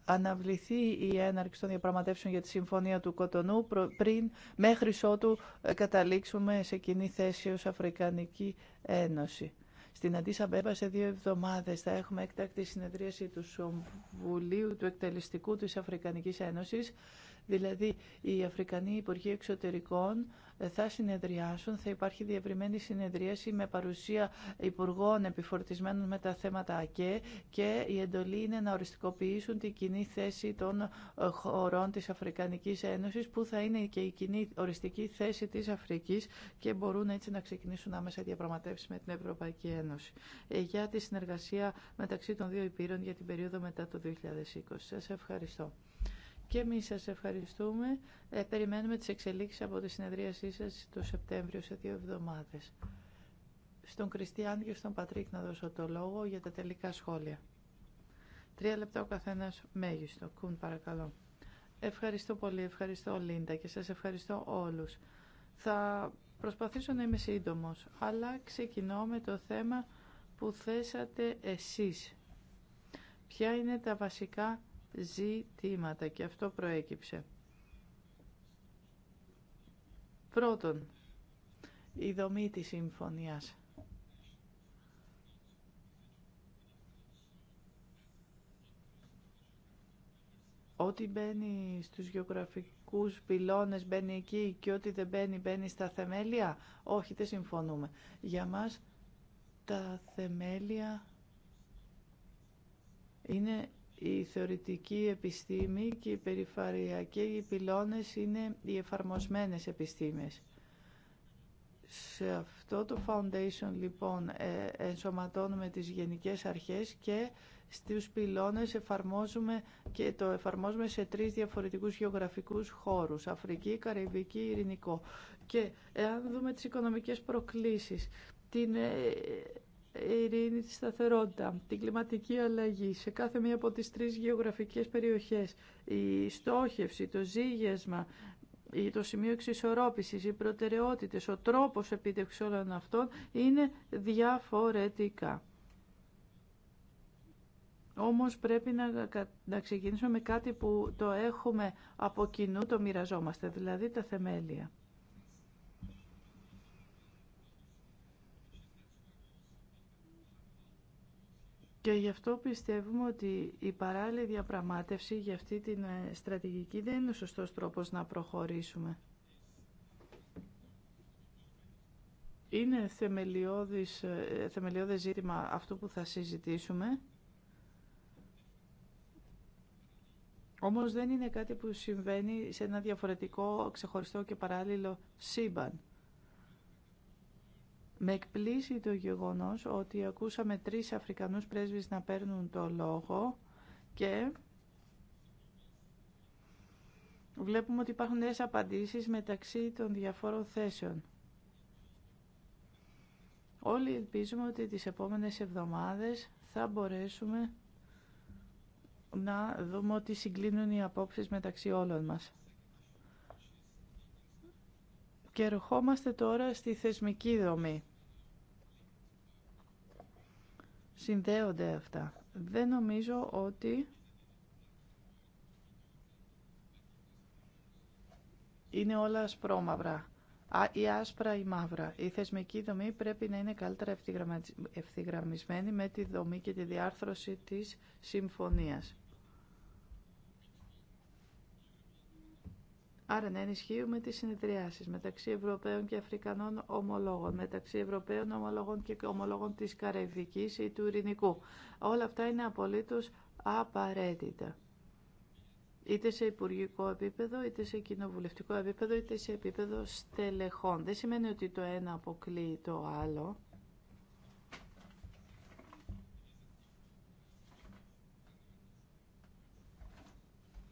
C: αναβληθεί η έναρξη των διαπραγματεύσεων για τη Συμφωνία του Κοτονού πριν μέχρι ότου ε, καταλήξουμε σε κοινή θέση ως Αφρικανική Ένωση. Στην Αντίσα Μπέμπα σε δύο εβδομάδες θα έχουμε έκτακτη συνεδρίαση του Συμβουλίου του Εκτελεστικού της Αφρικανικής Ένωσης Δηλαδή, οι Αφρικανοί Υπουργοί Εξωτερικών ε, θα συνεδριάσουν, θα υπάρχει διευρυμένη συνεδρίαση με παρουσία υπουργών επιφορτισμένων με τα θέματα ΑΚΕ και η εντολή είναι να οριστικοποιήσουν την κοινή θέση των ε, χωρών της Αφρικανικής Ένωσης που θα είναι και η κοινή οριστική θέση της Αφρικής και μπορούν έτσι να ξεκινήσουν άμεσα διαπραγματεύσει με την Ευρωπαϊκή Ένωση. Ε, για τη συνεργασία μεταξύ των δύο υπήρων για την περίοδο μετά το 2020. Σας ευχαριστώ. Και εμεί σα ευχαριστούμε. Ε, περιμένουμε τις εξελίξεις από τη συνεδρίασή σα το Σεπτέμβριο σε δύο εβδομάδες. Στον Κριστιαν και στον Πατρίκ να δώσω το λόγο για τα τελικά σχόλια. Τρία λεπτά ο καθένας μέγιστο. Κουν παρακαλώ. Ευχαριστώ πολύ, ευχαριστώ Λίντα και σας ευχαριστώ όλους. Θα προσπαθήσω να είμαι σύντομος, αλλά ξεκινώ με το θέμα που θέσατε εσείς. Ποια είναι τα βασικά ζητήματα και αυτό προέκυψε. Πρώτον, η δομή της συμφωνίας. Ό,τι μπαίνει στους γεωγραφικούς πυλώνες μπαίνει εκεί και ό,τι δεν μπαίνει μπαίνει στα θεμέλια. Όχι, δεν συμφωνούμε. Για μας τα θεμέλια είναι η θεωρητική επιστήμη και οι περιφαριακοί πυλώνες είναι οι εφαρμοσμένες επιστήμες. Σε αυτό το foundation λοιπόν ε, ενσωματώνουμε τις γενικές αρχές και στους πυλώνες εφαρμόζουμε και το εφαρμόζουμε σε τρεις διαφορετικούς γεωγραφικούς χώρους, Αφρική, Καραϊβική, Ειρηνικό. Και εάν δούμε τις οικονομικές προκλήσεις, την ε, ειρήνη, τη σταθερότητα, την κλιματική αλλαγή σε κάθε μία από τις τρεις γεωγραφικές περιοχές, η στόχευση, το ζήγεσμα, το σημείο εξισορρόπησης, οι προτεραιότητες, ο τρόπος επίτευξης όλων αυτών είναι διαφορετικά. Όμως πρέπει να, να ξεκινήσουμε με κάτι που το έχουμε από κοινού, το μοιραζόμαστε, δηλαδή τα θεμέλια. Και γι' αυτό πιστεύουμε ότι η παράλληλη διαπραγμάτευση για αυτή την ε, στρατηγική δεν είναι ο σωστός τρόπος να προχωρήσουμε. Είναι θεμελιώδης, ε, ζήτημα αυτό που θα συζητήσουμε. Όμως δεν είναι κάτι που συμβαίνει σε ένα διαφορετικό, ξεχωριστό και παράλληλο σύμπαν. Με εκπλήσει το γεγονός ότι ακούσαμε τρεις Αφρικανούς πρέσβεις να παίρνουν το λόγο και βλέπουμε ότι υπάρχουν νέες απαντήσεις μεταξύ των διαφόρων θέσεων. Όλοι ελπίζουμε ότι τις επόμενες εβδομάδες θα μπορέσουμε να δούμε ότι συγκλίνουν οι απόψεις μεταξύ όλων μας. Και ερχόμαστε τώρα στη θεσμική δομή. συνδέονται αυτά. Δεν νομίζω ότι είναι όλα ασπρόμαυρα ή άσπρα ή μαύρα. Η θεσμική δομή πρέπει να είναι καλύτερα ευθυγραμμισμένη με τη δομή και τη διάρθρωση της συμφωνίας. Άρα να ενισχύουμε τις συνεδριάσεις μεταξύ Ευρωπαίων και Αφρικανών ομολόγων, μεταξύ Ευρωπαίων ομολόγων και ομολόγων της Καραϊβικής ή του Ειρηνικού. Όλα αυτά είναι απολύτως απαραίτητα. Είτε σε υπουργικό επίπεδο, είτε σε κοινοβουλευτικό επίπεδο, είτε σε επίπεδο στελεχών. Δεν σημαίνει ότι το ένα αποκλείει το άλλο.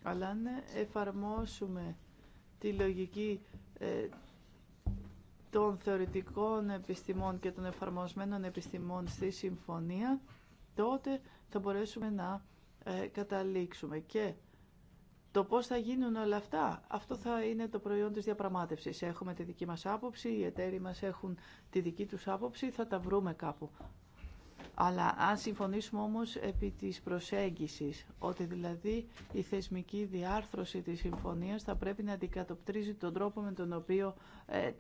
C: Αλλά να εφαρμόσουμε τη λογική ε, των θεωρητικών επιστημών και των εφαρμοσμένων επιστημών στη συμφωνία, τότε θα μπορέσουμε να ε, καταλήξουμε. Και το πώς θα γίνουν όλα αυτά, αυτό θα είναι το προϊόν της διαπραγμάτευσης. Έχουμε τη δική μας άποψη, οι εταίροι μας έχουν τη δική τους άποψη, θα τα βρούμε κάπου αλλά αν συμφωνήσουμε όμως επί της προσέγγισης, ότι δηλαδή η θεσμική διάρθρωση της συμφωνίας θα πρέπει να αντικατοπτρίζει τον τρόπο με τον οποίο ε, ε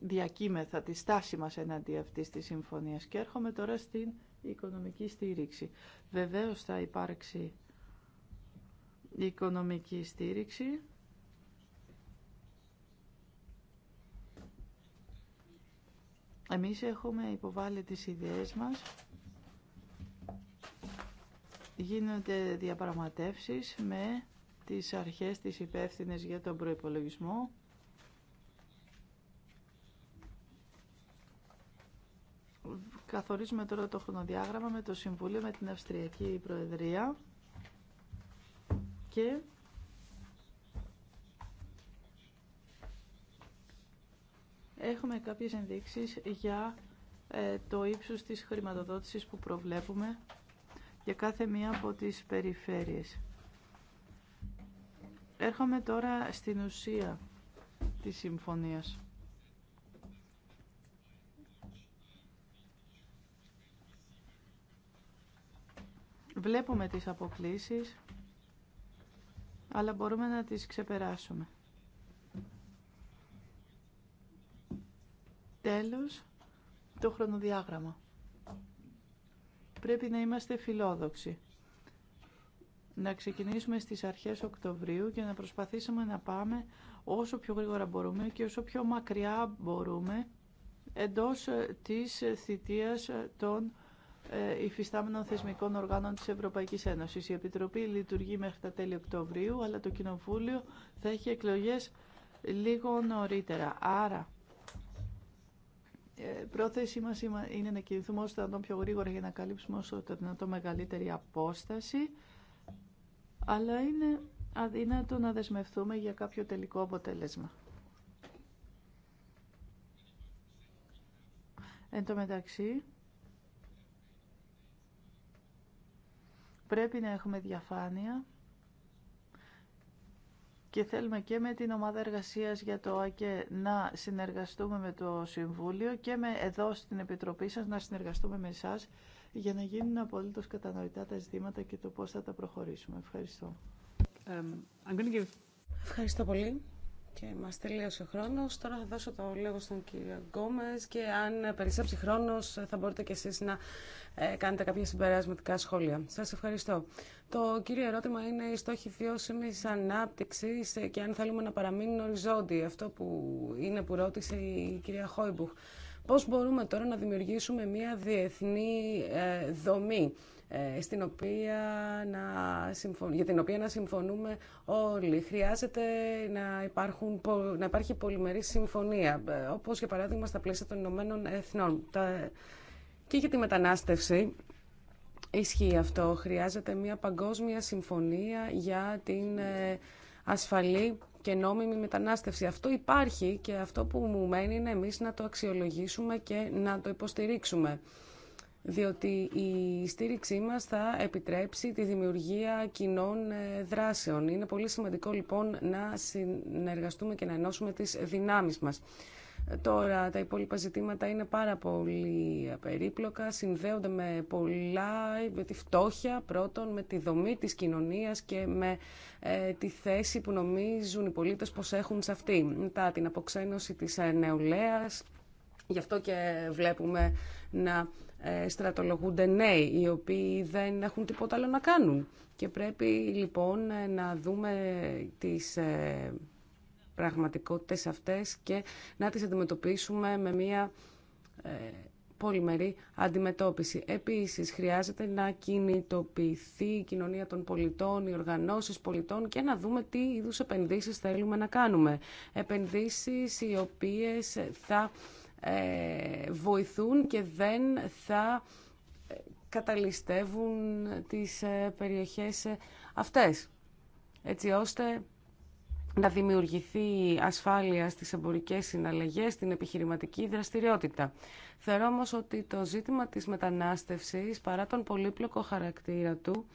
C: διακύμεθα τη στάση μας εναντί αυτής της συμφωνίας. Και έρχομαι τώρα στην οικονομική στήριξη. Βεβαίως θα υπάρξει οικονομική στήριξη. Εμείς έχουμε υποβάλει τις ιδέες μας γίνονται διαπραγματεύσεις με τις αρχές τις υπεύθυνες για τον προϋπολογισμό Καθορίζουμε τώρα το χρονοδιάγραμμα με το Συμβούλιο, με την Αυστριακή Προεδρία και έχουμε κάποιες ενδείξεις για ε, το ύψος της χρηματοδότησης που προβλέπουμε για κάθε μία από τις περιφέρειες. Έρχομαι τώρα στην ουσία της συμφωνίας. Βλέπουμε τις αποκλήσεις, αλλά μπορούμε να τις ξεπεράσουμε. Τέλος, το χρονοδιάγραμμα πρέπει να είμαστε φιλόδοξοι. Να ξεκινήσουμε στις αρχές Οκτωβρίου και να προσπαθήσουμε να πάμε όσο πιο γρήγορα μπορούμε και όσο πιο μακριά μπορούμε εντός ε, της ε, θητείας ε, των υφιστάμενων θεσμικών οργάνων της Ευρωπαϊκής Ένωσης. Η Επιτροπή λειτουργεί μέχρι τα τέλη Οκτωβρίου, αλλά το Κοινοβούλιο θα έχει εκλογές λίγο νωρίτερα. Άρα ε, πρόθεσή μας είναι να κινηθούμε όσο το πιο γρήγορα για να καλύψουμε όσο το δυνατό μεγαλύτερη απόσταση, αλλά είναι αδύνατο να δεσμευτούμε για κάποιο τελικό αποτέλεσμα. Εν τω μεταξύ, πρέπει να έχουμε διαφάνεια και θέλουμε και με την ομάδα εργασίας για το ΑΚΕ να συνεργαστούμε με το Συμβούλιο και με εδώ στην Επιτροπή σας να συνεργαστούμε με εσά για να γίνουν απολύτως κατανοητά τα ζητήματα και το πώς θα τα
B: προχωρήσουμε. Ευχαριστώ. Ευχαριστώ πολύ. Και μα τελείωσε ο χρόνο. Τώρα θα δώσω το λόγο στον κύριο Γκόμε και αν περισσέψει χρόνο, θα μπορείτε κι εσεί να ε, κάνετε κάποια συμπερασματικά σχόλια. Σα ευχαριστώ. Το κύριο ερώτημα είναι οι στόχοι βιώσιμη ανάπτυξη και αν θέλουμε να παραμείνουν οριζόντιοι. Αυτό που είναι που ρώτησε η κυρία Χόιμπουχ. Πώς μπορούμε τώρα να δημιουργήσουμε μια διεθνή ε, δομή ε, στην οποία να για την οποία να συμφωνούμε όλοι. Χρειάζεται να, υπάρχουν... να υπάρχει πολυμερή συμφωνία, ε, όπως για παράδειγμα στα πλαίσια των Ηνωμένων Εθνών. Τα... Και για τη μετανάστευση ισχύει αυτό. Χρειάζεται μια παγκόσμια συμφωνία για την ασφαλή και νόμιμη μετανάστευση. Αυτό υπάρχει και αυτό που μου μένει είναι εμείς να το αξιολογήσουμε και να το υποστηρίξουμε. Διότι η στήριξή μας θα επιτρέψει τη δημιουργία κοινών ε, δράσεων. Είναι πολύ σημαντικό λοιπόν να συνεργαστούμε και να ενώσουμε τις δυνάμεις μας. Τώρα τα υπόλοιπα ζητήματα είναι πάρα πολύ περίπλοκα, συνδέονται με πολλά, με τη φτώχεια πρώτον, με τη δομή της κοινωνίας και με ε, τη θέση που νομίζουν οι πολίτες πως έχουν σε αυτή. τα την αποξένωση της ε, νεολαίας, γι' αυτό και βλέπουμε να ε, στρατολογούνται νέοι οι οποίοι δεν έχουν τίποτα άλλο να κάνουν. Και πρέπει λοιπόν να δούμε τις πραγματικότητες αυτές και να τις αντιμετωπίσουμε με μια ε, πολυμερή αντιμετώπιση. Επίσης, χρειάζεται να κινητοποιηθεί η κοινωνία των πολιτών, οι οργανώσεις πολιτών και να δούμε τι είδους επενδύσεις θέλουμε να κάνουμε. Επενδύσεις οι οποίες θα ε, βοηθούν και δεν θα ε, καταλυστεύουν τις περιοχές αυτές, έτσι ώστε να δημιουργηθεί ασφάλεια στις εμπορικές συναλλαγές, στην επιχειρηματική δραστηριότητα. Θεωρώ όμως ότι το ζήτημα της μετανάστευσης, παρά τον πολύπλοκο χαρακτήρα του,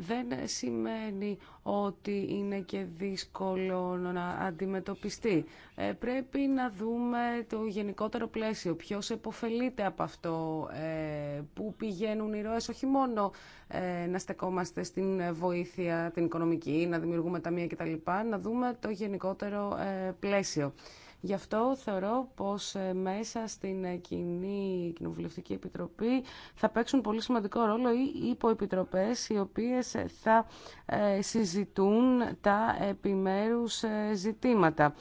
B: δεν σημαίνει ότι είναι και δύσκολο να αντιμετωπιστεί. Ε, πρέπει να δούμε το γενικότερο πλαίσιο, ποιος επωφελείται από αυτό, ε, πού πηγαίνουν οι ροές, όχι μόνο ε, να στεκόμαστε στην βοήθεια την οικονομική, να δημιουργούμε ταμεία κτλ, να δούμε το γενικότερο πλαίσιο. Γι' αυτό θεωρώ πως ε, μέσα στην ε, Κοινή Κοινοβουλευτική Επιτροπή θα παίξουν πολύ σημαντικό ρόλο οι υποεπιτροπές οι οποίες ε, θα συζητούν τα επιμέρους ζητήματα.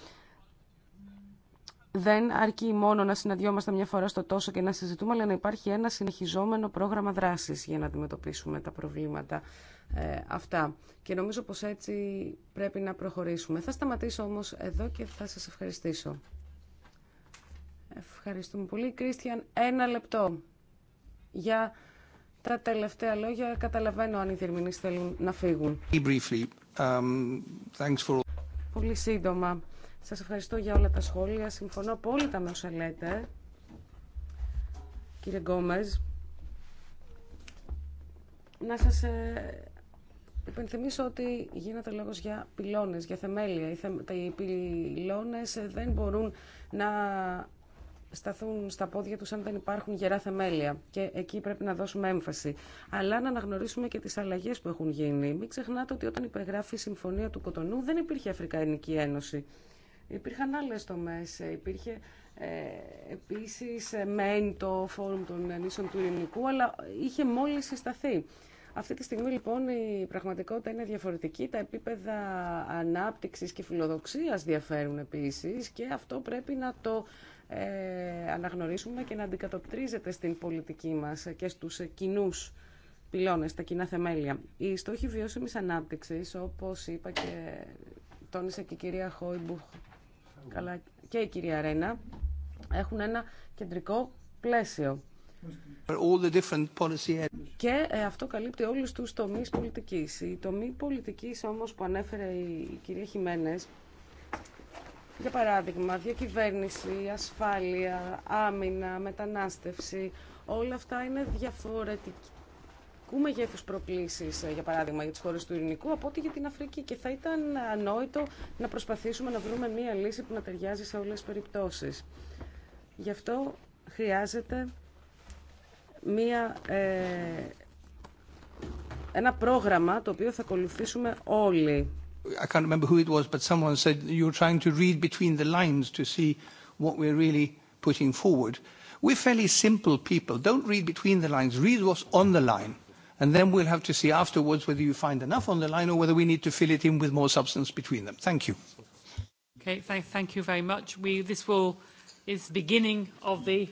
B: Δεν αρκεί μόνο να συναντιόμαστε μια φορά στο τόσο και να συζητούμε, αλλά να υπάρχει ένα συνεχιζόμενο πρόγραμμα δράσης για να αντιμετωπίσουμε τα προβλήματα ε, αυτά. Και νομίζω πως έτσι πρέπει να προχωρήσουμε. Θα σταματήσω όμως εδώ και θα σας ευχαριστήσω. Ευχαριστούμε πολύ. Κρίστιαν, ένα λεπτό για τα τελευταία λόγια. Καταλαβαίνω αν οι διερμηνείς θέλουν να φύγουν.
A: Um,
B: πολύ σύντομα. Σας ευχαριστώ για όλα τα σχόλια. Συμφωνώ απόλυτα με όσα λέτε. Κύριε Γκόμεζ, να σας ε, Υπενθυμίσω ότι γίνεται λόγος για πυλώνες, για θεμέλια. Οι πυλώνες δεν μπορούν να σταθούν στα πόδια τους αν δεν υπάρχουν γερά θεμέλια και εκεί πρέπει να δώσουμε έμφαση. Αλλά να αναγνωρίσουμε και τις αλλαγές που έχουν γίνει. Μην ξεχνάτε ότι όταν υπεγράφει η Συμφωνία του Κοτονού δεν υπήρχε Αφρικανική Ένωση. Υπήρχαν άλλες τομές. Υπήρχε ε, επίσης ε, μεν το φόρουμ των νήσων του Ειρηνικού, αλλά είχε μόλις συσταθεί. Αυτή τη στιγμή λοιπόν η πραγματικότητα είναι διαφορετική, τα επίπεδα ανάπτυξης και φιλοδοξίας διαφέρουν επίσης και αυτό πρέπει να το ε, αναγνωρίσουμε και να αντικατοπτρίζεται στην πολιτική μας και στους κοινού πυλώνες, τα κοινά θεμέλια. Οι στόχοι βιώσιμης ανάπτυξης, όπως είπα και τόνισε και η κυρία Χόιμπουχ και η κυρία Ρένα, έχουν ένα κεντρικό πλαίσιο. Και ε, αυτό καλύπτει όλους τους τομείς πολιτικής. Η τομή πολιτικής όμως που ανέφερε η κυρία Χιμένες, για παράδειγμα, διακυβέρνηση, ασφάλεια, άμυνα, μετανάστευση, όλα αυτά είναι διαφορετικού μεγέθους προκλήσεις ε, για παράδειγμα, για τις χώρες του Ειρηνικού, από ό,τι για την Αφρική. Και θα ήταν ανόητο να προσπαθήσουμε να βρούμε μία λύση που να ταιριάζει σε όλες τις περιπτώσει. Γι' αυτό χρειάζεται μία, ένα πρόγραμμα το οποίο θα ακολουθήσουμε
A: όλοι. I can't remember who it was, but someone said you're trying to read between the lines to see what we're really putting forward. We're fairly simple people. Don't read between the lines. Read what's on the line. And then we'll have to see afterwards whether you find enough on the line or whether we need to fill it in with more substance between them. Thank you.
C: Okay, thank, you very much. We, this will, is the beginning of the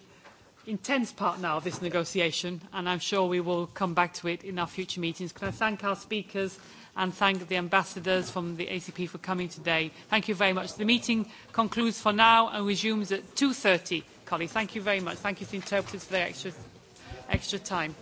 C: intense part now of this negotiation, and I'm sure we will come back to it in our future meetings. Can I thank our speakers and thank the ambassadors from the ACP for coming today. Thank you very much. The meeting concludes for now and resumes at 2.30. Colleagues, thank you very much. Thank you to the interpreters for their extra time.